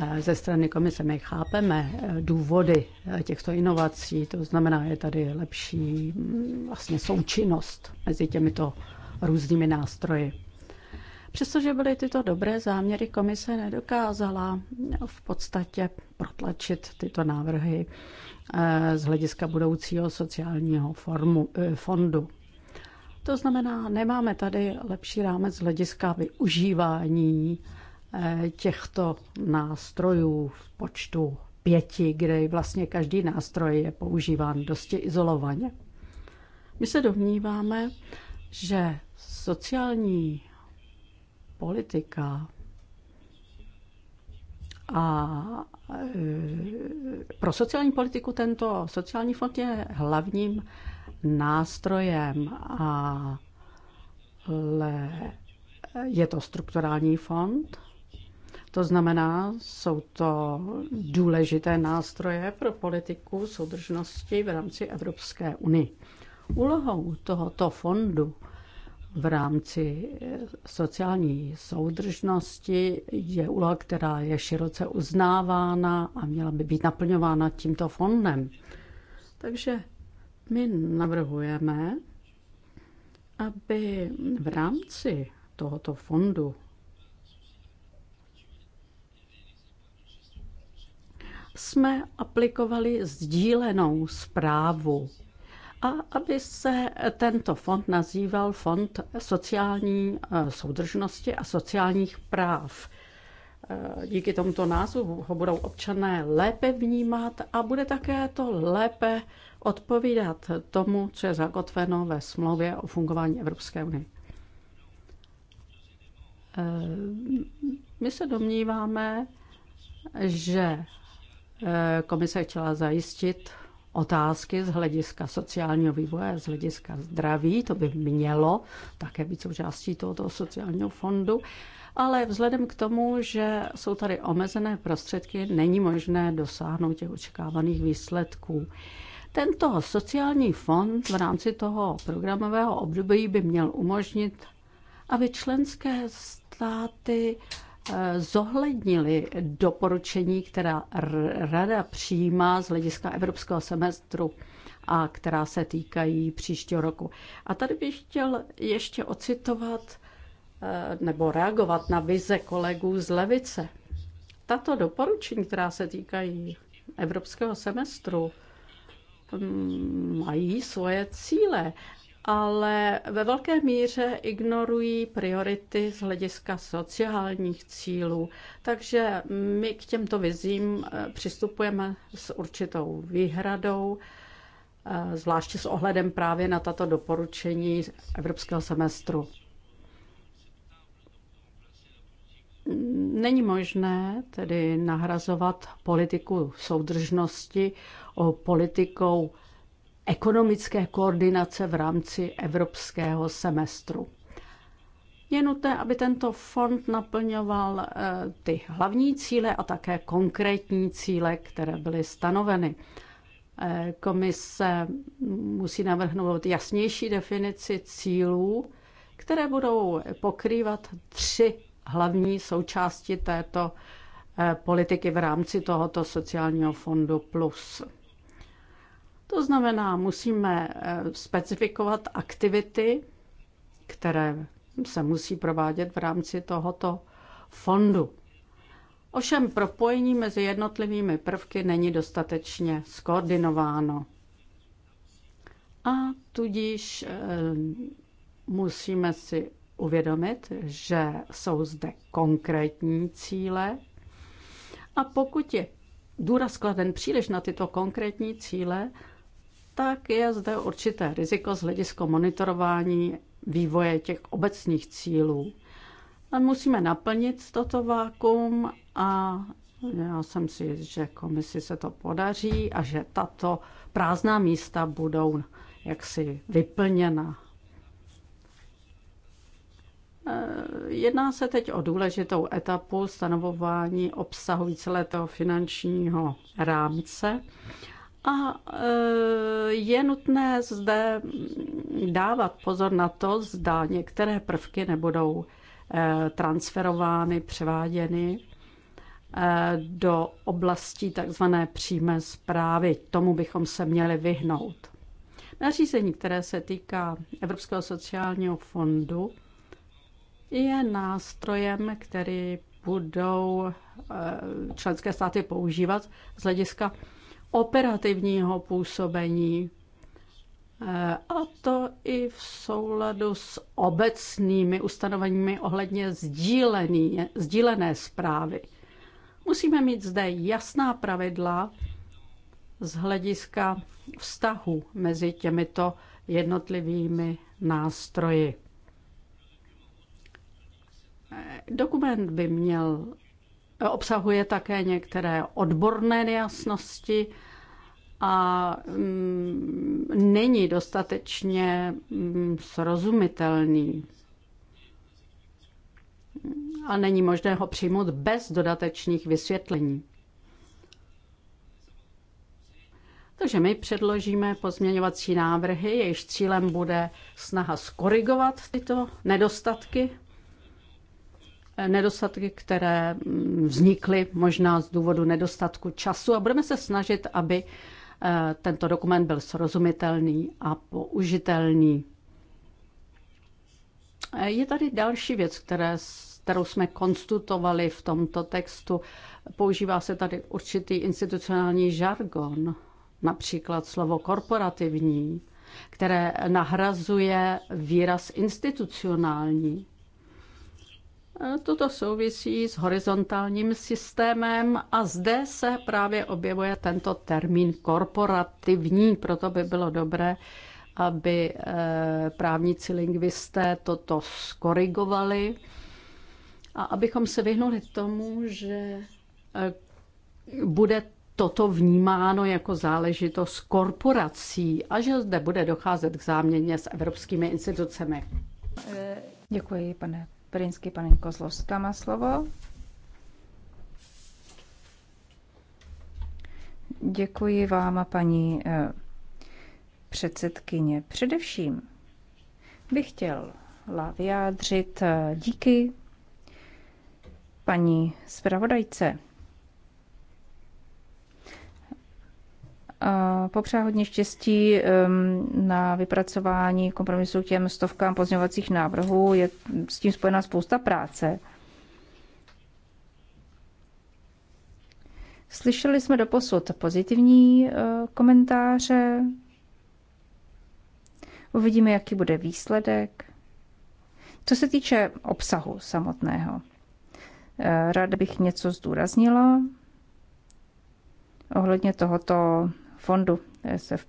Eh, ze strany komise my chápeme eh, důvody těchto inovací, to znamená, je tady lepší mm, vlastně součinnost mezi těmito různými nástroji. Přestože byly tyto dobré záměry, komise nedokázala v podstatě protlačit tyto návrhy Eh, z hlediska budoucího sociálního formu, eh, fondu. To znamená, nemáme tady lepší rámec z hlediska využívání eh, těchto nástrojů v počtu pěti, kde vlastně každý nástroj je používán dosti izolovaně. My se domníváme, že sociální politika a e, pro sociální politiku tento sociální fond je hlavním nástrojem, ale je to strukturální fond, to znamená, jsou to důležité nástroje pro politiku soudržnosti v rámci Evropské unie. Úlohou tohoto fondu v rámci eh, sociální soudržnosti je úloha, která je široce uznávána a měla by být naplňována tímto fondem. Takže my navrhujeme, aby v rámci tohoto fondu jsme aplikovali sdílenou zprávu a aby se tento fond nazýval Fond sociální eh, soudržnosti a sociálních práv. Eh, díky tomuto názvu ho budou občané lépe vnímat a bude také to lépe odpovídat tomu, co je zakotveno ve smlouvě o fungování Evropské unie. Eh, my se domníváme, že komise chtěla zajistit otázky z hlediska sociálního vývoje, z hlediska zdraví, to by mělo také být součástí tohoto sociálního fondu, ale vzhledem k tomu, že jsou tady omezené prostředky, není možné dosáhnout těch očekávaných výsledků. Tento sociální fond v rámci toho programového období by měl umožnit, aby členské státy Eh, zohlednili doporučení, která Rada přijímá z hlediska evropského semestru a která se týkají příštího roku. A tady bych chtěl ještě ocitovat eh, nebo reagovat na vize kolegů z levice. Tato doporučení, která se týkají evropského semestru, mm, mají svoje cíle ale ve velké míře ignorují priority z hlediska sociálních cílů. Takže my k těmto vizím eh, přistupujeme s určitou výhradou, eh, zvláště s ohledem právě na tato doporučení evropského semestru. Není možné tedy nahrazovat politiku soudržnosti o politikou ekonomické koordinace v rámci evropského semestru. Je nutné, aby tento fond naplňoval eh, ty hlavní cíle a také konkrétní cíle, které byly stanoveny. Eh, komise musí navrhnout jasnější definici cílů, které budou pokrývat tři hlavní součásti této eh, politiky v rámci tohoto sociálního fondu plus. To znamená, musíme eh, specifikovat aktivity, které se musí provádět v rámci tohoto fondu. Ovšem propojení mezi jednotlivými prvky není dostatečně skoordinováno. A tudíž eh, musíme si uvědomit, že jsou zde konkrétní cíle a pokud je důraz kladen příliš na tyto konkrétní cíle, tak je zde určité riziko z hlediska monitorování vývoje těch obecných cílů. A musíme naplnit toto vákum a já jsem si jist, že komisi se to podaří a že tato prázdná místa budou jaksi vyplněna. E, jedná se teď o důležitou etapu stanovování obsahu víceletého finančního rámce a e, je nutné zde dávat pozor na to, zda některé prvky nebudou e, transferovány, převáděny e, do oblastí tzv. přímé zprávy. Tomu bychom se měli vyhnout. Nařízení, které se týká Evropského sociálního fondu, je nástrojem, který budou členské státy používat z hlediska operativního působení. Eh, a to i v souladu s obecnými ustanoveními ohledně sdílený, sdílené zprávy. Musíme mít zde jasná pravidla z hlediska vztahu mezi těmito jednotlivými nástroji. Eh, dokument by měl obsahuje také některé odborné nejasnosti a mm, není dostatečně mm, srozumitelný a není možné ho přijmout bez dodatečných vysvětlení. Takže my předložíme pozměňovací návrhy, jejichž cílem bude snaha skorigovat tyto nedostatky nedostatky, které mm, vznikly možná z důvodu nedostatku času a budeme se snažit, aby eh, tento dokument byl srozumitelný a použitelný. Eh, je tady další věc, které, kterou jsme konstutovali v tomto textu. Používá se tady určitý institucionální žargon, například slovo korporativní, které nahrazuje výraz institucionální. Toto souvisí s horizontálním systémem a zde se právě objevuje tento termín korporativní, proto by bylo dobré, aby eh, právníci lingvisté toto skorigovali a abychom se vyhnuli tomu, že eh, bude toto vnímáno jako záležitost korporací a že zde bude docházet k záměně s evropskými institucemi. Děkuji, pane Prinsky paní Kozlovská má slovo. Děkuji vám, paní eh, předsedkyně. Především bych chtěla vyjádřit eh, díky paní zpravodajce popřát hodně štěstí na vypracování kompromisu těm stovkám pozměňovacích návrhů. Je s tím spojená spousta práce. Slyšeli jsme doposud pozitivní e, komentáře. Uvidíme, jaký bude výsledek. Co se týče obsahu samotného, e, ráda bych něco zdůraznila ohledně tohoto fondu SF+.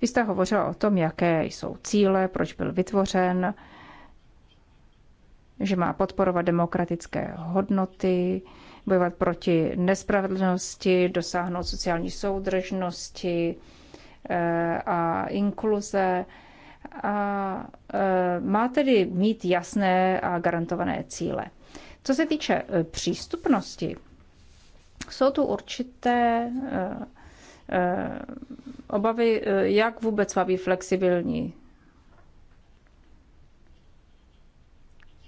Vy jste hovořila o tom, jaké jsou cíle, proč byl vytvořen, že má podporovat demokratické hodnoty, bojovat proti nespravedlnosti, dosáhnout sociální soudržnosti eh, a inkluze. A eh, má tedy mít jasné a garantované cíle. Co se týče eh, přístupnosti, tisk. Jsou tu určité eh, eh, obavy, eh, jak vůbec má být flexibilní.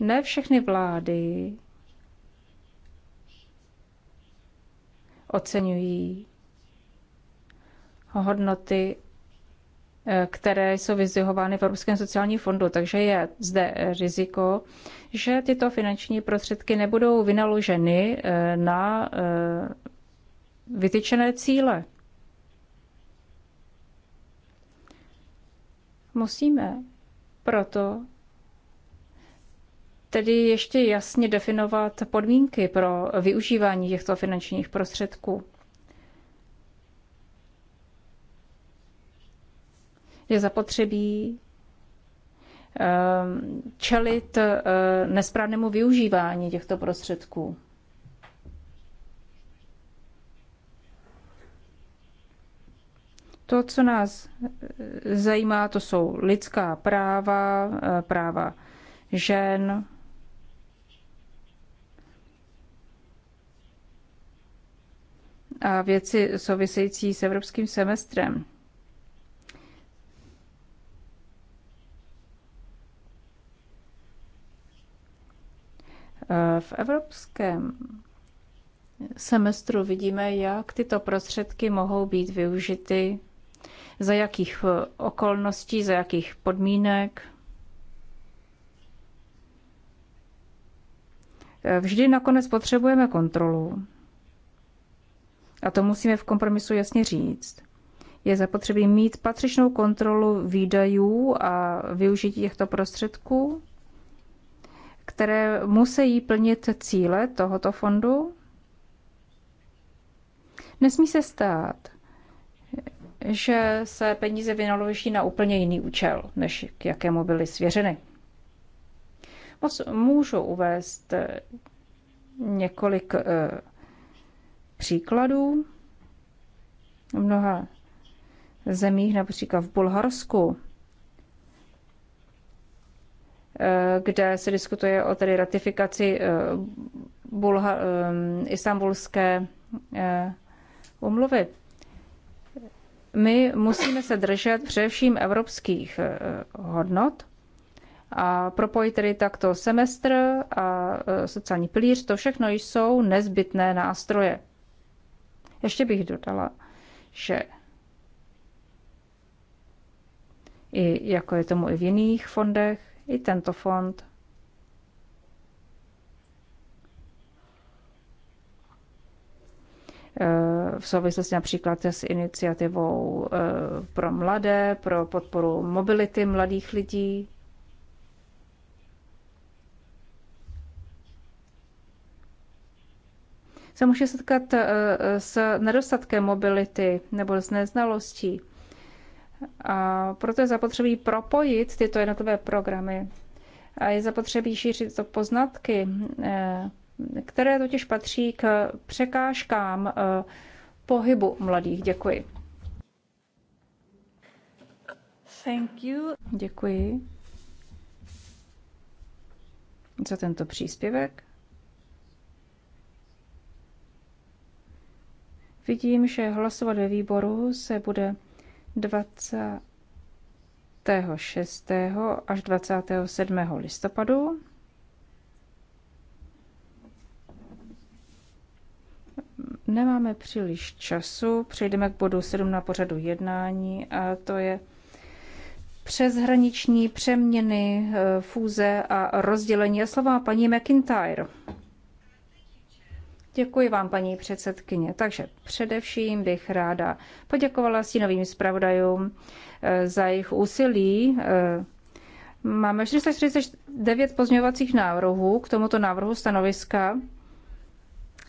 Ne všechny vlády oceňují hodnoty které jsou vyzdvihovány v Evropském sociálním fondu. Takže je zde riziko, že tyto finanční prostředky nebudou vynaloženy eh, na eh, vytyčené cíle. Musíme proto tedy ještě jasně definovat podmínky pro využívání těchto finančních prostředků. je zapotřebí ehm, čelit eh, nesprávnému využívání těchto prostředků. To, co nás eh, zajímá, to jsou lidská práva, eh, práva žen, a věci související s evropským semestrem. evropském semestru vidíme, jak tyto prostředky mohou být využity, za jakých eh, okolností, za jakých podmínek. Eh, vždy nakonec potřebujeme kontrolu. A to musíme v kompromisu jasně říct. Je zapotřebí mít patřičnou kontrolu výdajů a využití těchto prostředků které musí plnit cíle tohoto fondu. Nesmí se stát, že se peníze vynaloží na úplně jiný účel, než k jakému byly svěřeny. můžu uvést eh, několik eh, příkladů. V mnoha zemích, například v Bulharsku, Eh, kde se diskutuje o tedy ratifikaci eh, Bulha, eh, istambulské umluvy. My musíme se držet především evropských hodnot a propojit tedy takto semestr a sociální pilíř, to všechno jsou nezbytné nástroje. Ještě bych dodala, že i jako je tomu i v jiných fondech, i tento fond. E, v souvislosti například s iniciativou e, pro mladé, pro podporu mobility mladých lidí. Se může setkat e, s nedostatkem mobility nebo s neznalostí. A proto je zapotřebí propojit tyto jednotlivé programy. A je zapotřebí šířit to poznatky, eh, které totiž patří k překážkám eh, pohybu mladých. Děkuji. Thank you. Děkuji za tento příspěvek. Vidím, že hlasovat ve výboru se bude 26. až 27. listopadu. Nemáme příliš času, přejdeme k bodu 7 na pořadu jednání a to je přeshraniční přeměny, eh, fúze a rozdělení. A slova paní McIntyre. Děkuji vám, paní předsedkyně. Takže především bych ráda poděkovala novým zpravodajům eh, za jejich úsilí. Eh, máme 449 pozměňovacích návrhů k tomuto návrhu stanoviska.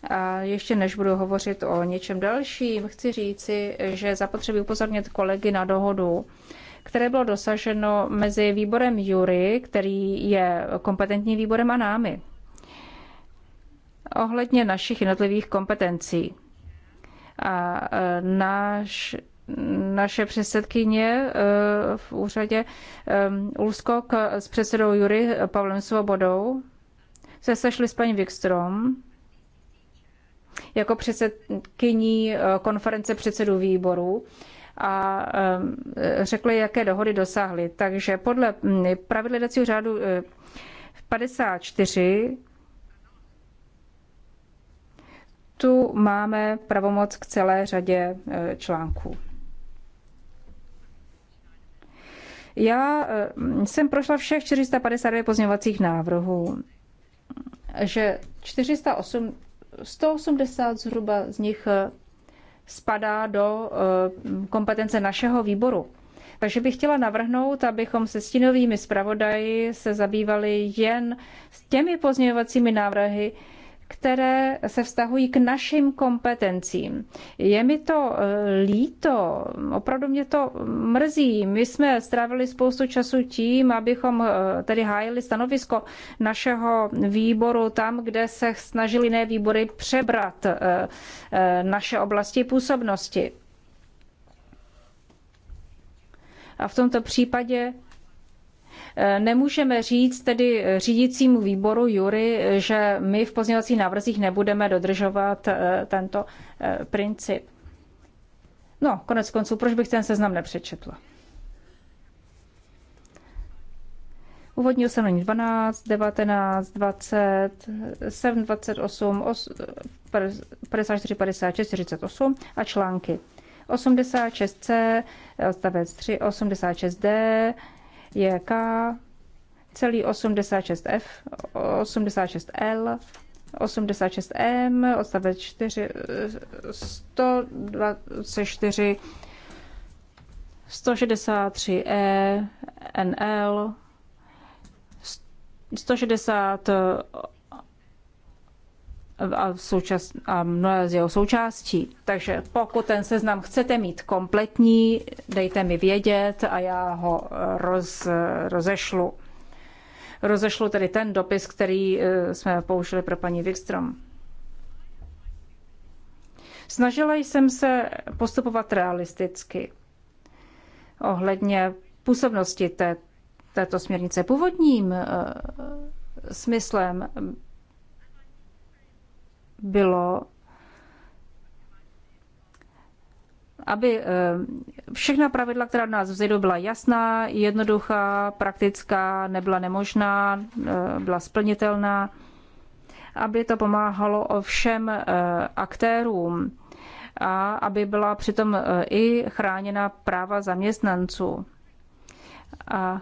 A ještě než budu hovořit o něčem dalším, chci říci, že zapotřebí upozornit kolegy na dohodu, které bylo dosaženo mezi výborem jury, který je kompetentním výborem a námi ohledně našich jednotlivých kompetencí. A e, náš, naše předsedkyně e, v úřadě e, Ulskok s předsedou Jury Pavlem Svobodou se sešli s paní Wikstrom jako předsedkyní konference předsedů výborů a řekli, jaké dohody dosáhly. Takže podle pravidel řádu 54 tu máme pravomoc k celé řadě e, článků. Já e, jsem prošla všech 452 pozměňovacích návrhů, že 408, 180 zhruba z nich e, spadá do kompetence našeho výboru. Takže bych chtěla navrhnout, abychom se stínovými zpravodaji se zabývali jen s těmi pozměňovacími návrhy, které se vztahují k našim kompetencím. Je mi to eh, líto, opravdu mě to mrzí. My jsme strávili spoustu času tím, abychom eh, tedy hájili stanovisko našeho výboru tam, kde se snažili jiné výbory přebrat eh, naše oblasti působnosti. A v tomto případě Nemůžeme říct tedy řídícímu výboru Jury, že my v pozměňovacích návrzích nebudeme dodržovat eh, tento eh, princip. No, konec konců, proč bych ten seznam nepřečetla? Úvodní ustanovení 12, 19, 20, 7, 28, 54, 56, 48 a články. 86C, odstavec 3, 86D, je K, celý 86F, 86L, 86M, odstavec 4, 124, 163E, NL, 160 a, součas, a mnohé z jeho součástí. Takže pokud ten seznam chcete mít kompletní, dejte mi vědět a já ho roz, rozešlu. Rozešlu tedy ten dopis, který e, jsme použili pro paní Wikström. Snažila jsem se postupovat realisticky ohledně působnosti té, této směrnice. Původním e, smyslem bylo, aby eh, všechna pravidla, která od nás vzejdu, byla jasná, jednoduchá, praktická, nebyla nemožná, eh, byla splnitelná, aby to pomáhalo všem eh, aktérům a aby byla přitom i chráněna práva zaměstnanců. A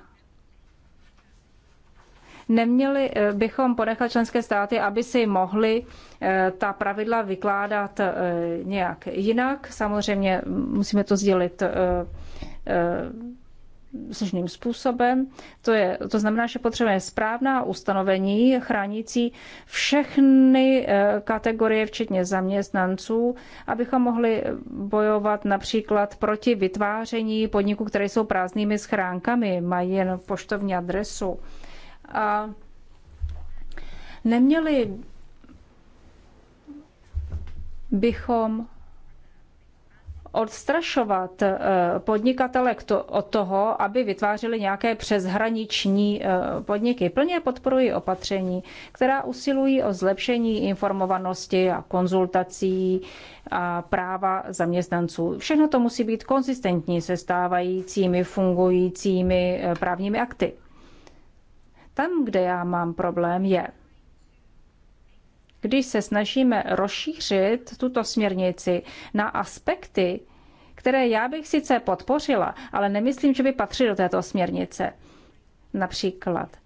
Neměli eh, bychom ponechat členské státy, aby si mohli eh, ta pravidla vykládat eh, nějak jinak. Samozřejmě musíme to sdělit slušným způsobem. To, je, to znamená, že potřebujeme správná ustanovení chránící všechny kategorie, včetně zaměstnanců, abychom mohli bojovat například proti vytváření podniků, které jsou prázdnými schránkami, mají jen poštovní adresu a neměli bychom odstrašovat eh, podnikatele od toho, aby vytvářeli nějaké přeshraniční eh, podniky. Plně podporuji opatření, která usilují o zlepšení informovanosti a konzultací a práva zaměstnanců. Všechno to musí být konzistentní se stávajícími fungujícími eh, právními akty. Tam, kde já mám problém, je, když se snažíme rozšířit tuto směrnici na aspekty, které já bych sice podpořila, ale nemyslím, že by patřily do této směrnice. Například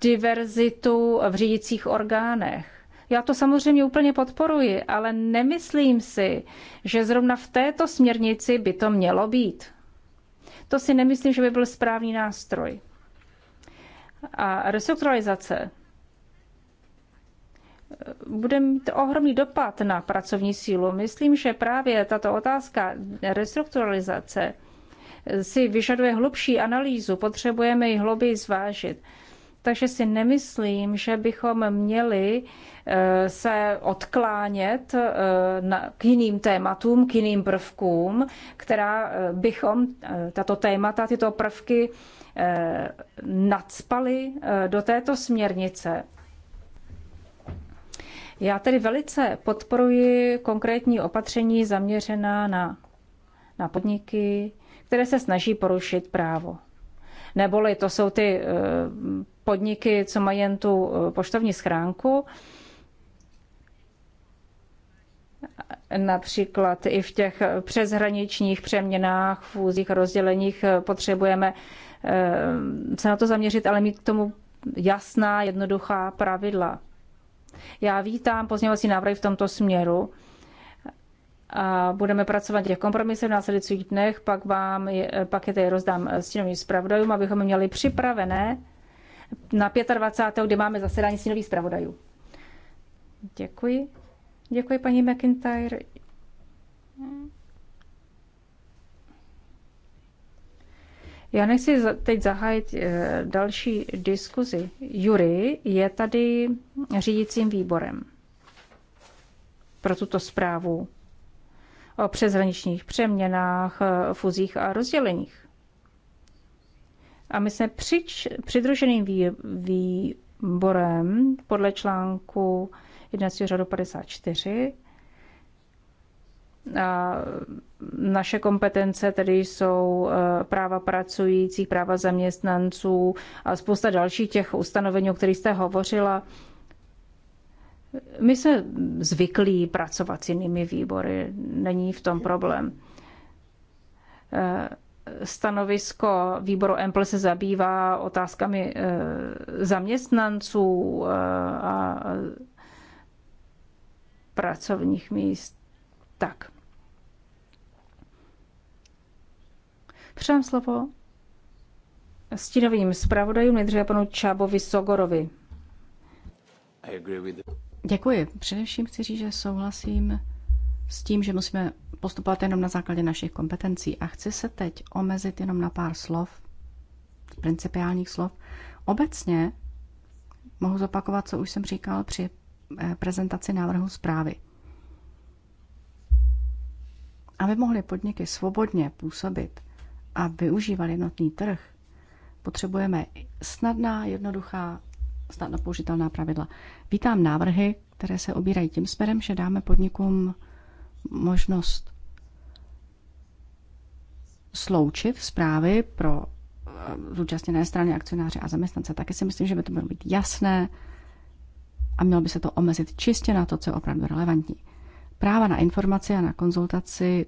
diverzitu v řídících orgánech. Já to samozřejmě úplně podporuji, ale nemyslím si, že zrovna v této směrnici by to mělo být. To si nemyslím, že by byl správný nástroj a restrukturalizace eh, bude mít ohromný dopad na pracovní sílu. Myslím, že právě tato otázka restrukturalizace eh, si vyžaduje hlubší analýzu, potřebujeme ji hlouběji zvážit. Takže si nemyslím, že bychom měli eh, se odklánět k jiným tématům, k jiným prvkům, která bychom tato témata, tyto prvky Eh, nadspali eh, do této směrnice. Já tedy velice podporuji konkrétní opatření zaměřená na, na podniky, které se snaží porušit právo. Neboli to jsou ty eh, podniky, co mají jen tu poštovní schránku, Například i v těch přeshraničních přeměnách, fúzích, rozděleních potřebujeme Ehm, se na to zaměřit, ale mít k tomu jasná, jednoduchá pravidla. Já vítám pozměňovací návrhy v tomto směru. A budeme pracovat těch kompromisů v následujících dnech, pak, vám, pak je tady rozdám eh, stínovým zpravodajům, abychom měli připravené na 25. kdy máme zasedání stínových zpravodajů. Děkuji. Děkuji paní McIntyre. Já nechci teď zahájit eh, další diskuzi. Jury je tady řídícím výborem pro tuto zprávu o přeshraničních přeměnách, eh, fuzích a rozděleních. A my jsme přič, přidruženým výborem podle článku jednacího řadu 54 a naše kompetence tedy jsou eh, práva pracujících, práva zaměstnanců a spousta dalších těch ustanovení, o kterých jste hovořila. My se zvyklí pracovat s jinými výbory, není v tom problém. Eh, stanovisko výboru EMPL se zabývá otázkami eh, zaměstnanců a pracovních míst. Tak. Přám slovo stínovým zpravodajům, nejdříve panu Čábovi Sogorovi. Děkuji. Především chci říct, že souhlasím s tím, že musíme postupovat jenom na základě našich kompetencí a chci se teď omezit jenom na pár slov, principiálních slov. Obecně mohu zopakovat, co už jsem říkal při eh, prezentaci návrhu zprávy. Aby mohly podniky svobodně působit a využíval jednotný trh, potřebujeme snadná, jednoduchá, snadno použitelná pravidla. Vítám návrhy, které se obírají tím směrem, že dáme podnikům možnost sloučit zprávy pro eh, zúčastněné strany, akcionáře a zaměstnance. Taky si myslím, že by to mělo být jasné a mělo by se to omezit čistě na to, co je opravdu relevantní. Práva na informaci a na konzultaci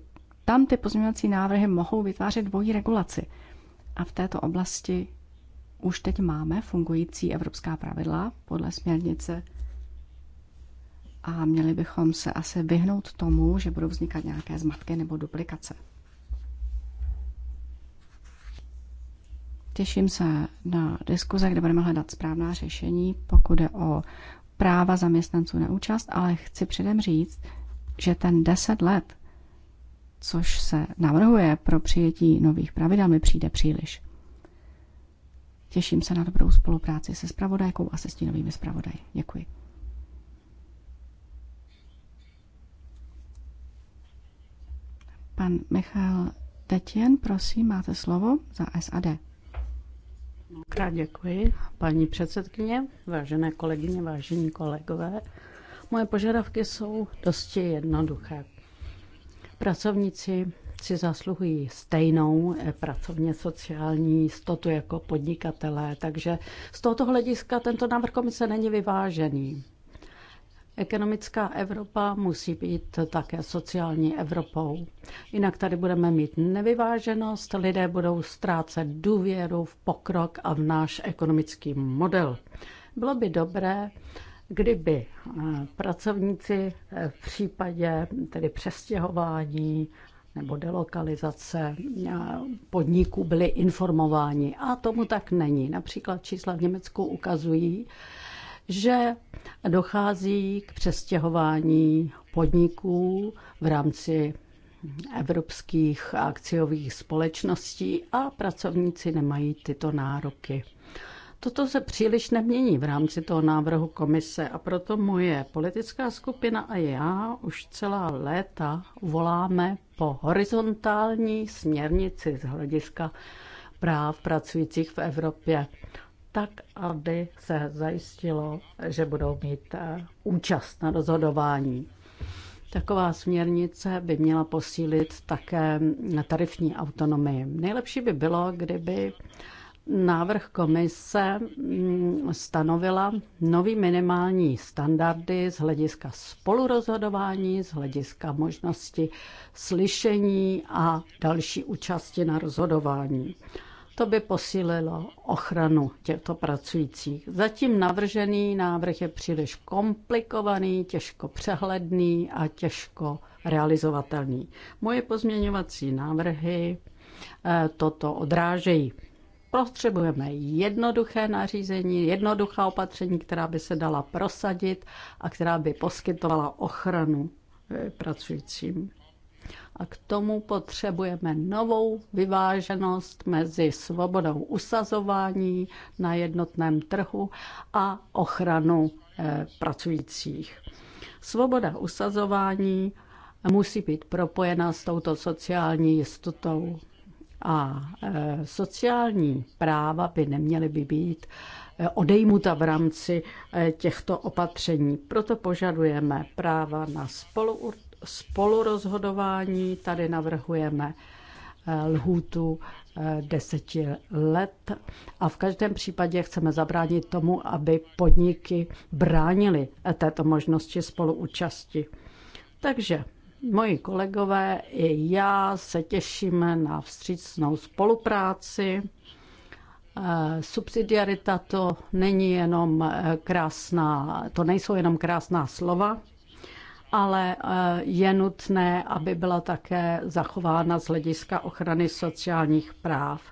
tam ty pozměňovací návrhy mohou vytvářet dvojí regulaci. A v této oblasti už teď máme fungující evropská pravidla podle směrnice a měli bychom se asi vyhnout tomu, že budou vznikat nějaké zmatky nebo duplikace. Těším se na diskuze, kde budeme hledat správná řešení, pokud je o práva zaměstnanců na účast, ale chci předem říct, že ten 10 let, což se navrhuje pro přijetí nových pravidel, mi přijde příliš. Těším se na dobrou spolupráci se spravodajkou a se stínovými spravodaj. Děkuji. Pan Michal Tetěn, prosím, máte slovo za SAD. Krát děkuji, paní předsedkyně, vážené kolegyně, vážení kolegové. Moje požadavky jsou dosti jednoduché. Pracovníci si zasluhují stejnou eh, pracovně sociální jistotu jako podnikatelé, takže z tohoto hlediska tento návrh komise není vyvážený. Ekonomická Evropa musí být také sociální Evropou. Jinak tady budeme mít nevyváženost, lidé budou ztrácet důvěru v pokrok a v náš ekonomický model. Bylo by dobré, kdyby eh, pracovníci eh, v případě tedy přestěhování nebo delokalizace eh, podniků byli informováni. A tomu tak není. Například čísla v Německu ukazují, že dochází k přestěhování podniků v rámci evropských akciových společností a pracovníci nemají tyto nároky. Toto se příliš nemění v rámci toho návrhu komise a proto moje politická skupina a já už celá léta voláme po horizontální směrnici z hlediska práv pracujících v Evropě, tak aby se zajistilo, že budou mít eh, účast na rozhodování. Taková směrnice by měla posílit také tarifní autonomii. Nejlepší by bylo, kdyby návrh komise mm, stanovila nový minimální standardy z hlediska spolurozhodování, z hlediska možnosti slyšení a další účasti na rozhodování. To by posílilo ochranu těchto pracujících. Zatím navržený návrh je příliš komplikovaný, těžko přehledný a těžko realizovatelný. Moje pozměňovací návrhy eh, toto odrážejí. Prostřebujeme jednoduché nařízení, jednoduchá opatření, která by se dala prosadit a která by poskytovala ochranu eh, pracujícím. A k tomu potřebujeme novou vyváženost mezi svobodou usazování na jednotném trhu a ochranu eh, pracujících. Svoboda usazování musí být propojena s touto sociální jistotou. A e, sociální práva by neměly by být e, odejmuta v rámci e, těchto opatření. Proto požadujeme práva na spolu, spolurozhodování. Tady navrhujeme lhůtu deseti let a v každém případě chceme zabránit tomu, aby podniky bránili této možnosti spoluúčasti. Takže Moji kolegové i já se těšíme na vstřícnou spolupráci. Eh, subsidiarita to není jenom eh, krásná, to nejsou jenom krásná slova, ale eh, je nutné, aby byla také zachována z hlediska ochrany sociálních práv.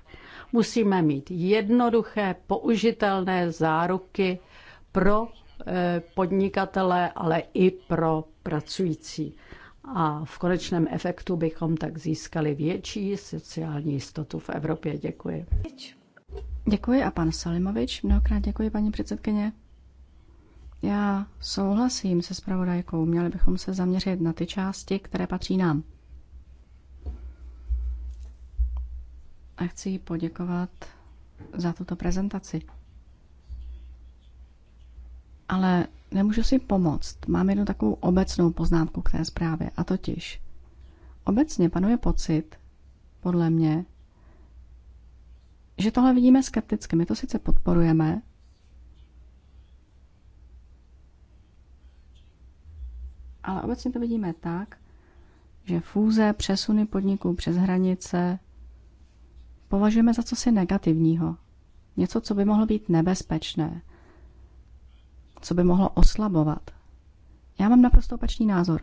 Musíme mít jednoduché, použitelné záruky pro podnikatele, ale i pro pracující a v konečném efektu bychom tak získali větší sociální jistotu v Evropě. Děkuji. Děkuji a pan Salimovič, mnohokrát děkuji paní předsedkyně. Já souhlasím se spravodajkou, měli bychom se zaměřit na ty části, které patří nám. A chci poděkovat za tuto prezentaci ale nemůžu si pomoct. Mám jednu takovou obecnou poznámku k té zprávě, a totiž obecně panuje pocit, podle mě, že tohle vidíme skepticky. My to sice podporujeme, ale obecně to vidíme tak, že fůze, přesuny podniků přes hranice považujeme za cosi negativního. Něco, co by mohlo být nebezpečné co by mohlo oslabovat. Já mám naprosto opačný názor.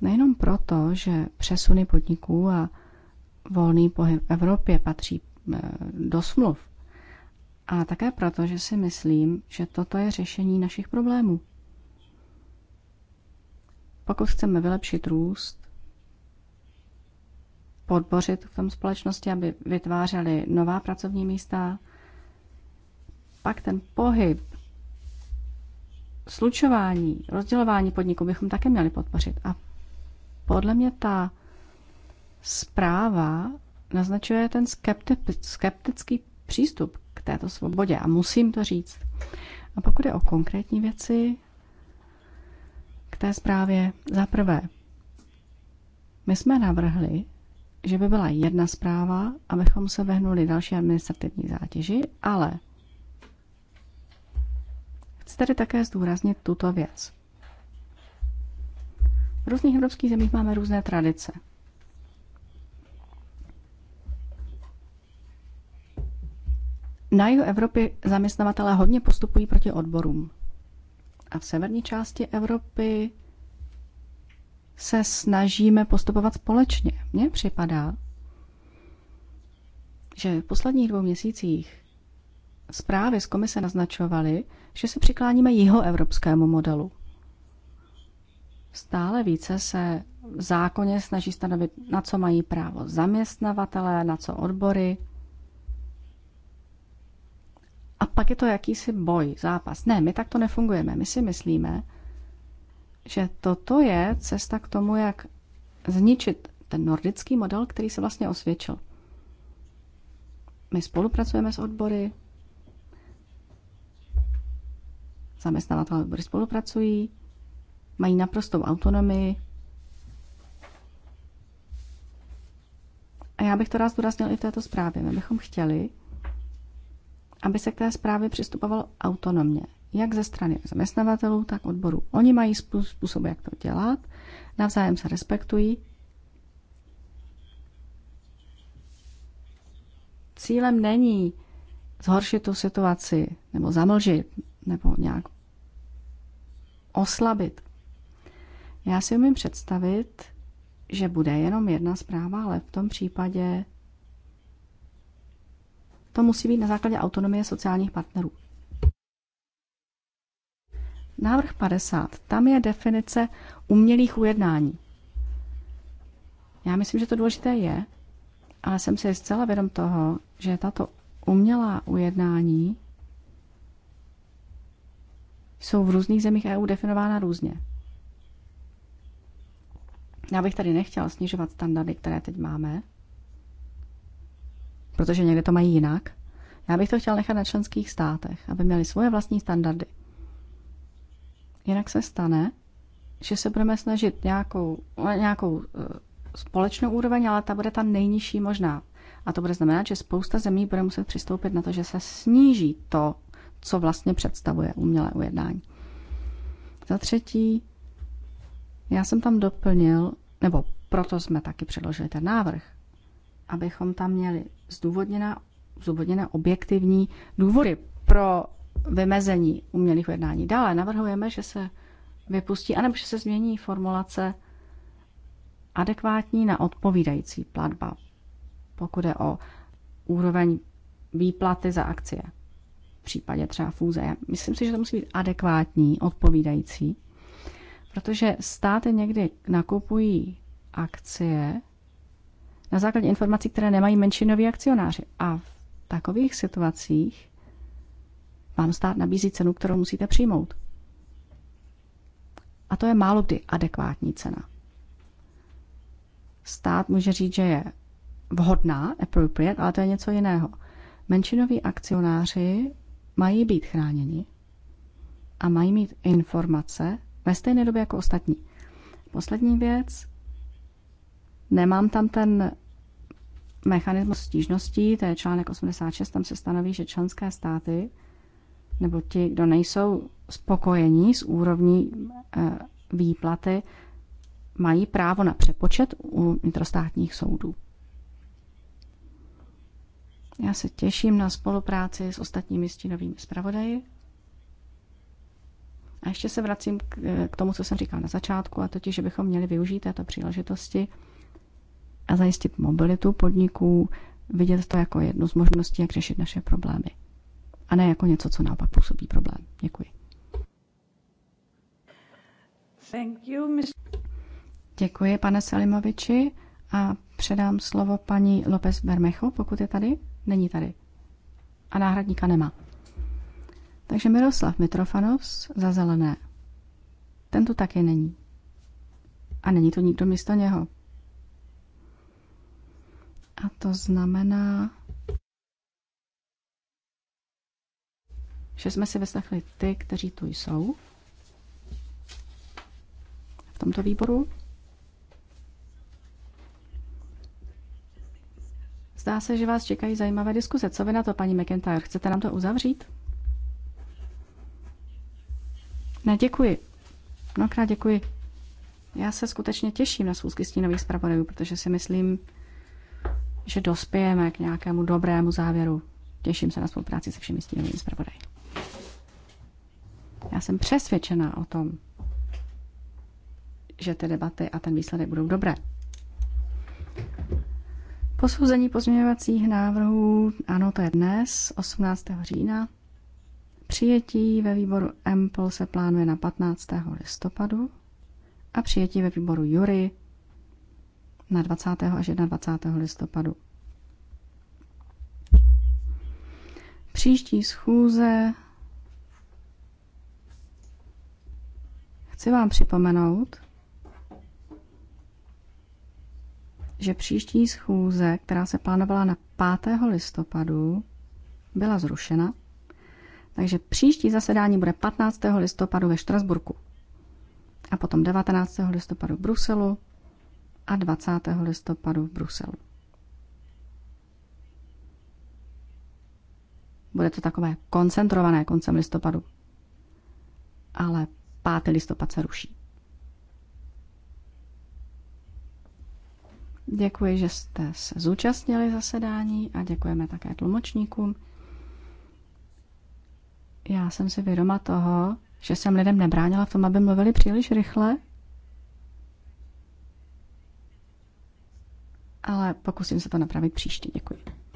Nejenom proto, že přesuny podniků a volný pohyb v Evropě patří eh, do smluv, a také proto, že si myslím, že toto je řešení našich problémů. Pokud chceme vylepšit růst, podpořit v tom společnosti, aby vytvářeli nová pracovní místa, pak ten pohyb, slučování, rozdělování podniků bychom také měli podpořit. A podle mě ta zpráva naznačuje ten skeptický přístup k této svobodě a musím to říct. A pokud je o konkrétní věci, k té zprávě za prvé, my jsme navrhli, že by byla jedna zpráva, abychom se vehnuli další administrativní zátěži, ale Chci tady také zdůraznit tuto věc. V různých evropských zemích máme různé tradice. Na jihu Evropy zaměstnavatelé hodně postupují proti odborům. A v severní části Evropy se snažíme postupovat společně. Mně připadá, že v posledních dvou měsících zprávy z komise naznačovaly, že se přikláníme jihoevropskému modelu. Stále více se v zákoně snaží stanovit, na co mají právo zaměstnavatelé, na co odbory. A pak je to jakýsi boj, zápas. Ne, my tak to nefungujeme. My si myslíme, že toto je cesta k tomu, jak zničit ten nordický model, který se vlastně osvědčil. My spolupracujeme s odbory, Zaměstnavatel odbory spolupracují, mají naprostou autonomii. A já bych to rád zdůraznil i v této zprávě. My bychom chtěli, aby se k té zprávě přistupovalo autonomně, jak ze strany zaměstnavatelů, tak odborů. Oni mají způsob, jak to dělat, navzájem se respektují. Cílem není zhoršit tu situaci nebo zamlžit nebo nějak oslabit. Já si umím představit, že bude jenom jedna zpráva, ale v tom případě to musí být na základě autonomie sociálních partnerů. Návrh 50. Tam je definice umělých ujednání. Já myslím, že to důležité je, ale jsem si zcela vědom toho, že tato umělá ujednání jsou v různých zemích EU definována různě. Já bych tady nechtěla snižovat standardy, které teď máme, protože někde to mají jinak. Já bych to chtěla nechat na členských státech, aby měli svoje vlastní standardy. Jinak se stane, že se budeme snažit nějakou, nějakou eh, společnou úroveň, ale ta bude ta nejnižší možná. A to bude znamenat, že spousta zemí bude muset přistoupit na to, že se sníží to, co vlastně představuje umělé ujednání. Za třetí, já jsem tam doplnil, nebo proto jsme taky předložili ten návrh, abychom tam měli zdůvodněná, zdůvodněné objektivní důvody pro vymezení umělých ujednání. Dále navrhujeme, že se vypustí, anebo že se změní formulace adekvátní na odpovídající platba, pokud je o úroveň výplaty za akcie případě třeba fůze. Já myslím si, že to musí být adekvátní, odpovídající, protože státy někdy nakupují akcie na základě informací, které nemají menšinoví akcionáři. A v takových situacích vám stát nabízí cenu, kterou musíte přijmout. A to je málo kdy adekvátní cena. Stát může říct, že je vhodná, appropriate, ale to je něco jiného. Menšinoví akcionáři mají být chráněni a mají mít informace ve stejné době jako ostatní. Poslední věc, nemám tam ten mechanismus stížností, to je článek 86, tam se stanoví, že členské státy nebo ti, kdo nejsou spokojení s úrovní eh, výplaty, mají právo na přepočet u vnitrostátních soudů. Já se těším na spolupráci s ostatními stínovými zpravodaji. A ještě se vracím k tomu, co jsem říkal na začátku, a totiž, že bychom měli využít této příležitosti a zajistit mobilitu podniků, vidět to jako jednu z možností, jak řešit naše problémy. A ne jako něco, co naopak působí problém. Děkuji. Thank you, Mr. Děkuji, pane Selimoviči, a předám slovo paní López Bermecho, pokud je tady. Není tady. A náhradníka nemá. Takže Miroslav Mitrofanov za zelené. Ten tu taky není. A není tu nikdo místo něho. A to znamená, že jsme si vyslechli ty, kteří tu jsou v tomto výboru. Zdá se, že vás čekají zajímavé diskuze. Co vy na to, paní McIntyre? Chcete nám to uzavřít? Ne, děkuji. Mnohokrát děkuji. Já se skutečně těším na schůzky stínových zpravodajů, protože si myslím, že dospějeme k nějakému dobrému závěru. Těším se na spolupráci se všemi stínovými zpravodaji. Já jsem přesvědčená o tom, že ty debaty a ten výsledek budou dobré. Posouzení pozměňovacích návrhů, ano, to je dnes, 18. října. Přijetí ve výboru EMPL se plánuje na 15. listopadu a přijetí ve výboru Jury na 20. až 21. listopadu. Příští schůze chci vám připomenout, že příští schůze, která se plánovala na 5. listopadu, byla zrušena. Takže příští zasedání bude 15. listopadu ve Štrasburku a potom 19. listopadu v Bruselu a 20. listopadu v Bruselu. Bude to takové koncentrované koncem listopadu, ale 5. listopad se ruší. Děkuji, že jste se zúčastnili zasedání a děkujeme také tlumočníkům. Já jsem si vědoma toho, že jsem lidem nebránila v tom, aby mluvili příliš rychle, ale pokusím se to napravit příště. Děkuji.